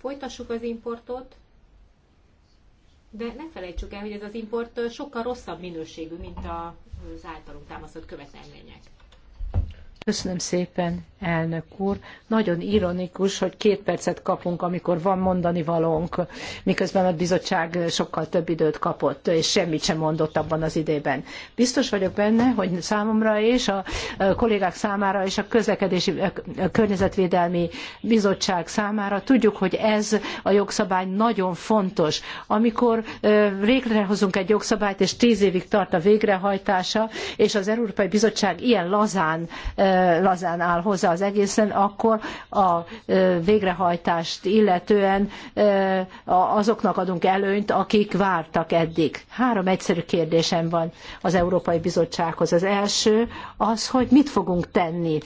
Folytassuk az importot, de ne felejtsük el, hogy ez az import sokkal rosszabb minőségű, mint az általunk támasztott követelmények. Köszönöm szépen, elnök úr. Nagyon ironikus, hogy két percet kapunk, amikor van mondani valónk, miközben a bizottság sokkal több időt kapott, és semmit sem mondott abban az idében. Biztos vagyok benne, hogy számomra és a kollégák számára és a közlekedési a környezetvédelmi bizottság számára tudjuk, hogy ez a jogszabály nagyon fontos. Amikor végrehozunk egy jogszabályt, és tíz évig tart a végrehajtása, és az Európai Bizottság ilyen lazán lazán áll hozzá az egészen, akkor a végrehajtást illetően azoknak adunk előnyt, akik vártak eddig. Három egyszerű kérdésem van az Európai Bizottsághoz. Az első az, hogy mit fogunk tenni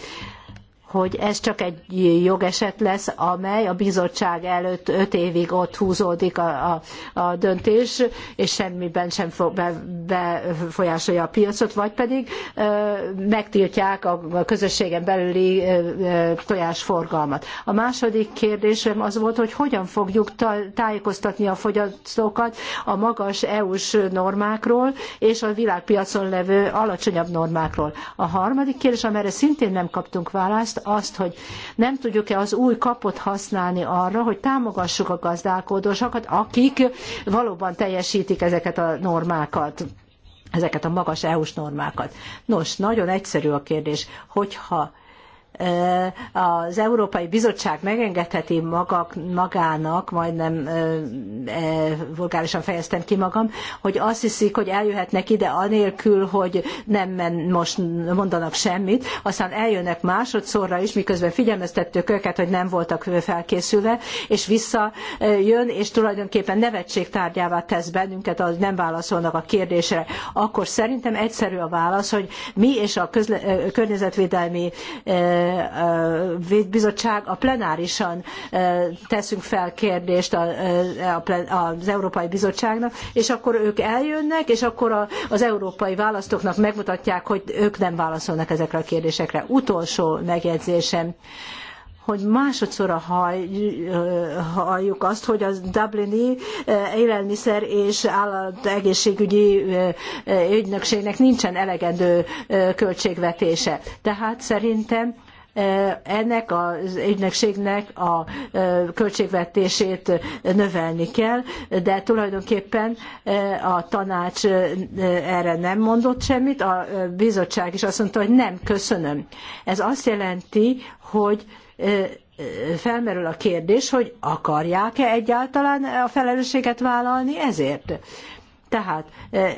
hogy ez csak egy jogeset lesz, amely a bizottság előtt öt évig ott húzódik a, a, a döntés, és semmiben sem fog be, befolyásolja a piacot, vagy pedig ö, megtiltják a, a közösségen belüli ö, ö, tojásforgalmat. A második kérdésem az volt, hogy hogyan fogjuk tájékoztatni a fogyasztókat a magas EU-s normákról és a világpiacon levő alacsonyabb normákról. A harmadik kérdés, amelyre szintén nem kaptunk választ, azt, hogy nem tudjuk-e az új kapot használni arra, hogy támogassuk a gazdálkodósokat, akik valóban teljesítik ezeket a normákat ezeket a magas EU-s normákat. Nos, nagyon egyszerű a kérdés, hogyha az Európai Bizottság megengedheti magak, magának, majdnem vulgárisan fejeztem ki magam, hogy azt hiszik, hogy eljöhetnek ide anélkül, hogy nem most mondanak semmit, aztán eljönnek másodszorra is, miközben figyelmeztettük őket, hogy nem voltak felkészülve, és visszajön, és tulajdonképpen nevetség tárgyává tesz bennünket, az nem válaszolnak a kérdésre. Akkor szerintem egyszerű a válasz, hogy mi és a közle- környezetvédelmi bizottság, a plenárisan teszünk fel kérdést az Európai Bizottságnak, és akkor ők eljönnek, és akkor az európai választóknak megmutatják, hogy ők nem válaszolnak ezekre a kérdésekre. Utolsó megjegyzésem hogy másodszorra halljuk azt, hogy a Dublini élelmiszer és állat egészségügyi ügynökségnek nincsen elegendő költségvetése. Tehát szerintem ennek az ügynökségnek a költségvetését növelni kell, de tulajdonképpen a tanács erre nem mondott semmit, a bizottság is azt mondta, hogy nem, köszönöm. Ez azt jelenti, hogy felmerül a kérdés, hogy akarják-e egyáltalán a felelősséget vállalni ezért. Tehát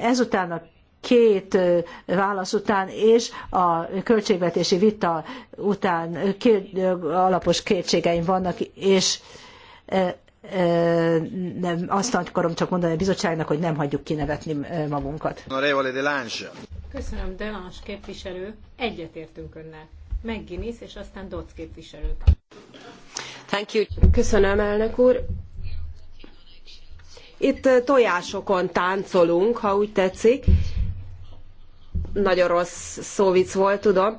ezután a két válasz után és a költségvetési vita után két, alapos kétségeim vannak, és nem, azt akarom csak mondani a bizottságnak, hogy nem hagyjuk kinevetni magunkat. Köszönöm, Delans képviselő. Egyetértünk önnel. McGuinness és aztán Dodds képviselők. Thank you. Köszönöm, elnök úr. Itt tojásokon táncolunk, ha úgy tetszik, nagyon rossz szóvic volt, tudom,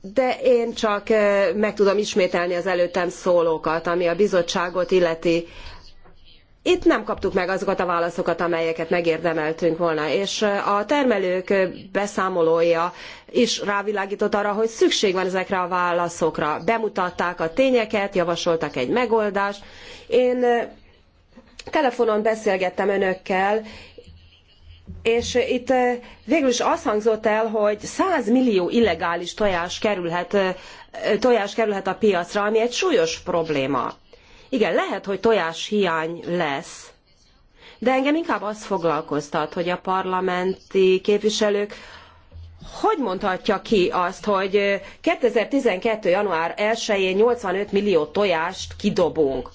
de én csak eh, meg tudom ismételni az előttem szólókat, ami a bizottságot illeti. Itt nem kaptuk meg azokat a válaszokat, amelyeket megérdemeltünk volna, és eh, a termelők beszámolója is rávilágított arra, hogy szükség van ezekre a válaszokra. Bemutatták a tényeket, javasoltak egy megoldást. Én eh, telefonon beszélgettem önökkel, és eh, itt eh, végül is az hangzott el, hogy 100 millió illegális tojás kerülhet, eh, tojás kerülhet a piacra, ami egy súlyos probléma. Igen, lehet, hogy tojás hiány lesz, de engem inkább az foglalkoztat, hogy a parlamenti képviselők hogy mondhatja ki azt, hogy 2012. január 1-én 85 millió tojást kidobunk?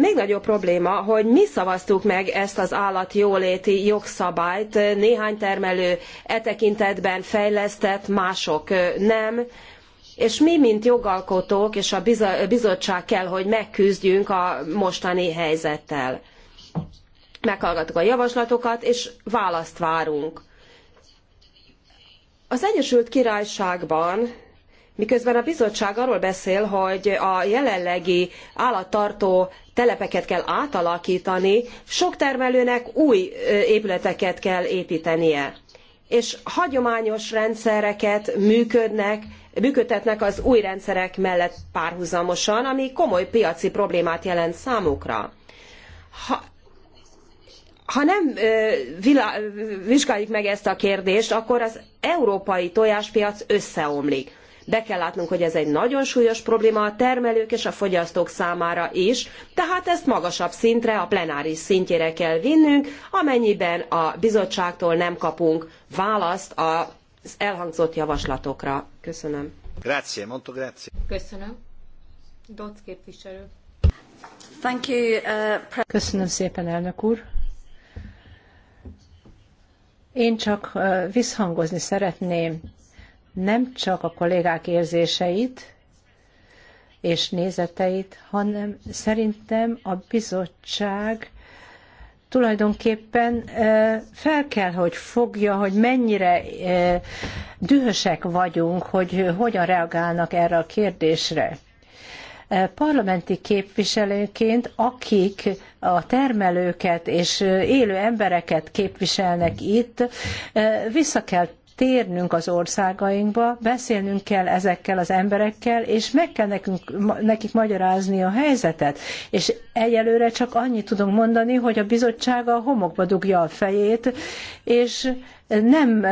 még nagyobb probléma, hogy mi szavaztuk meg ezt az állatjóléti jogszabályt, néhány termelő e tekintetben fejlesztett, mások nem, és mi, mint jogalkotók és a bizottság kell, hogy megküzdjünk a mostani helyzettel. Meghallgattuk a javaslatokat, és választ várunk. Az Egyesült Királyságban Miközben a bizottság arról beszél, hogy a jelenlegi állattartó telepeket kell átalakítani, sok termelőnek új épületeket kell építenie. És hagyományos rendszereket működnek, működtetnek az új rendszerek mellett párhuzamosan, ami komoly piaci problémát jelent számukra. Ha, ha nem vizsgáljuk meg ezt a kérdést, akkor az európai tojáspiac összeomlik be kell látnunk, hogy ez egy nagyon súlyos probléma a termelők és a fogyasztók számára is, tehát ezt magasabb szintre, a plenáris szintjére kell vinnünk, amennyiben a bizottságtól nem kapunk választ az elhangzott javaslatokra. Köszönöm. Grazie, molto grazie. Köszönöm. Dodds képviselő. Thank you, uh, Köszönöm szépen, elnök úr. Én csak uh, visszhangozni szeretném nem csak a kollégák érzéseit és nézeteit, hanem szerintem a bizottság tulajdonképpen fel kell, hogy fogja, hogy mennyire dühösek vagyunk, hogy hogyan reagálnak erre a kérdésre parlamenti képviselőként, akik a termelőket és élő embereket képviselnek itt, vissza kell térnünk az országainkba, beszélnünk kell ezekkel az emberekkel, és meg kell nekünk, nekik magyarázni a helyzetet. És egyelőre csak annyit tudunk mondani, hogy a bizottság a homokba dugja a fejét, és nem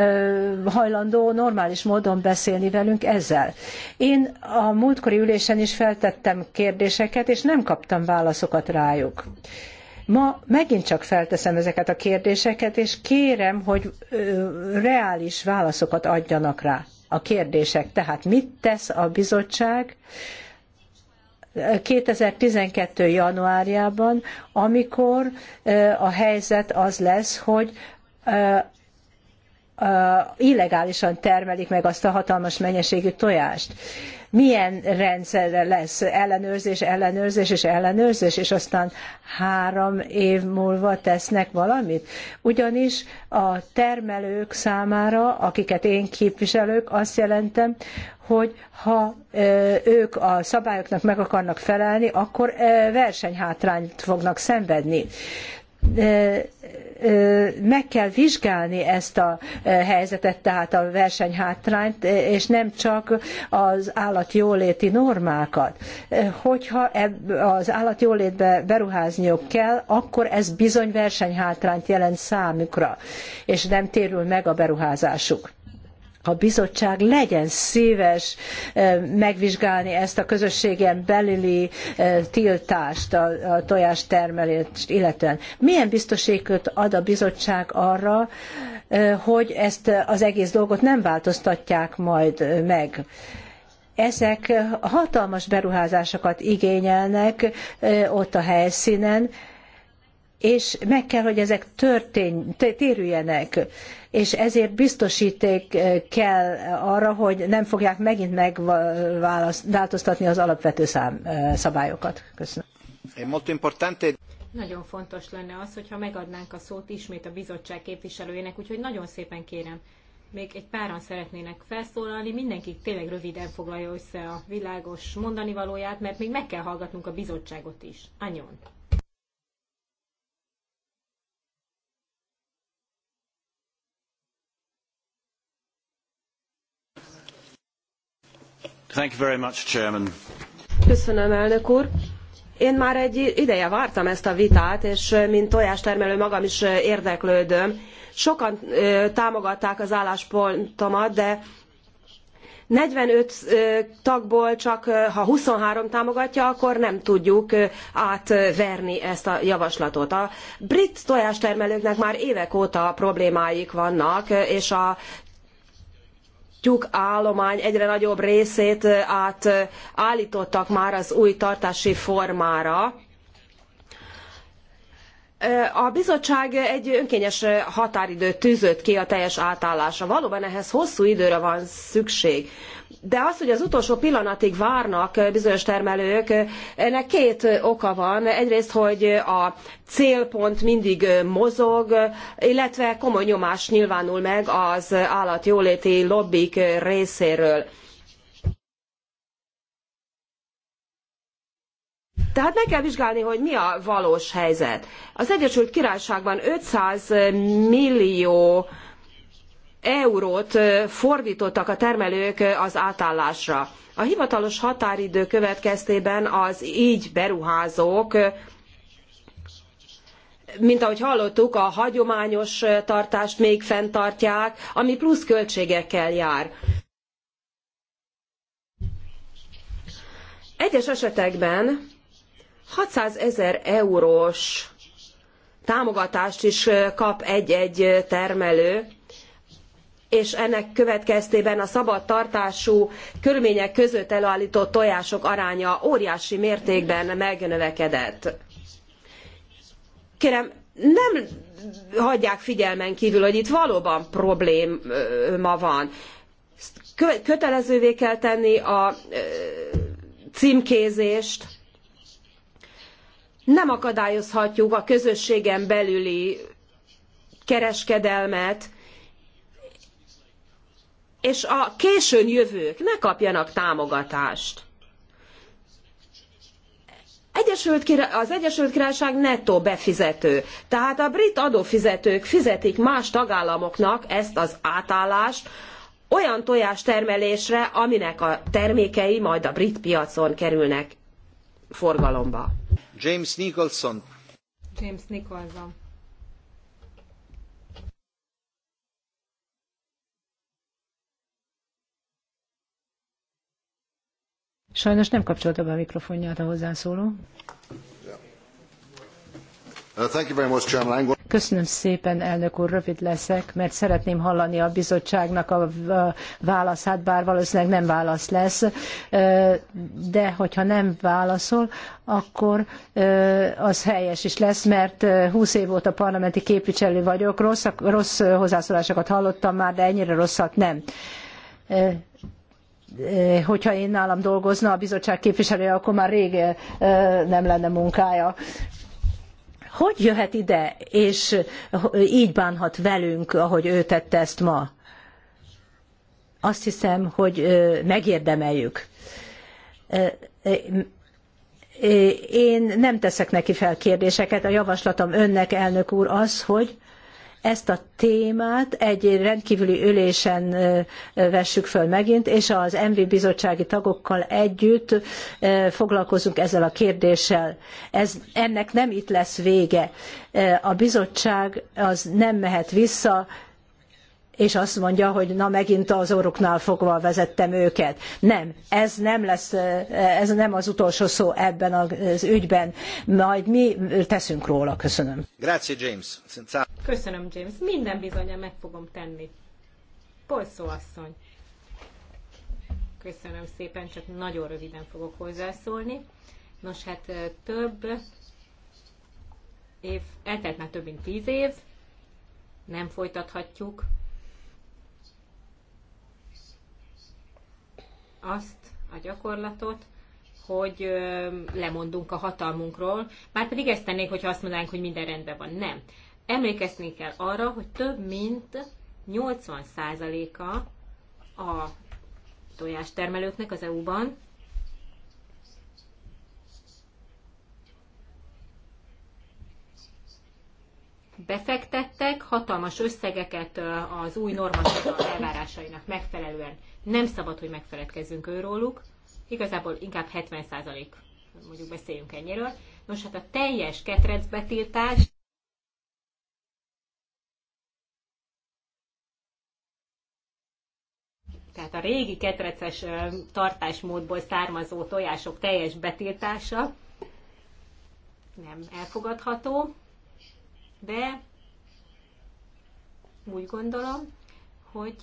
hajlandó normális módon beszélni velünk ezzel. Én a múltkori ülésen is feltettem kérdéseket, és nem kaptam válaszokat rájuk. Ma megint csak felteszem ezeket a kérdéseket, és kérem, hogy reális válaszokat adjanak rá a kérdések. Tehát mit tesz a bizottság 2012. januárjában, amikor a helyzet az lesz, hogy illegálisan termelik meg azt a hatalmas mennyiségű tojást milyen rendszerre lesz ellenőrzés, ellenőrzés és ellenőrzés, és aztán három év múlva tesznek valamit. Ugyanis a termelők számára, akiket én képviselők, azt jelentem, hogy ha ők a szabályoknak meg akarnak felelni, akkor versenyhátrányt fognak szenvedni meg kell vizsgálni ezt a helyzetet, tehát a versenyhátrányt, és nem csak az állatjóléti normákat. Hogyha az állatjólétbe beruházniuk kell, akkor ez bizony versenyhátrányt jelent számukra, és nem térül meg a beruházásuk a bizottság legyen szíves eh, megvizsgálni ezt a közösségen belüli eh, tiltást a, tojástermelést illetően. Milyen biztosítékot ad a bizottság arra, eh, hogy ezt az egész dolgot nem változtatják majd meg? Ezek hatalmas beruházásokat igényelnek ott a helyszínen, és meg kell, hogy ezek történj, térüljenek, és ezért biztosíték eh, kell arra, hogy nem fogják megint megváltoztatni az alapvető szám, eh, szabályokat. Köszönöm. Nagyon fontos lenne az, hogyha megadnánk a szót ismét a bizottság képviselőjének, úgyhogy nagyon szépen kérem, még egy páran szeretnének felszólalni, mindenki tényleg röviden foglalja össze a világos mondani valóját, mert még meg kell hallgatnunk a bizottságot is. Anyon. Köszönöm, Én már egy ideje vártam ezt a vitát, és mint tojástermelő magam is érdeklődöm. Sokan támogatták az álláspontomat, de 45 tagból csak ha 23 támogatja, akkor nem tudjuk átverni ezt a javaslatot. A brit tojástermelőknek már évek óta problémáik vannak, és a tyúkállomány egyre nagyobb részét eh, átállítottak eh, már az új tartási formára. Eh, a bizottság egy önkényes határidőt tűzött ki a teljes átállásra. Valóban ehhez hosszú időre van szükség. De az, hogy az utolsó pillanatig várnak bizonyos termelők, ennek két oka van. Egyrészt, hogy a célpont mindig mozog, illetve komoly nyomás nyilvánul meg az állatjóléti lobbik részéről. Tehát meg kell vizsgálni, hogy mi a valós helyzet. Az Egyesült Királyságban 500 millió eurót fordítottak a termelők az átállásra. A hivatalos határidő következtében az így beruházók mint ahogy hallottuk, a hagyományos tartást még fenntartják, ami plusz költségekkel jár. Egyes esetekben 600 ezer eurós támogatást is kap egy-egy termelő, és ennek következtében a szabad tartású körülmények között előállított tojások aránya óriási mértékben megnövekedett. Kérem, nem hagyják figyelmen kívül, hogy itt valóban probléma van. Kötelezővé kell tenni a címkézést, nem akadályozhatjuk a közösségen belüli kereskedelmet, és a későn jövők ne kapjanak támogatást. Egyesült az Egyesült Királyság nettó befizető, tehát a brit adófizetők fizetik más tagállamoknak ezt az átállást olyan tojástermelésre, aminek a termékei majd a brit piacon kerülnek forgalomba. James Nicholson. James Nicholson. Sajnos nem kapcsolta be a mikrofonját a hozzászóló. Uh, Köszönöm szépen, elnök úr, rövid leszek, mert szeretném hallani a bizottságnak a válaszát, bár valószínűleg nem válasz lesz, de hogyha nem válaszol, akkor az helyes is lesz, mert 20 év óta parlamenti képviselő vagyok, rossz, rossz hozzászólásokat hallottam már, de ennyire rosszat nem Eh, hogyha én nálam dolgozna a bizottság képviselője, akkor már rég eh, nem lenne munkája. Hogy jöhet ide, és így bánhat velünk, ahogy ő tette ezt ma? Azt hiszem, hogy eh, megérdemeljük. Én nem teszek neki fel kérdéseket. A javaslatom önnek, elnök úr, az, hogy ezt a témát egy rendkívüli ülésen vessük föl megint, és az MV bizottsági tagokkal együtt foglalkozunk ezzel a kérdéssel. Ez, ennek nem itt lesz vége. A bizottság az nem mehet vissza, és azt mondja, hogy na megint az orruknál fogva vezettem őket. Nem, ez nem lesz, eh, ez nem az utolsó szó ebben az ügyben. Majd mi teszünk róla. Köszönöm. Grazie, James. Köszönöm, James. Minden bizonyal meg fogom tenni. Polszó asszony. Köszönöm szépen, csak nagyon röviden fogok hozzászólni. Nos, hát eh, több év, eltelt már több mint tíz év, nem folytathatjuk azt a gyakorlatot, hogy lemondunk a hatalmunkról, már pedig ezt tennék, hogyha azt mondanánk, hogy minden rendben van. Nem. Emlékezni kell arra, hogy több mint 80%-a a tojástermelőknek az EU-ban befektettek hatalmas összegeket az új normatív elvárásainak megfelelően nem szabad, hogy megfeledkezzünk őróluk, igazából inkább 70 százalék, mondjuk beszéljünk ennyiről. Nos, hát a teljes ketrecbetiltás tehát a régi ketreces tartásmódból származó tojások teljes betiltása nem elfogadható, de úgy gondolom, hogy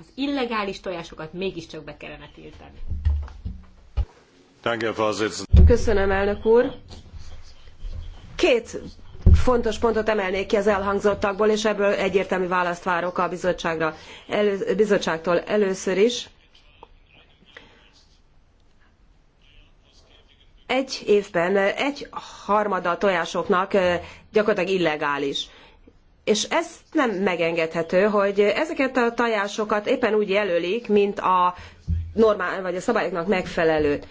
az illegális tojásokat mégiscsak be kellene tiltani. Köszönöm, elnök úr. Két fontos pontot emelnék ki az elhangzottakból, és ebből egyértelmű választ várok a bizottságra. Elő, bizottságtól először is. Egy évben egy harmada a tojásoknak eh, gyakorlatilag illegális. És ez nem megengedhető, hogy ezeket a tajásokat éppen úgy jelölik, mint a normál vagy a szabályoknak megfelelőt.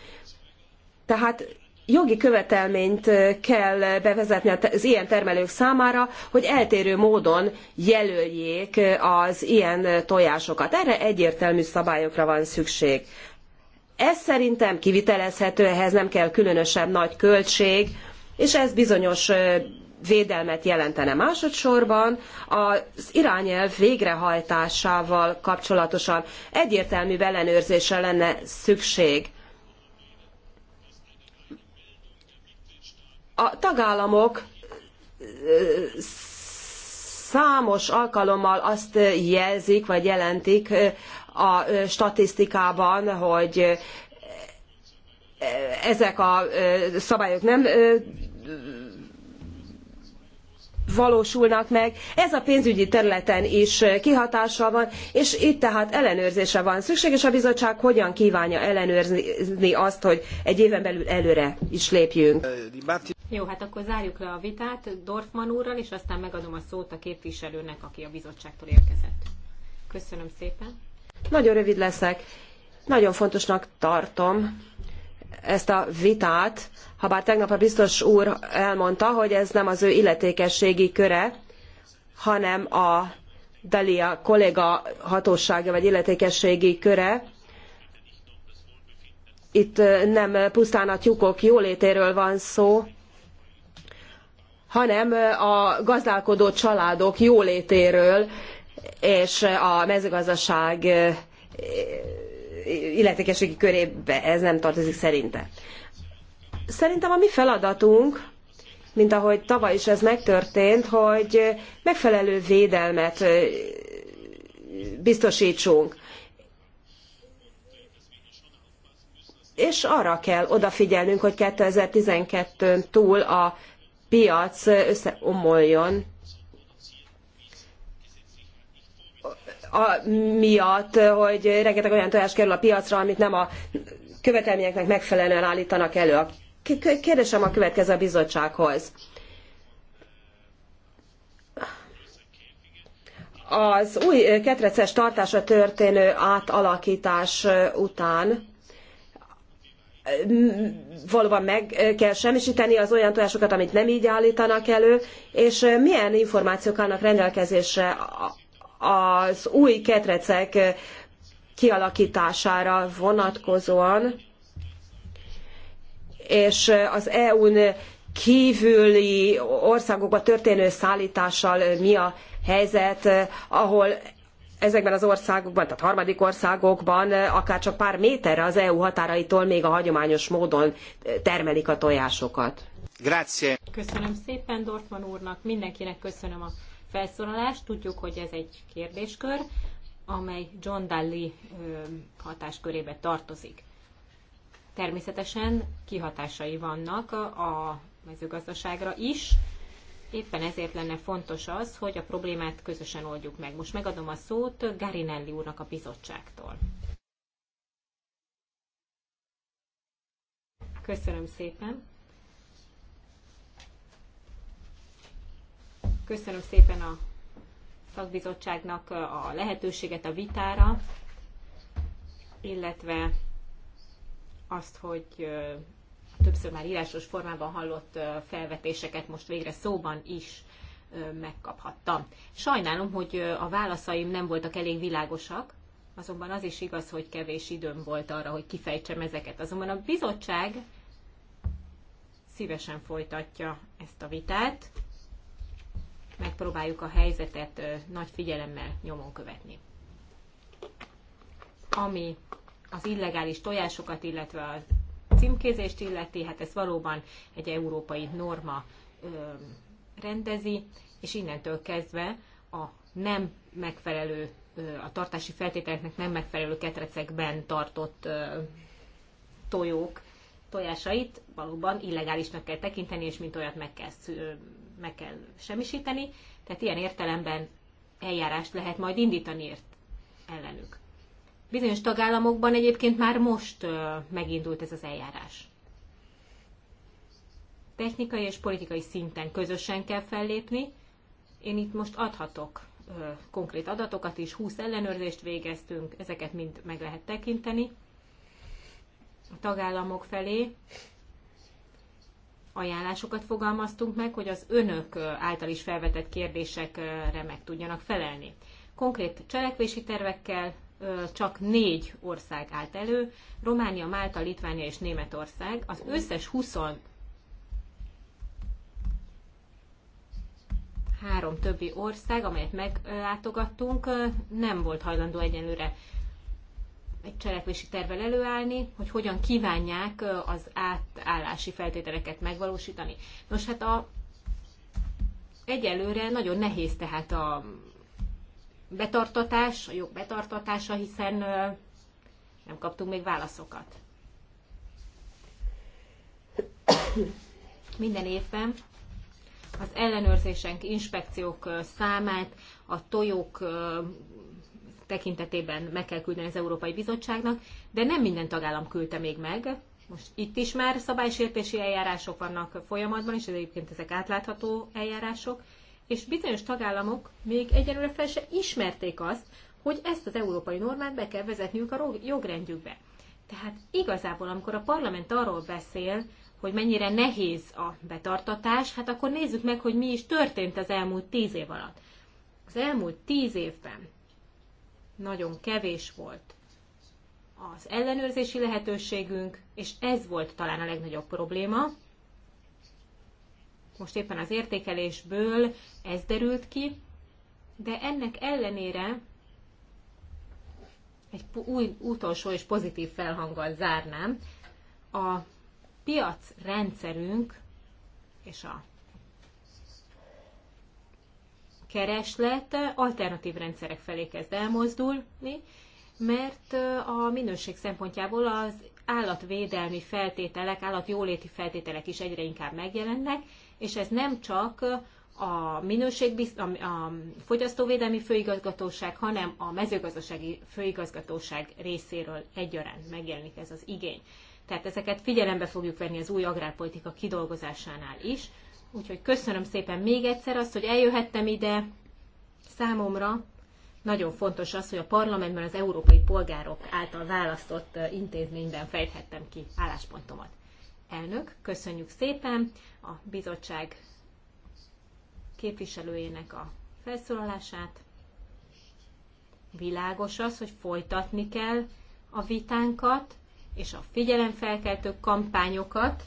Tehát jogi követelményt kell bevezetni az ilyen termelők számára, hogy eltérő módon jelöljék az ilyen tojásokat. Erre egyértelmű szabályokra van szükség. Ez szerintem kivitelezhető, ehhez nem kell különösebb nagy költség, és ez bizonyos védelmet jelentene. Másodszorban az irányelv végrehajtásával kapcsolatosan egyértelmű ellenőrzésre lenne szükség. A tagállamok számos alkalommal azt jelzik, vagy jelentik a statisztikában, hogy ezek a szabályok nem valósulnak meg, ez a pénzügyi területen is kihatással van, és itt tehát ellenőrzésre van szükség, és a bizottság hogyan kívánja ellenőrizni azt, hogy egy éven belül előre is lépjünk. Jó, hát akkor zárjuk le a vitát Dorfman úrral, és aztán megadom a szót a képviselőnek, aki a bizottságtól érkezett. Köszönöm szépen. Nagyon rövid leszek. Nagyon fontosnak tartom, ezt a vitát, habár tegnap a biztos úr elmondta, hogy ez nem az ő illetékességi köre, hanem a Dalia kolléga hatósága vagy illetékességi köre. Itt nem pusztán a tyúkok jólétéről van szó, hanem a gazdálkodó családok jólétéről és a mezőgazdaság illetékeségi körébe ez nem tartozik szerintem. Szerintem a mi feladatunk, mint ahogy tavaly is ez megtörtént, hogy megfelelő védelmet biztosítsunk. És arra kell odafigyelnünk, hogy 2012-n túl a piac összeomoljon, a, miatt, hogy rengeteg olyan tojás kerül a piacra, amit nem a követelményeknek megfelelően állítanak elő. A kérdésem a következő a bizottsághoz. Az új ketreces tartásra történő átalakítás után valóban meg kell semmisíteni az olyan tojásokat, amit nem így állítanak elő, és milyen információk állnak rendelkezésre az új ketrecek kialakítására vonatkozóan, és az EU-n kívüli országokba történő szállítással mi a helyzet, ahol ezekben az országokban, tehát harmadik országokban akár csak pár méterre az EU határaitól még a hagyományos módon termelik a tojásokat. Grazie. Köszönöm szépen Dortman úrnak, mindenkinek köszönöm a felszólalást. Tudjuk, hogy ez egy kérdéskör, amely John Daly hatáskörébe tartozik. Természetesen kihatásai vannak a mezőgazdaságra is, Éppen ezért lenne fontos az, hogy a problémát közösen oldjuk meg. Most megadom a szót Garinelli úrnak a bizottságtól. Köszönöm szépen. Köszönöm szépen a szakbizottságnak a lehetőséget a vitára, illetve azt, hogy többször már írásos formában hallott felvetéseket most végre szóban is megkaphattam. Sajnálom, hogy a válaszaim nem voltak elég világosak, azonban az is igaz, hogy kevés időm volt arra, hogy kifejtsem ezeket. Azonban a bizottság szívesen folytatja ezt a vitát megpróbáljuk a helyzetet nagy figyelemmel nyomon követni. Ami az illegális tojásokat, illetve a címkézést illeti, hát ez valóban egy európai norma rendezi, és innentől kezdve a nem megfelelő, a tartási feltételeknek nem megfelelő ketrecekben tartott tojók tojásait valóban illegálisnak kell tekinteni, és mint olyat meg kell meg kell semmisíteni, tehát ilyen értelemben eljárást lehet majd indítani ért ellenük. Bizonyos tagállamokban egyébként már most megindult ez az eljárás. Technikai és politikai szinten közösen kell fellépni. Én itt most adhatok konkrét adatokat is, 20 ellenőrzést végeztünk, ezeket mind meg lehet tekinteni a tagállamok felé, ajánlásokat fogalmaztunk meg, hogy az önök által is felvetett kérdésekre meg tudjanak felelni. Konkrét cselekvési tervekkel csak négy ország állt elő, Románia, Málta, Litvánia és Németország. Az összes 23 többi ország, amelyet meglátogattunk, nem volt hajlandó egyenlőre egy cselekvési tervvel előállni, hogy hogyan kívánják az átállási feltételeket megvalósítani. Nos, hát a, egyelőre nagyon nehéz tehát a betartatás, a jog betartatása, hiszen nem kaptunk még válaszokat. Minden évben az ellenőrzések, inspekciók számát, a tojók tekintetében meg kell küldeni az Európai Bizottságnak, de nem minden tagállam küldte még meg. Most itt is már szabálysértési eljárások vannak folyamatban, és egyébként ezek átlátható eljárások, és bizonyos tagállamok még egyelőre fel se ismerték azt, hogy ezt az európai normát be kell vezetniük a jogrendjükbe. Tehát igazából, amikor a parlament arról beszél, hogy mennyire nehéz a betartatás, hát akkor nézzük meg, hogy mi is történt az elmúlt tíz év alatt. Az elmúlt tíz évben nagyon kevés volt az ellenőrzési lehetőségünk, és ez volt talán a legnagyobb probléma. Most éppen az értékelésből ez derült ki, de ennek ellenére egy új utolsó és pozitív felhanggal zárnám. A piacrendszerünk és a kereslet alternatív rendszerek felé kezd elmozdulni, mert a minőség szempontjából az állatvédelmi feltételek, állatjóléti feltételek is egyre inkább megjelennek, és ez nem csak a, minőség, a fogyasztóvédelmi főigazgatóság, hanem a mezőgazdasági főigazgatóság részéről egyaránt megjelenik ez az igény. Tehát ezeket figyelembe fogjuk venni az új agrárpolitika kidolgozásánál is, Úgyhogy köszönöm szépen még egyszer azt, hogy eljöhettem ide. Számomra nagyon fontos az, hogy a parlamentben az európai polgárok által választott intézményben fejthettem ki álláspontomat. Elnök, köszönjük szépen a bizottság képviselőjének a felszólalását. Világos az, hogy folytatni kell a vitánkat és a figyelemfelkeltő kampányokat,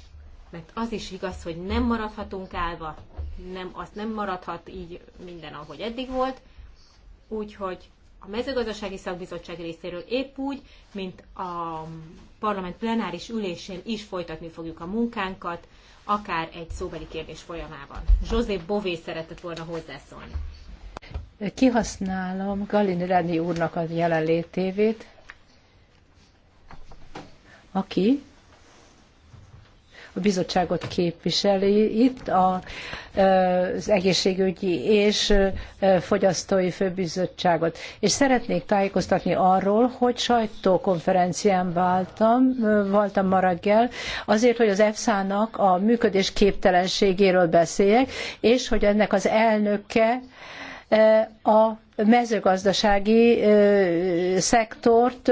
mert az is igaz, hogy nem maradhatunk állva, nem, az nem maradhat így minden, ahogy eddig volt, úgyhogy a mezőgazdasági szakbizottság részéről épp úgy, mint a parlament plenáris ülésén is folytatni fogjuk a munkánkat, akár egy szóbeli kérdés folyamában. José Bové szeretett volna hozzászólni. Kihasználom Galin Reni úrnak a jelenlétévét, aki a bizottságot képviseli itt, a, az egészségügyi és fogyasztói főbizottságot. És szeretnék tájékoztatni arról, hogy sajtókonferencián váltam, voltam ma reggel, azért, hogy az EFSA-nak a működés képtelenségéről beszéljek, és hogy ennek az elnöke a mezőgazdasági szektort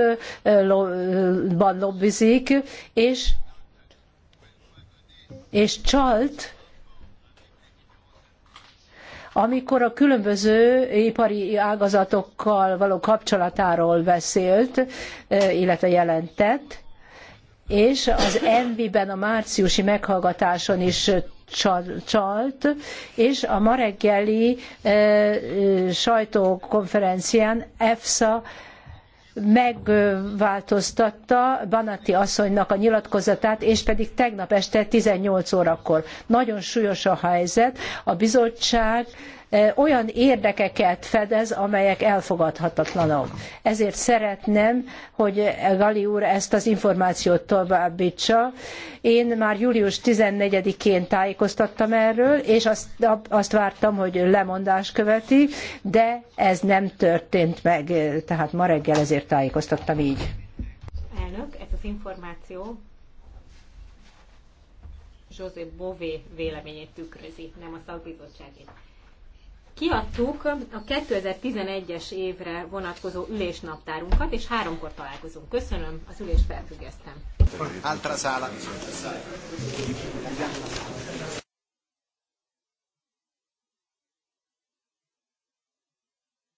lobbizik, és és csalt, amikor a különböző ipari ágazatokkal való kapcsolatáról beszélt, e, illetve jelentett, és az Envi-ben a márciusi meghallgatáson is csalt, és a ma reggeli e, e, sajtókonferencián EFSA megváltoztatta Banati asszonynak a nyilatkozatát, és pedig tegnap este 18 órakor. Nagyon súlyos a helyzet. A bizottság olyan érdekeket fedez, amelyek elfogadhatatlanok. Ezért szeretném, hogy Gali úr ezt az információt továbbítsa. Én már július 14-én tájékoztattam erről, és azt, azt vártam, hogy lemondás követi, de ez nem történt meg. Tehát ma reggel ezért tájékoztattam így. Elnök, ez az információ José Bové véleményét tükrözi, nem a szakbizottságét kiadtuk a 2011-es évre vonatkozó ülésnaptárunkat, és háromkor találkozunk. Köszönöm, az ülést felfüggesztem. Altra